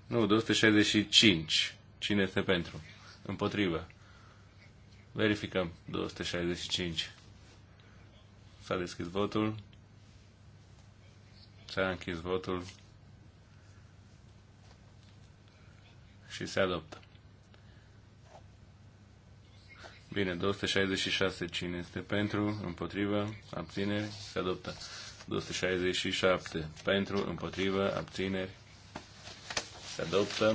Nu, 265. Cine este pentru? Împotriva. Verificăm. 265. S-a deschis votul. S-a închis votul. Și se adoptă. Bine, 266 cine este pentru, împotrivă, abțineri, se adoptă. 267 pentru, împotrivă, abțineri, se adoptă.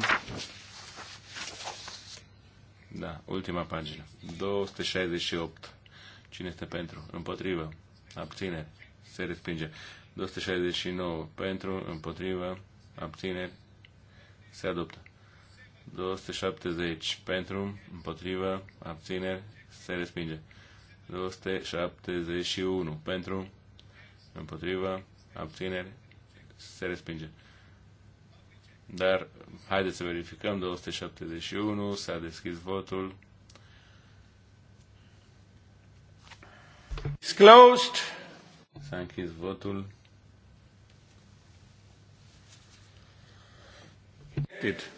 Da, ultima pagină. 268. Cine este pentru? Împotrivă. Abțineri. Se respinge. 269. Pentru, împotrivă, abțineri, se adoptă. 270 pentru, împotrivă, abțineri, se respinge. 271 pentru, împotrivă, abțineri, se respinge. Dar haideți să verificăm 271, s-a deschis votul. It's closed. S-a închis votul. It.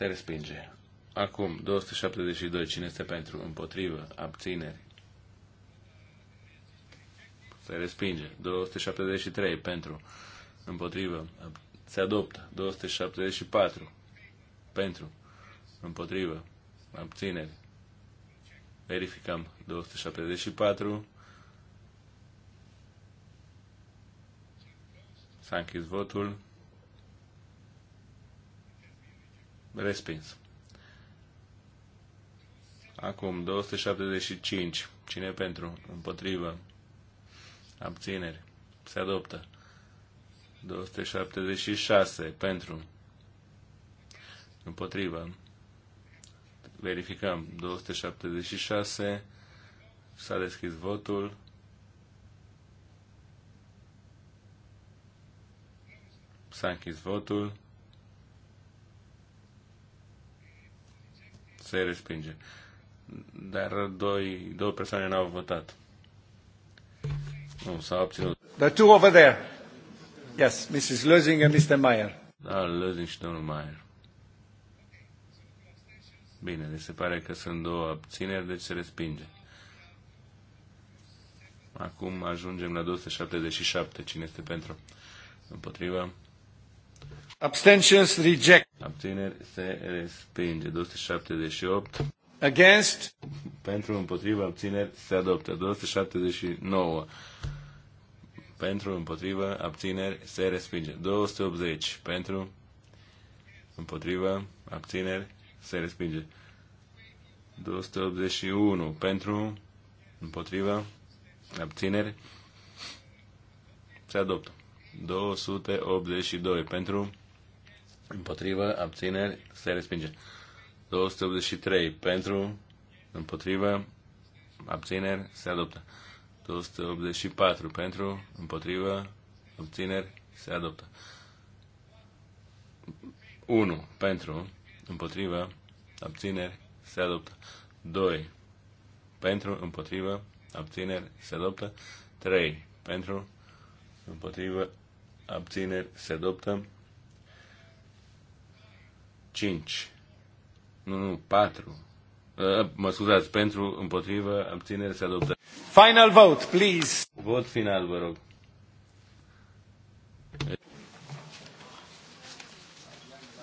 Se respinge. Acum, 272. Cine este pentru? Împotrivă. Abțineri. Se respinge. 273. Pentru. Împotrivă. Se adoptă. 274. Pentru. Împotrivă. Abțineri. Verificăm. 274. S-a închis votul. Respins. Acum, 275. Cine pentru? Împotrivă. Abțineri. Se adoptă. 276. Pentru. Împotrivă. Verificăm. 276. S-a deschis votul. S-a închis votul. se respinge. Dar doi, două persoane n-au votat. Nu, s-au obținut. The two over there. Yes, Mrs. Lösing and Mr. Meyer. Da, Lösing și domnul Meyer. Bine, deci se pare că sunt două abțineri, deci se respinge. Acum ajungem la 277. Cine este pentru? Împotriva? Abstentions reject. Abțineri se respinge. 278. Against. Pentru împotriva abțineri se adoptă. 279. Pentru împotriva abțineri se respinge. 280. Pentru împotriva abțineri se respinge. 281. Pentru împotriva abțineri se adoptă. 282. Pentru Împotrivă, abțineri, se respinge. 283 pentru, împotrivă, abțineri, se adoptă. 284 pentru, împotrivă, abțineri, se adoptă. 1 pentru, împotrivă, abțineri, se adoptă. 2 pentru, împotrivă, abțineri, se adoptă. 3 pentru, împotrivă, abțineri, se adoptă. 5. Nu, nu, 4. Ă, ă, mă scuzați, pentru, împotrivă, abținere se adoptă. Final vote, please. Vot final, vă rog.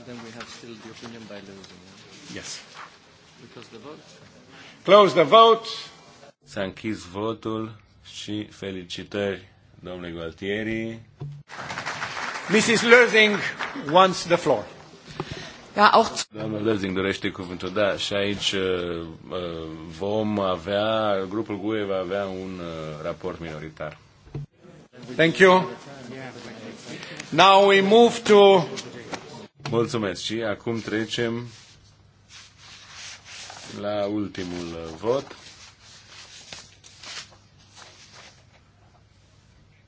Then we have still the opinion by losing. Yes. Because the vote. Close the vote. S-a închis votul și felicitări, domnule Gualtieri. Mrs. Lersing wants the floor. Da, auch... Doamna Lăzing dorește cuvântul, da, și aici uh, uh, vom avea, grupul GUE va avea un uh, raport minoritar. Thank you. Now we move to... Mulțumesc și acum trecem la ultimul vot.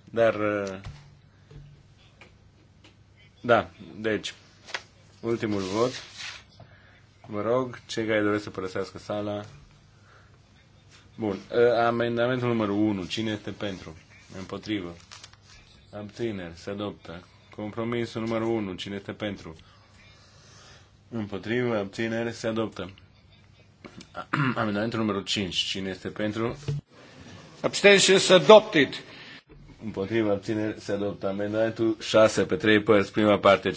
Dar, da, deci, Ultimul vot. Vă rog, cei care doresc să părăsească sala. Bun. Uh, amendamentul numărul 1. Cine este pentru? Împotrivă. Abțineri. Se adoptă. Compromisul numărul 1. Cine este pentru? Împotrivă. Abțineri. Se adoptă. Amendamentul numărul 5. Cine este pentru? Abstentions adopted. Împotrivă. Abțineri. Se adoptă. Amendamentul 6 pe 3 părți. Prima parte.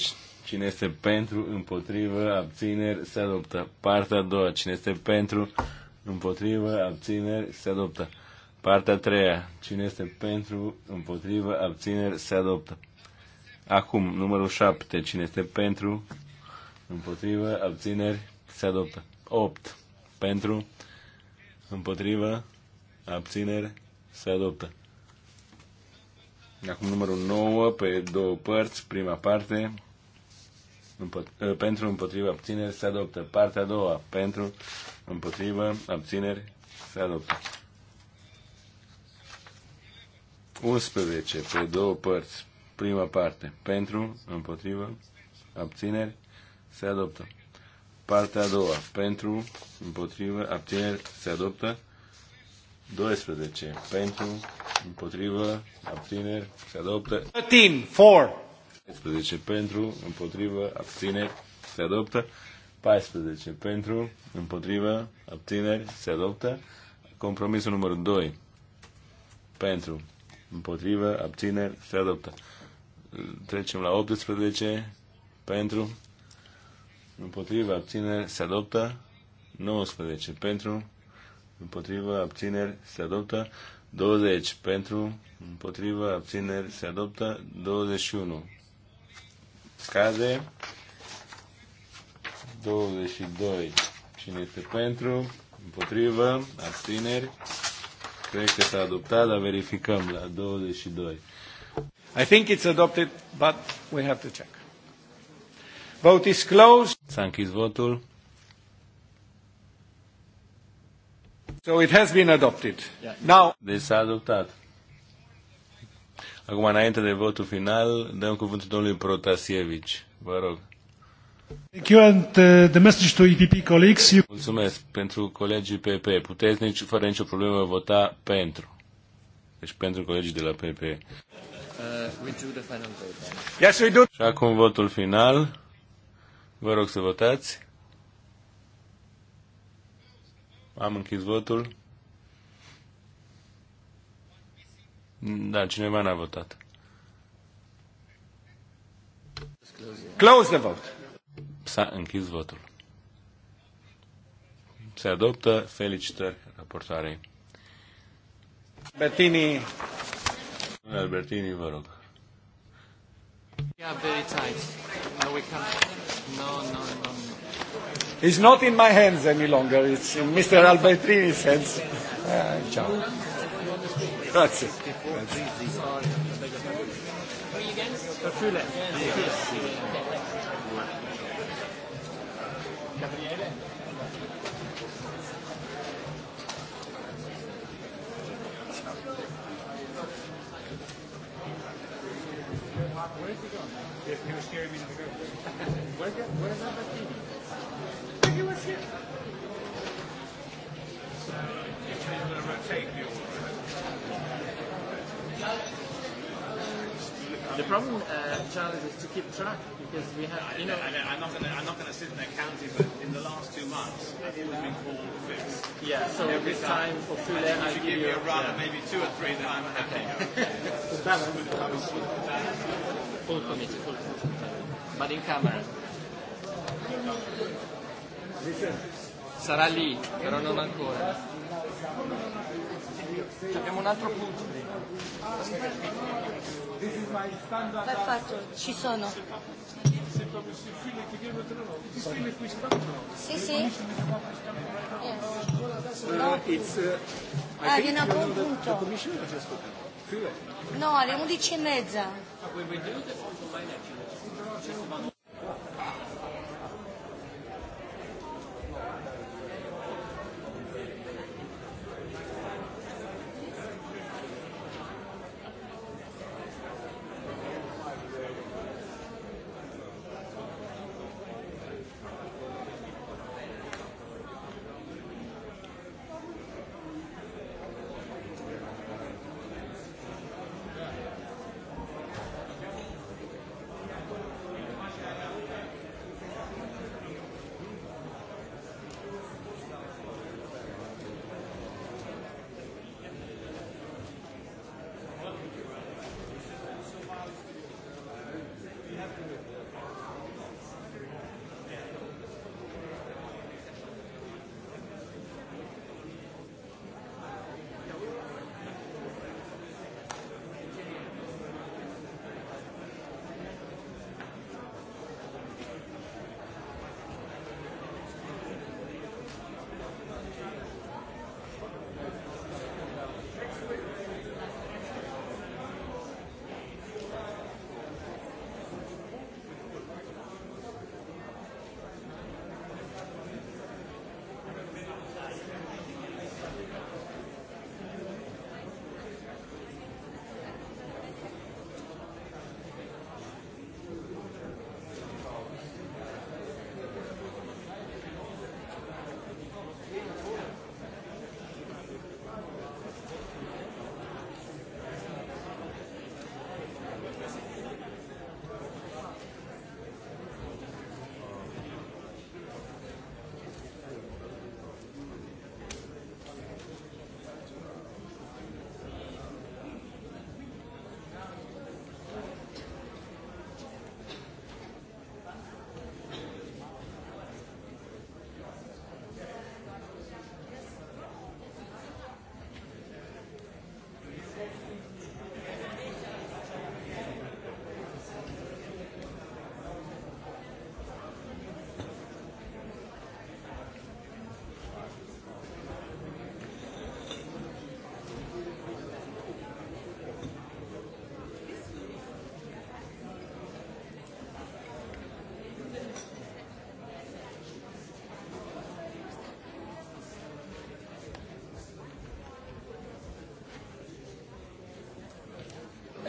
Cine este pentru, împotrivă, abțineri, se adoptă. Partea a doua. Cine este pentru, împotrivă, abțineri, se adoptă. Partea a treia. Cine este pentru, împotrivă, abțineri, se adoptă. Acum, numărul 7. Cine este pentru, împotrivă, abțineri, se adoptă. 8. Pentru, împotrivă, abțineri, se adoptă. Acum numărul 9 pe două părți, prima parte, Ă, pentru împotriva abțineri se adoptă. Partea a doua pentru împotriva abțineri se adoptă. 11 pe două părți. Prima parte pentru împotriva abțineri se adoptă. Partea a doua pentru împotriva abțineri se adoptă. 12 pentru împotriva abțineri se adoptă. 13 4 13 pentru, împotrivă, abțineri, se adoptă. 14 pentru, împotrivă, abțineri, se adoptă. Compromisul numărul 2 pentru, împotrivă, abțineri, se adoptă. Trecem la 18 pentru, împotrivă, abțineri, se adoptă. 19 pentru, împotrivă, abțineri, se adoptă. 20 pentru, împotrivă, abțineri, se adoptă 21 Cade. 22. Cine este pentru? Împotrivă. Abțineri. Cred că s-a adoptat, dar verificăm la 22. I think it's adopted, but we have to check. Vote is closed. S-a închis votul. So it has been adopted. Now. Deci s-a adoptat. Acum, înainte de votul final, dăm cuvântul domnului Protasievici. Vă rog. Thank you and uh, the message to EPP colleagues. You... Mulțumesc pentru colegii PP. Puteți nici, fără nicio problemă vota pentru. Deci pentru colegii de la PP. Uh, we do the final vote. Yes, we do. Și acum votul final. Vă rog să votați. Am închis votul. Da, cineva n-a votat. Close the vote. S-a închis votul. Se adoptă. Felicitări raportoarei. Albertini. Albertini, vă rog. very tight. we can't. No, no, no. It's not in my hands any longer. It's in Mr. Albertini's hands. Uh, ciao. Grazie. Gabriele? is he going? he was scaring me to the group. is that? is that He was here. It's going to rotate you. The problem, uh, Charles, is to keep track because we have. you know, I, I, I'm not going to. I'm not going to sit in a county, but in the last two months, it has been called fix. Yeah. So every this time, time for Fule, I give, you a run yeah. maybe two or three that I'm happy. Okay. balance. Full committee. Full committee. But in camera. Sarà lì, però non ancora. Abbiamo un altro punto. Per fatto, ci sono. Sì, sì. Yes. No, uh, it's, uh, ah, viene a buon punto. No, alle 11 e mezza. Ah,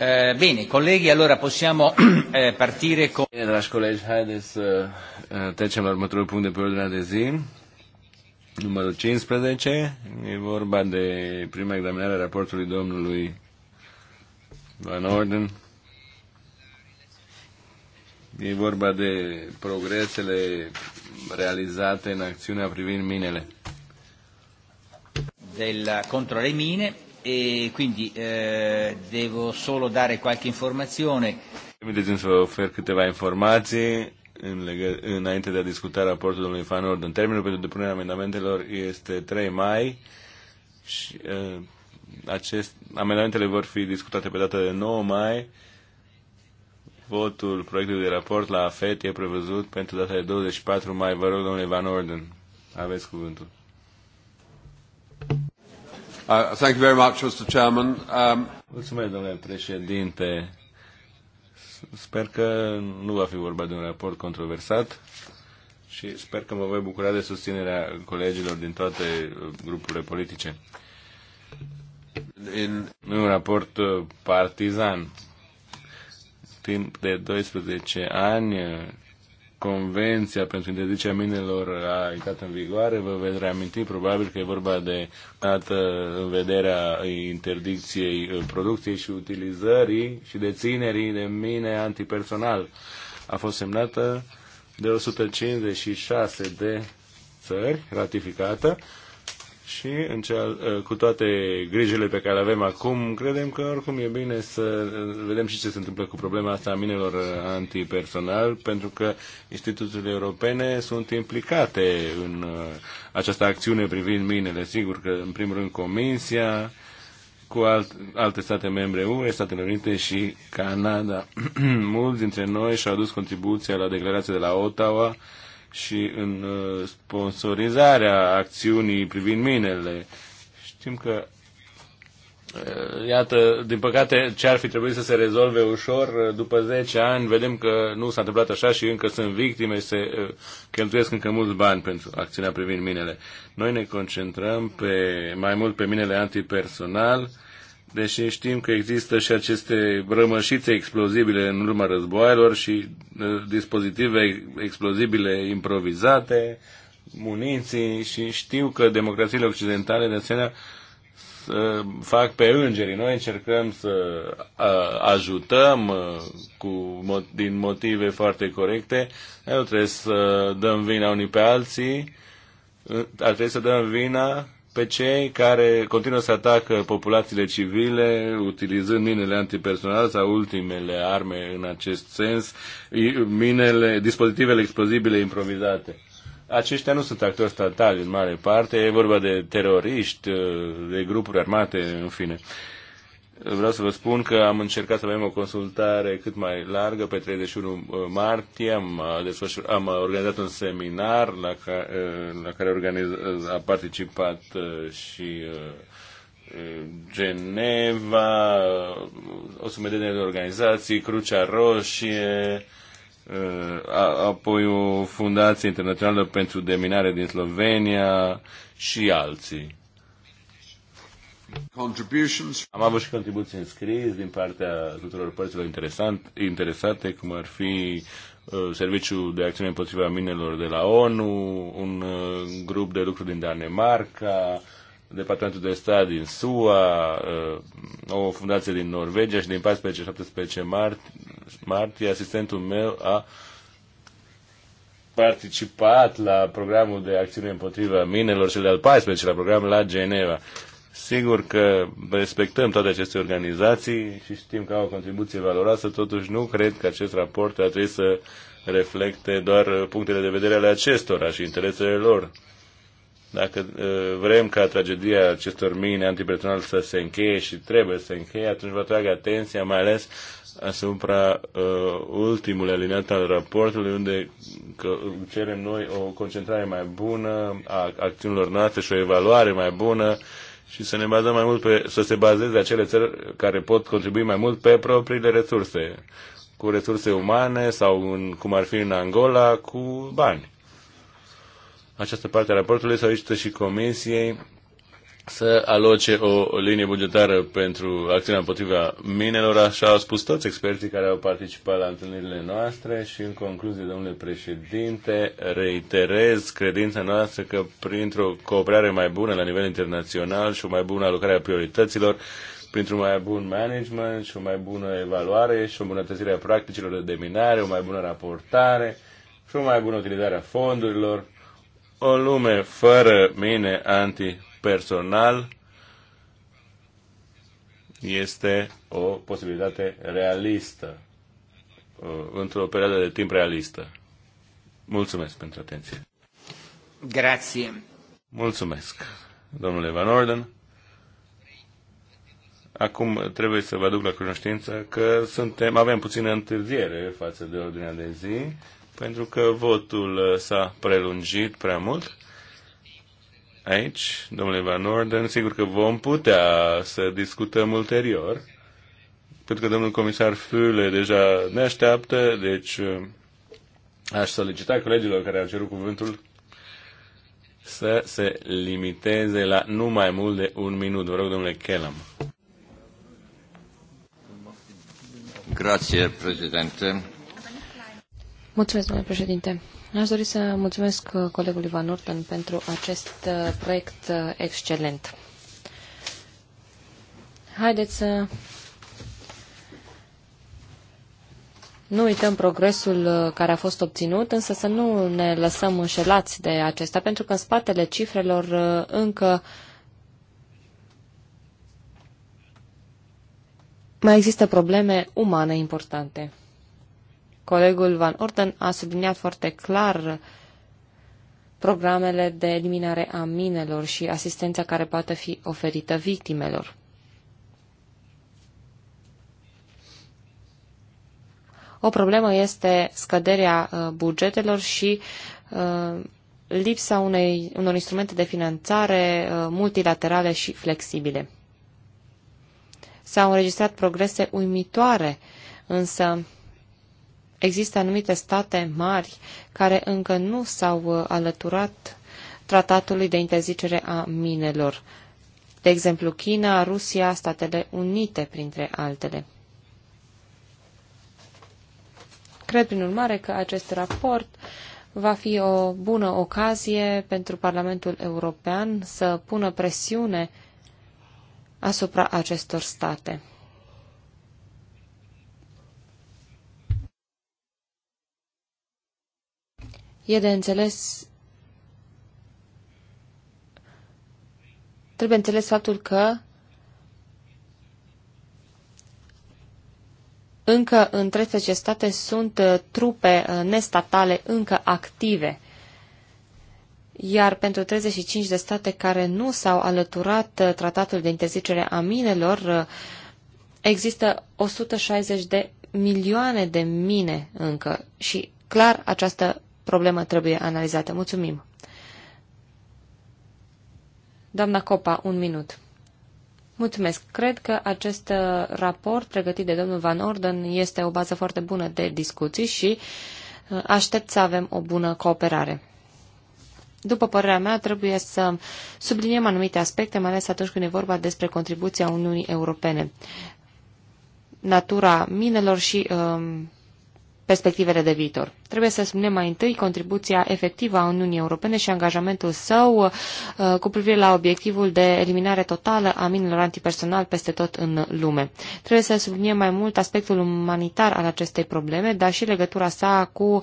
Eh, bine, colegi, allora possiamo eh, partire con... Bine, dragi colegi, haideți să eh, trecem la următorul punct de pe ordinea de zi. Numărul 15, e vorba de prima examinare a raportului domnului Van Orden. E vorba de progresele realizate în acțiunea privind minele. Del controle mine e quindi eh, devo solo dare qualche informazione. Permiteți-mi să vă ofer câteva informații în legă, înainte de a discuta raportul domnului Van Orden. Termenul pentru depunerea amendamentelor este 3 mai și uh, acest, amendamentele vor fi discutate pe data de 9 mai. Votul proiectului de raport la AFET e prevăzut pentru data de 24 mai. Vă rog, domnule Van Orden, aveți cuvântul. Uh, thank you very much, Mr. Chairman. Um... Mulțumesc, domnule președinte. Sper că nu va fi vorba de un raport controversat și sper că mă voi bucura de susținerea colegilor din toate uh, grupurile politice. In... Nu un raport uh, partizan. Timp de 12 ani Convenția pentru interzicerea minelor a intrat în vigoare. Vă veți reaminti probabil că e vorba de dată în vederea interdicției uh, producției și utilizării și deținerii de mine antipersonal. A fost semnată de 156 de țări, ratificată, și în cea, ă, cu toate grijile pe care le avem acum, credem că oricum e bine să ă, vedem și ce se întâmplă cu problema asta a minelor ă, antipersonal, pentru că instituțiile europene sunt implicate în această acțiune privind minele. Sigur că, în primul rând, Comisia, cu alt, alte state membre UE, Statele Unite și Canada. Mulți dintre noi și-au adus contribuția la declarația de la Ottawa, și în uh, sponsorizarea acțiunii privind minele. Știm că uh, Iată, din păcate, ce ar fi trebuit să se rezolve ușor, uh, după 10 ani, vedem că nu s-a întâmplat așa și încă sunt victime și se cheltuiesc încă mulți bani pentru acțiunea privind minele. Noi ne concentrăm pe, mai mult pe minele antipersonal, deși știm că există și aceste rămășițe explozibile în urma războaielor și uh, dispozitive explozibile improvizate, muniții și știu că democrațiile occidentale de asemenea să fac pe îngerii. Noi încercăm să ajutăm uh, cu, din motive foarte corecte. Nu trebuie să dăm vina unii pe alții. Uh, ar trebui să dăm vina pe cei care continuă să atacă populațiile civile utilizând minele antipersonale sau ultimele arme în acest sens, minele, dispozitivele explozibile improvizate. Aceștia nu sunt actori statali în mare parte, e vorba de teroriști, de grupuri armate, în fine vreau să vă spun că am încercat să avem o consultare cât mai largă pe 31 uh, martie. Am, uh, desfășur, am uh, organizat un seminar la, ca, la care organiz, a participat și Geneva, o sumă de organizații, Crucea Roșie, apoi o fundație internațională pentru deminare din Slovenia și alții. Am avut și contribuții înscris din partea tuturor părților interesate, cum ar fi uh, Serviciul de Acțiune împotriva minelor de la ONU, un uh, grup de lucru din Danemarca, Departamentul de Stat din SUA, uh, o fundație din Norvegia și din 14-17 mart, martie, asistentul meu a participat la programul de acțiune împotriva minelor, cel de-al 14 la program la Geneva. Sigur că respectăm toate aceste organizații și știm că au o contribuție valoroasă, totuși nu cred că acest raport ar trebui să reflecte doar punctele de vedere ale acestora și interesele lor. Dacă ă, vrem ca tragedia acestor mine antipersonal să se încheie și trebuie să se încheie, atunci vă trag atenția mai ales asupra uh, ă, ultimul alineat al raportului, unde că cerem noi o concentrare mai bună a acțiunilor noastre și o evaluare mai bună uh, și să ne bazăm mai mult pe, să se bazeze acele țări care pot contribui mai mult pe propriile resurse, cu resurse umane sau în, cum ar fi în Angola, cu bani. Această parte a raportului s-a și Comisiei să aloce o linie bugetară pentru acțiunea împotriva minelor, așa au spus toți experții care au participat la întâlnirile noastre și în concluzie, domnule președinte, reiterez credința noastră că printr-o cooperare mai bună la nivel internațional și o mai bună alocare a priorităților, printr-un mai bun management și o mai bună evaluare și o îmbunătățire a practicilor de minare, o mai bună raportare și o mai bună utilizare a fondurilor, o lume fără mine anti personal este o posibilitate realistă, uh, într-o perioadă de timp realistă. Mulțumesc pentru atenție. Grație. Mulțumesc, domnule Van Orden. Acum trebuie să vă aduc la cunoștință că suntem, avem puțină întârziere față de ordinea de zi, pentru că votul uh, s-a prelungit prea mult aici, domnule Van Orden, sigur că vom putea să discutăm ulterior, pentru că domnul comisar Füle deja ne așteaptă, deci uh, aș solicita colegilor care au cerut cuvântul să se limiteze la nu mai mult de un minut. Vă rog, domnule Kellam. Grazie, președinte. Mulțumesc, domnule președinte. Aș dori să mulțumesc uh, colegului Van Orten pentru acest uh, proiect uh, excelent. Haideți să nu uităm progresul care a fost obținut, însă să nu ne lăsăm înșelați de acesta, pentru că în spatele cifrelor încă mai există probleme umane importante. Colegul Van Orden a subliniat foarte clar programele de eliminare a minelor și asistența care poate fi oferită victimelor. O problemă este scăderea uh, bugetelor și uh, lipsa unei, unor instrumente de finanțare uh, multilaterale și flexibile. S-au înregistrat progrese uimitoare, însă Există anumite state mari care încă nu s-au uh, alăturat tratatului de interzicere a minelor, de exemplu China, Rusia, Statele Unite, printre altele. Cred, prin urmare, că acest raport va fi o bună ocazie pentru Parlamentul European să pună presiune asupra acestor state. e de înțeles... Trebuie înțeles faptul că încă în 13 state sunt uh, trupe uh, nestatale încă active iar pentru 35 de state care nu s-au alăturat uh, tratatul de interzicere a minelor, există 160 de milioane de mine încă și clar această problemă trebuie analizată. Mulțumim. Doamna Copa, un minut. Mulțumesc. Cred că acest uh, raport pregătit de domnul Van Orden este o bază foarte bună de discuții și uh, aștept să avem o bună cooperare. După părerea mea, trebuie să subliniem anumite aspecte, mai ales atunci când e vorba despre contribuția Uniunii Europene. Natura minelor și um, perspectivele de viitor. Trebuie să spunem mai întâi contribuția efectivă a Uniunii Europene și angajamentul său uh, cu privire la obiectivul de eliminare totală a minelor antipersonal peste tot în lume. Trebuie să subliniem mai mult aspectul umanitar al acestei probleme, dar și legătura sa cu uh,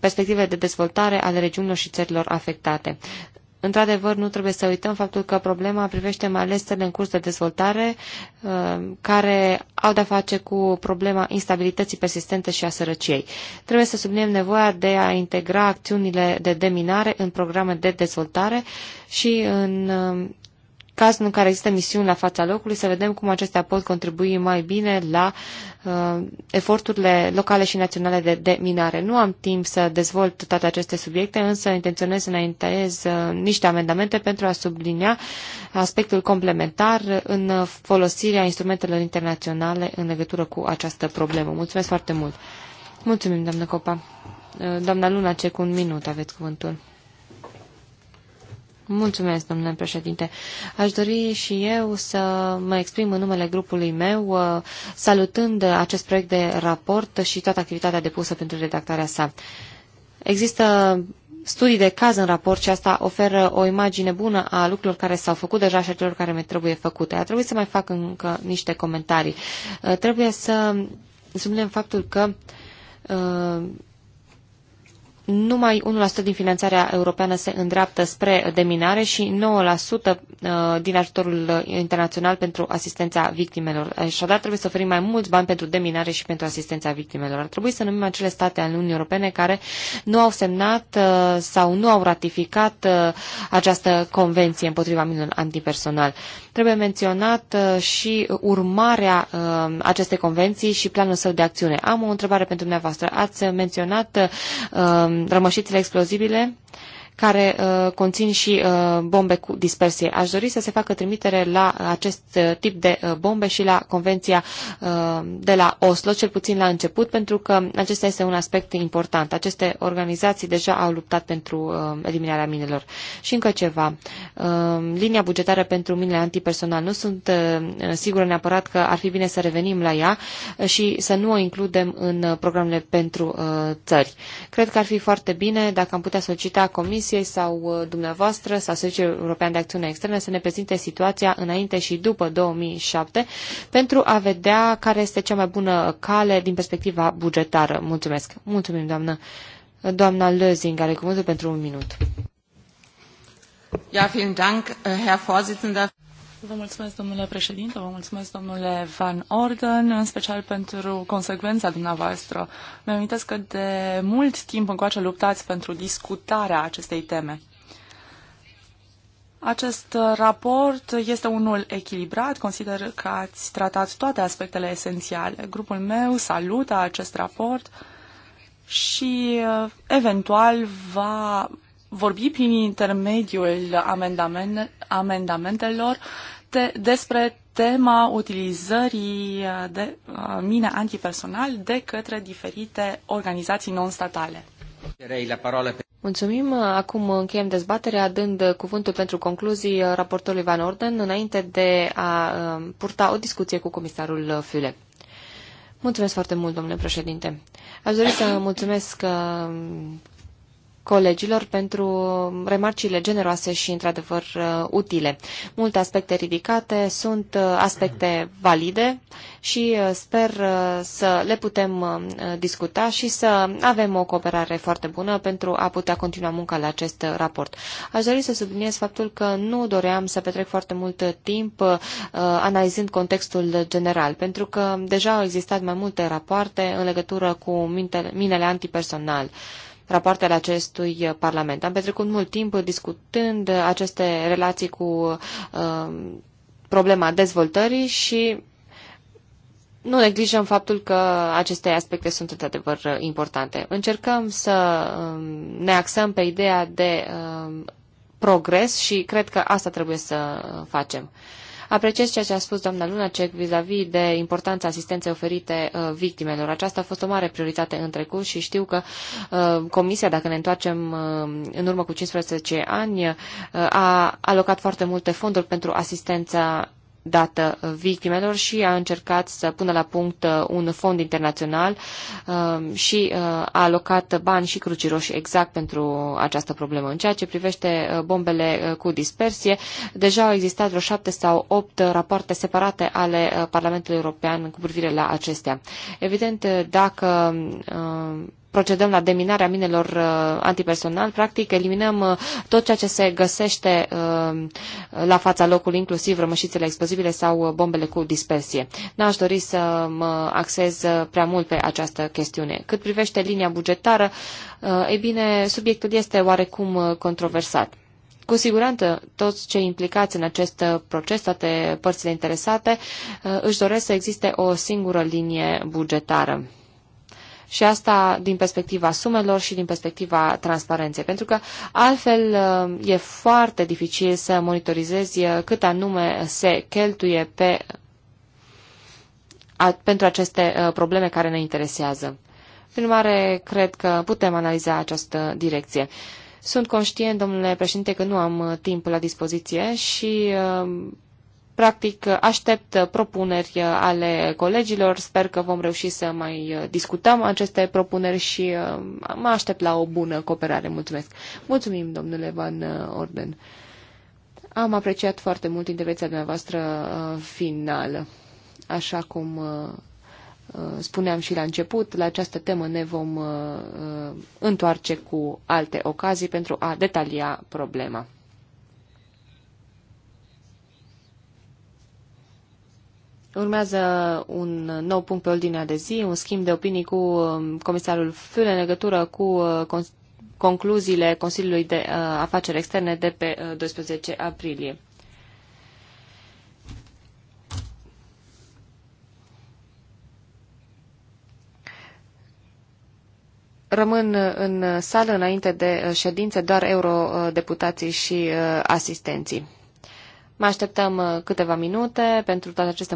perspectivele de dezvoltare ale regiunilor și țărilor afectate. Într-adevăr, nu trebuie să uităm faptul că problema privește mai ales țările în curs de dezvoltare, uh, care au de-a face cu problema instabilității persistente și a sărăciei. Trebuie să subliniem nevoia de a integra acțiunile de deminare în programe de dezvoltare și în uh, cazul în care există misiuni la fața locului, să vedem cum acestea pot contribui mai bine la uh, eforturile locale și naționale de, de minare. Nu am timp să dezvolt toate aceste subiecte, însă intenționez să înaintez uh, niște amendamente pentru a sublinia aspectul complementar în folosirea instrumentelor internaționale în legătură cu această problemă. Mulțumesc foarte mult! Mulțumim, doamnă Copa! Uh, doamna Luna, ce cu un minut aveți cuvântul. Mulțumesc, domnule președinte. Aș dori și eu să mă exprim în numele grupului meu, uh, salutând acest proiect de raport și toată activitatea depusă pentru redactarea sa. Există studii de caz în raport și asta oferă o imagine bună a lucrurilor care s-au făcut deja și a celor care mai trebuie făcute. A trebuit să mai fac încă niște comentarii. Uh, trebuie să subliniem faptul că uh, numai 1% din finanțarea europeană se îndreaptă spre deminare și 9% uh, din ajutorul internațional pentru asistența victimelor. Așadar, trebuie să oferim mai mulți bani pentru deminare și pentru asistența victimelor. Ar trebui să numim acele state ale Uniunii Europene care nu au semnat uh, sau nu au ratificat uh, această convenție împotriva minelor antipersonal. Uh, Trebuie menționat uh, și urmarea uh, acestei convenții și planul său de acțiune. Am o întrebare pentru dumneavoastră. Ați menționat uh, rămășițele explozibile? care uh, conțin și uh, bombe cu dispersie. Aș dori să se facă trimitere la acest uh, tip de uh, bombe și la Convenția uh, de la Oslo, cel puțin la început, pentru că acesta este un aspect important. Aceste organizații deja au luptat pentru uh, eliminarea minelor. Și încă ceva. Uh, linia bugetară pentru minele antipersonal. Nu sunt uh, sigură neapărat că ar fi bine să revenim la ea și să nu o includem în uh, programele pentru uh, țări. Cred că ar fi foarte bine dacă am putea solicita comisia Comisiei sau uh, dumneavoastră sau Serviciul European de Acțiune Externă să ne prezinte situația înainte și după 2007 pentru a vedea care este cea mai bună cale din perspectiva bugetară. Mulțumesc. Mulțumim, doamnă. Doamna Lözing are cuvântul pentru un minut. Ja, vielen Dank, Herr Vorsitzender. Vă mulțumesc, domnule președinte, vă mulțumesc, domnule Van Orden, în special pentru consecvența dumneavoastră. Mi-am că de mult timp încoace luptați pentru discutarea acestei teme. Acest raport este unul echilibrat, consider că ați tratat toate aspectele esențiale. Grupul meu salută acest raport și eventual va vorbi prin intermediul amendamentelor te- despre tema utilizării uh, de uh, mine antipersonal de către diferite organizații non-statale. Mulțumim. Acum încheiem dezbaterea dând cuvântul pentru concluzii raportorului Van Orden înainte de a um, purta o discuție cu comisarul Füle. Mulțumesc foarte mult, domnule președinte. Aș dori să mulțumesc um, colegilor pentru remarcile generoase și, într-adevăr, uh, utile. Multe aspecte ridicate sunt uh, aspecte valide și uh, sper să le putem discuta și să avem o cooperare foarte bună pentru a putea continua munca la acest raport. Aș dori să subliniez faptul că nu doream să petrec foarte mult timp analizând contextul general, pentru că deja au existat mai multe rapoarte în legătură cu minele antipersonal rapoartele acestui Parlament. Am petrecut mult timp discutând aceste relații cu uh, problema dezvoltării și nu neglijăm faptul că aceste aspecte sunt într-adevăr importante. Încercăm să um, ne axăm pe ideea de um, progres și cred că asta trebuie să facem. Apreciez ceea ce a spus doamna Lunacek vis-a-vis de importanța asistenței oferite uh, victimelor. Aceasta a fost o mare prioritate în trecut și știu că uh, Comisia, dacă ne întoarcem uh, în urmă cu 15 ani, uh, a alocat foarte multe fonduri pentru asistența dată victimelor și a încercat să pună la punct uh, un fond internațional uh, și uh, a alocat bani și cruci roșii exact pentru această problemă. În ceea ce privește bombele cu dispersie, deja au existat vreo șapte sau opt rapoarte separate ale Parlamentului European cu privire la acestea. Evident, dacă procedăm la deminarea minelor uh, antipersonal, practic eliminăm uh, tot ceea ce se găsește uh, la fața locului, inclusiv rămășițele explozibile sau bombele cu dispersie. N-aș dori să mă axez prea mult pe această chestiune. Cât privește linia bugetară, e bine, subiectul este oarecum controversat. Cu siguranță, toți cei implicați în acest proces, toate părțile interesate, își doresc să existe o singură linie bugetară și asta din perspectiva sumelor și din perspectiva transparenței, pentru că altfel uh, e foarte dificil să monitorizezi uh, cât anume se cheltuie pe, a, pentru aceste uh, probleme care ne interesează. Prin urmare, cred că putem analiza această direcție. Sunt conștient, domnule președinte, că nu am timp la dispoziție și Practic, aștept propuneri ale colegilor, sper că vom reuși să mai discutăm aceste propuneri și uh, mă aștept la o bună cooperare. Mulțumesc! Mulțumim, domnule Van uh, Orden! Am apreciat foarte mult intervenția dumneavoastră uh, finală. Așa cum spuneam și la început, la această temă ne vom întoarce cu alte ocazii pentru a detalia problema. Urmează un nou punct pe ordinea de zi, un schimb de opinii cu um, comisarul Füle în legătură cu uh, concluziile Consiliului de uh, Afaceri Externe de pe 12 uh, aprilie. Rămân în sală înainte de ședințe doar eurodeputații și asistenții. Mai așteptăm câteva minute pentru toate aceste